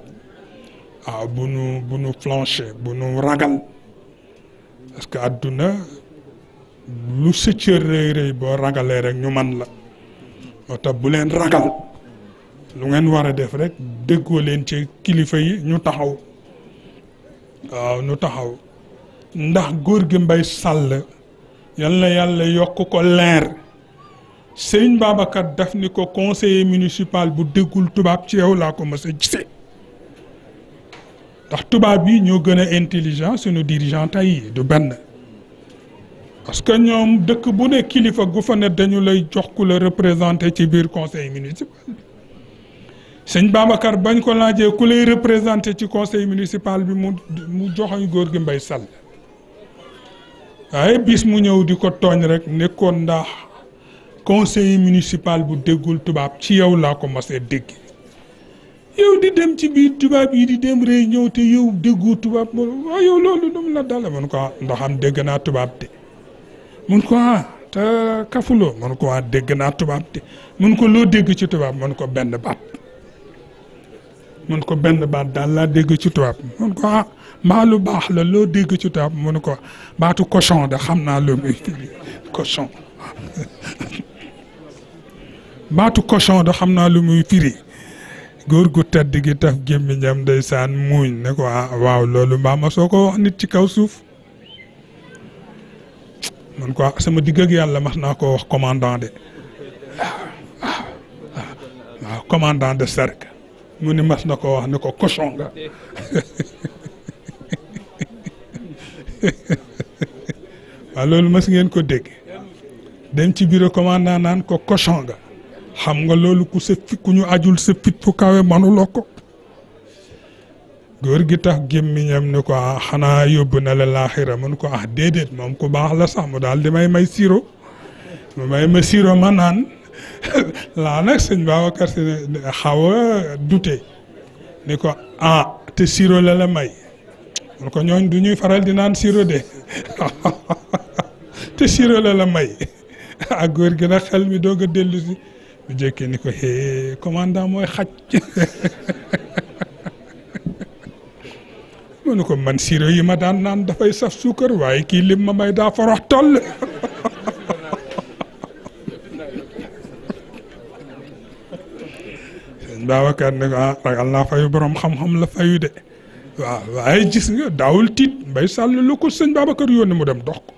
waaw ah, bu nu bu nu flanché bu nu ragal parce que adduna lu sa cër rëy boo ragalee rek ñu man la moo bu leen ragal lu ngeen war a def rek déggoo leen ci kilifa yi ñu taxaw waaw ñu taxaw ndax góor gi mbay sàll yal na yàlla yokk ko leer sëriñ Babacar daf ni ko conseiller municipal bu déggul tubaab ci yow laa ko mës a ndax tubaab yi ñoo gën a intelligent suñu dirigeant tey du benn parce que ñoom dëkk bu ne kilifa gu fa ne dañu lay jox ku la représenté ci biir conseil municipal sëñ Babacar bañ ko laajee ku lay représenté ci conseil municipal bi mu mu joxoñ góor gi Mbay Sall waaye bis mu ñëw di ko tooñ rek nekkoon ndax conseil municipal bu déggul tubaab ci yow laa ko mos a dégg yow di dem ci biir tubaab yi di dem ñëw te yow déggoo tubaab moom waaye yow loolu dama la dala man ko ah, ndax am dégg naa tubaab de. mun ko ah te kafuloo mun ko ah dégg naa tubaab te mun ko loo dégg ci tubaab mun ko benn baat mun ko benn baat daal laa dégg ci tubaab mun ko ah maa lu baax la loo dégg ci tubaab mun ko baatu cochon da xam naa baatu cochon da xam naa lu muy firi góor gu tedd gi taf gémmiñam ndeysaan muuñ ne ko ah waaw loolu mbaama soo ko wax ci kaw suuf man ko sama digg ak yàlla mas naa koo wax commandant de waaw waaw commandant de cercle mu ni mas na koo wax ni ko cochon nga waaw loolu mas ngeen ko dégg dem ci bureau commandant naan ko cochon nga xam nga loolu ku sa ku ñu ajul sa fit fu kawe manuloo ko góor gi tax gémmiñam ni ko ah xanaa yóbbu na la laaxira mun ko ah déedéet moom ku baax la sax mu daal di may may siro mu may ma siro ma naan laa nag sëñ Babacar Si xaw a dute ni ko ah te siro la la may mun ko ñooñ du ñuy faral di naan siro de te siro la la may ak góor gi nag xel mi doog a dellu si ni ko hee commandant mooy xaj. mu ne ko man sirop yi ma daan naan dafay saf suukar waaye kii lim ma may daa forox toll sëñ Babacar ne ko ah ragal naa fayu borom xam-xam la fayu de waaw waaye gis nga daawul tiit mbay sàll lu ko sëñ Babacar yónni mu dem dox ko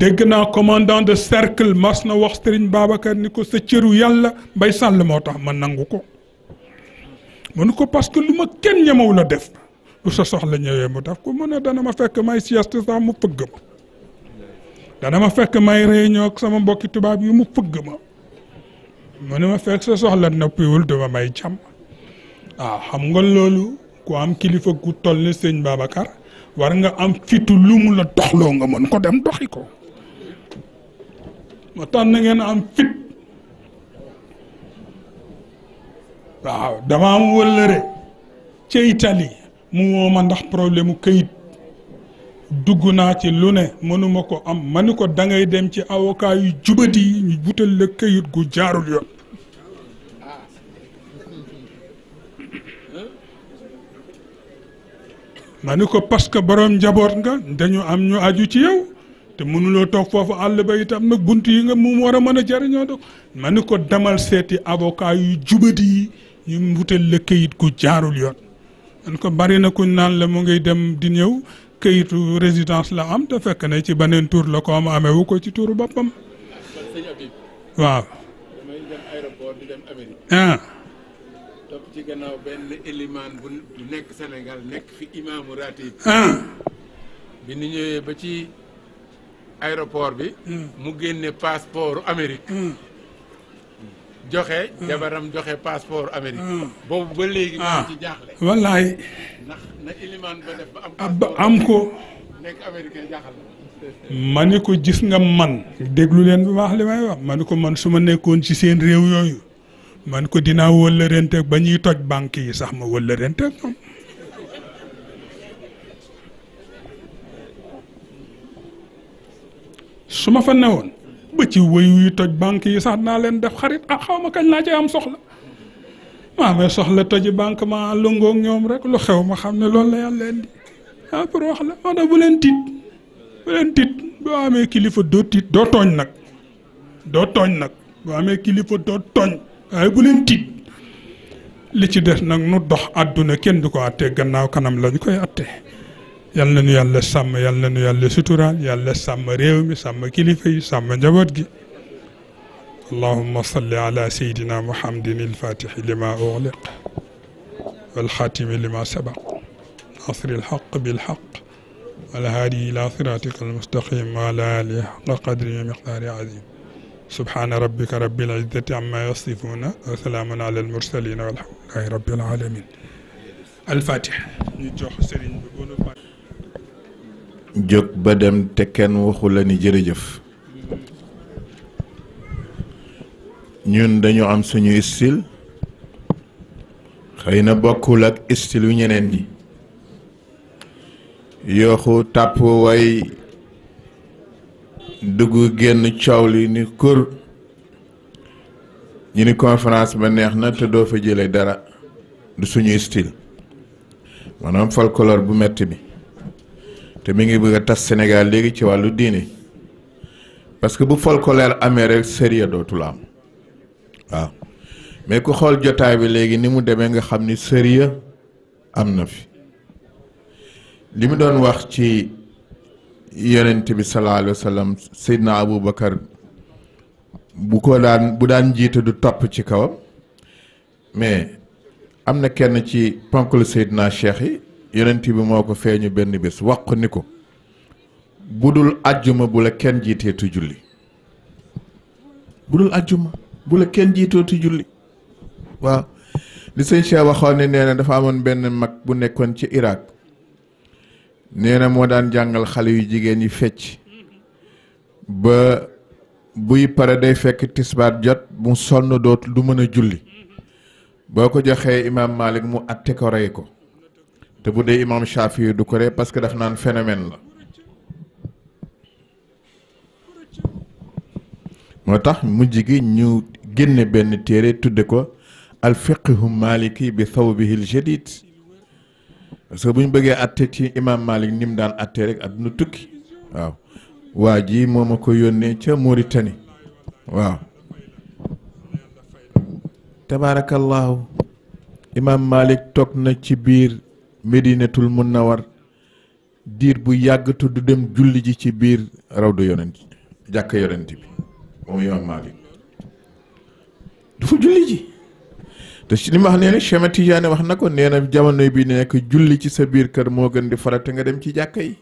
dégg naa commandant de cercle mas na wax sëriñ Babacar ni ko sa yàlla mbay sàll moo tax ma nangu ko mënu ko parce que lu ma kenn ñemewul a def bu sa soxla ñëwee mu def ko mu ne dana ma fekk may sieste sax mu fëgg ma dana ma fekk may réunion ak sama mbokki tubaab yi mu fëgg ma mu ne ma fekk sa soxla noppiwul duma may jàmm waaw ah, xam nga loolu ku am kilifa ku toll ni sëñ Babacar war nga am fitu lu mu la doxloo nga mën ko dem doxi ko ma tax ngeen am fit waaw dama am wëllëre ca Italie mu woo ma ndax problème mu këyit dugg naa ci lu ne mënuma ko am mani ko dangay dem ci avocat yu jubati yi ñu butal la këyit gu jaarul yoon ma ni ko parce que borom njaboot nga dañu am ñu aju ci yow te mënuloo toog foofu àll ba itam nag bunt yi nga mu war a mën a jariñoo dog ma ni ko demal seeti avocat yu jubati yi ñu wutal la këyit gu jaarul yoon man ko bari na kuñ naan la mu ngi dem di ñëw këyitu résidence la am te fekk na ci beneen tur la ko am amee wu ko ci tuuru boppam waaw ah topp ci gannaaw bu nekk Sénégal nekk fi imaamu ratib ah. bi ñu ñëwee ba ci aéroport bi hmm. mu génne passeport Amérique hmm. joxe. jabaram joxe passeport Amérique. Hmm. boobu ba léegi. ah ci jaaxle. wallaay. ndax ba am. ko. nekk américain ma ni ko gis nga man. déglu leen bu baax li may wax ma ni ko man su ma nekkoon ci seen réew yooyu man ko dinaa wëllërenteeg ba ñuy toj banque yi sax ma wëllërenteeg ñoom. su ma fa newoon. ba ci wëy wuy toj banque yi sax naa leen def xarit ah xaw ma kañ laa ci am soxla maa may soxla toji banque ma lëngoog ñoom rek lu xew ma xam ne loolu la yàlla indi ah pour wax la wax na bu leen tiit bu leen tiit boo amee kilifa doo tiit doo tooñ nag doo tooñ nag boo amee kilifa doo tooñ waaye bu leen tiit li ci des nag nu dox àdduna kenn du ko àttee gannaaw kanam lañu koy àttee yal na nu yàlla sàmm yal na nu yàlla suturaal yàlla sàmm réew mi sàmm kilifa yi sàmm njaboot gi allahuma salli ala sayidina muhammadin ilfatixi lima uxliq walxatimi lima sabaq nasri lxaq bilxaq walhaadi ila siratika almustaqim wala alihi xaqa qadri wa miqdaari azim subhana rabbika rabbil izzati amma yasifuna wa salaamun ala almursalina walhamdulilahi rabbil alamin alfatix ñu jox sëriñ bi jóg ba dem te kenn waxu la ni jërëjëf ñun dañu am suñu style xëy na bokkul ak style yu ñeneen ñi yooxu tàpp way dugg génn coow li ni kur ñu ni conférence ba neex na te doo fa jële dara du suñu style maanaam folklore bu metti bi te mi ngi bëgg a tas Sénégal léegi ci wàllu diini parce que bu folklore amee rek sérieux dootul am waaw mais ku xool jotaay bi léegi ni mu demee nga xam ni sérieux am na fi li mu doon wax ci yonent bi sallallahu alayhi wa sallam Seydina Aboubacar bu ko daan bu daan jiite du topp ci kawam mais am na kenn ci ponklu Seydina Cheikh yi. yonent bi moo ko feeñu benn bés wax ni ko bu dul àjjuma bu la kenn jiiteetu julli bu dul àjjuma bu la kenn jiiteetu julli waaw li sëñ Cheikh waxoon ne dafa amoon benn mag bu nekkoon ci Irak nee moo daan jàngal xale yu jigéen yi fecc ba buy pare day fekk tisbaat jot mu sonn dootu du mën a julli boo ko joxee imaam Malik mu atte ko rey ko te bu dee imam Shafi du ko ree parce que daf naan phénomène la moo tax mujj gi ñu génne benn téere tudd ko al fiqhu maliki bi thawbihi al jadid parce bu ñu bëggee atte ci imam Malik ni daan atte rek àdduna tukki waaw waa ji moom a ko yónnee ca Mauritanie waaw tabaarakallaahu imam Malik toog na ci biir na war diir bu yàgg tudd dem julli ji ci biir rawdu yonent jàkk yonent bi moom imaam Maalik dafa julli ji te li ma wax nee ne Cheikh Tidiane wax na ko nee na jamono bi nekk julli ci sa biir kër moo gën di farate nga dem ci jàkka yi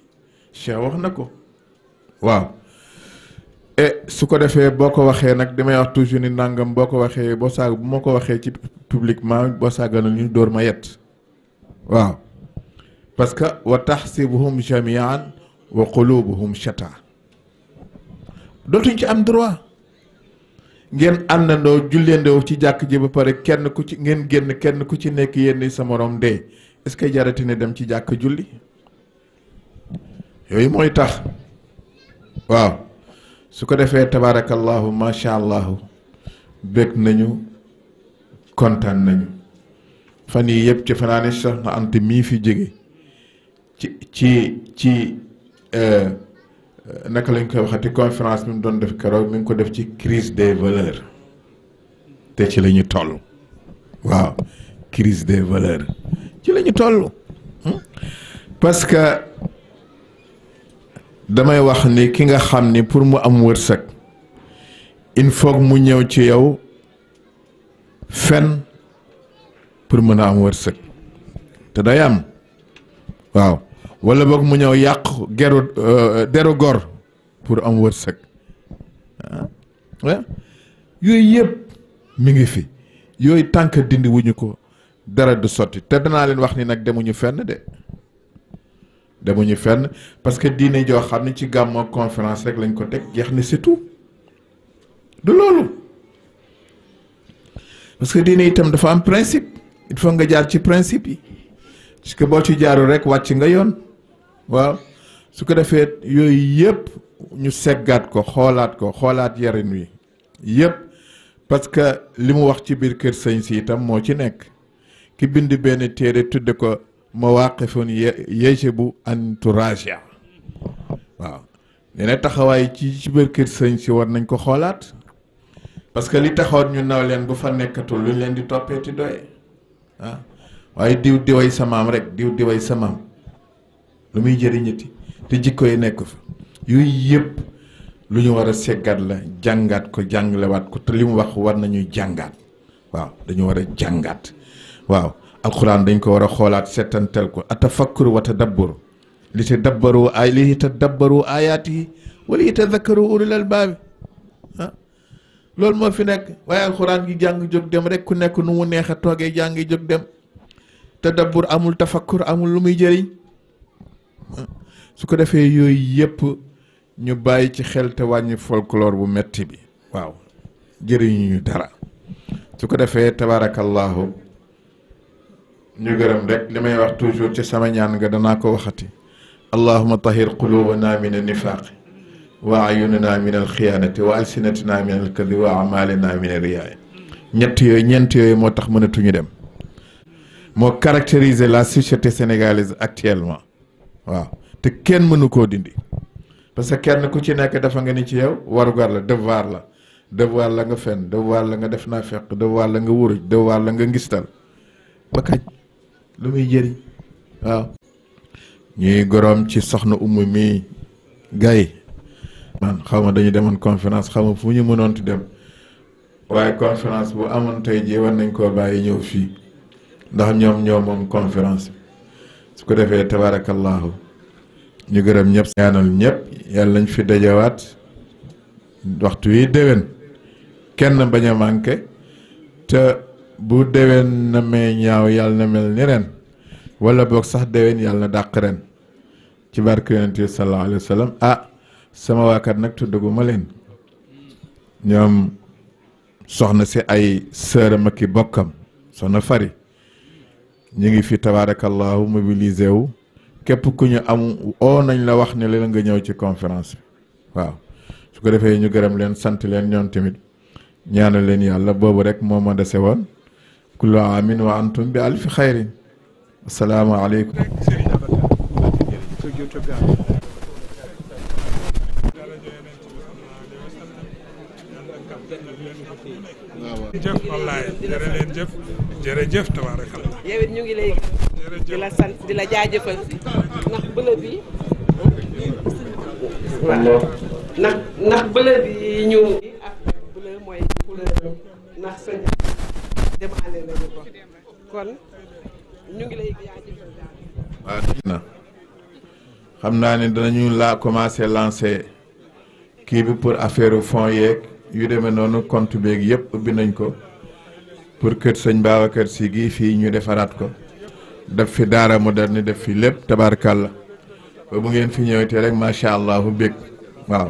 Cheikh wax na ko waaw e su ko defee boo ko waxee nag damay wax toujours ni nangam boo ko waxee boo saag bu ma ko waxee ci publiquement boo saaganoon ñu dóor ma yet waaw parce que wa taxsibuhum jamian wa qulubuhum chata dootuñ ci am droit ngeen àndandoo julleendoo ci jàkk ji ba pare kenn ku ci ngeen génn kenn ku ci nekk yenn sa moroom dee est-ce que jarati ne dem ci jàkk julli yooyu mooy tax waaw su ko defee tabaarakallahu macha allahu bég nañu kontaan nañu fan yii yëpp ci fanaane sax na ant mii fi jege ci ci ci euh, euh, naka lañ koy waxati conférence mi mu doon def keroog mi ngi ko def ci crise de valeurs te ci la ñu toll waaw crise des valeurs ci la toll hmm? parce que damay wax ni ki nga xam ni pour mu am wërsëg il faut mu ñëw ci yow fen pour mën a am wërsëg te day am waaw wala boog mu ñëw yàqu geru euh, deru gor pour am wërsëg ah. yooyu yëpp mu ngi fi yooyu tànk dindiwuñu ko dara du sotti te danaa leen wax ni nag demuñu fenn de demuñu fenn parce que diine joo xam ne ci gàmmoo conférence rek lañ ko teg jeex na c'est tout du loolu parce que diine itam dafa am principe il faut nga jaar ci principe yi parce que boo ci jaarul rek wàcc nga yoon. waaw su ko defee yooyu yëpp ñu seggaat ko xoolaat ko xoolaat yarin wi yëpp parce que li mu wax ci biir kër sëñ si itam moo ci nekk ki bind benn téere tudde ko ma mawaqifun yajibu an turaja waaw nee taxawaay ci ci biir kër sëñ si war nañ ko xoolaat parce que li taxoon ñu naw leen bu fa nekkatul luñ leen di toppee ti doy ah waaye diw diway samaam rek diw diway samaam lu muy jëriñati te jikko yi nekk fa yooyu yëpp lu ñu war a seggaat la jàngaat ko jàngalewaat ko te li mu wax war nañuy jàngaat waaw dañu war a jàngaat waaw alxuraan dañ ko war a xoolaat settantel ko atafakkur wa tadabbur li te dabbaru li te dabbaru ayaat yi wala yi te zakkaru ulul albaabi loolu moo fi nekk waaye alxuraan gi jàng jóg dem rek ku nekk nu mu neex a toogee jàngi jóg dem te dabbur amul tafakkur amul lu muy jëriñ su ko defee yooyu yëpp ñu bàyyi ci xel te wàññi folklore bu metti bi waaw jëriñu ñu dara su ko defee tabaarakallaahu ñu gërëm rek li may wax toujours ci sama ñaan nga danaa ko waxati allahuma tahir qulubana min annifaaqi wa ayunana min alxiyaanati wa alsinatina min alkadi wa naa min alriyaay ñett yooyu ñeent yooyu moo tax mënatuñu dem moo caractériser la société sénégalaise actuellement waaw te kenn mënu koo dindi parce que kenn ku ci nekk dafa nga ni ci yow warugar la devoir la devoir la nga fen devoir la nga def naa feq devoir la nga wuruj devoir la nga ngistal ba kañ lu muy jëriñ waaw ñuy goroom ci soxna umu mi gay man xaw ma dañu demoon conférence xaw ma fu ñu mënoon ti dem waaye conférence bu amoon tey jii nañ koo bàyyi ñëw fii ndax ñoom ñoo moom conférence bi su ko defee tabaarakallaahu ñu gërëm ñëpp ñaanal ñëpp yàlla nañ fi dajawaat waxtu wi déwén kenn bañ a manqué te bu déwén na may ñaaw yàlla na mel ni ren wala boog sax déwén yàlla na dàq ren ci barke yonent bi sallallahu alayhi wa sallam ah, sama waakat nag tudduguma leen ñoom soxna si ay sëram ak i bokkam soxna fari ñu ngi fi tabaarakallaahu mobilisé wu képp ku ñu am oo nañ la wax ne la nga ñëw ci conférence bi waaw su ko defee ñu gërëm leen sant leen ñoom tamit ñaana leen yàlla boobu rek moo ma dese woon kullu amin wa antum bi alfi xayrin asalaamaaleykum waaw jëf wallaay jërë leen jëf jërëjëf tabaarakalla yow it ñu ngi lay di la sant di la jaajëfal ndax bële bi waaw ndax ndax bële bi ñu ak bële mooy couleur ndax sañ kon ñu ngi lay jaajëfal waaw na xam naa ne danañu laa commencé lancé kii bi pour affaire fonds yeeg yu deme noonu compte beeg yëpp ubbi nañ ko pour kër sëñ kër Si gi fii ñu defaraat ko def fi daara moderne def fi lépp tabaarkàlla ba bu ngeen fi ñëwee rek macha allah bég waaw.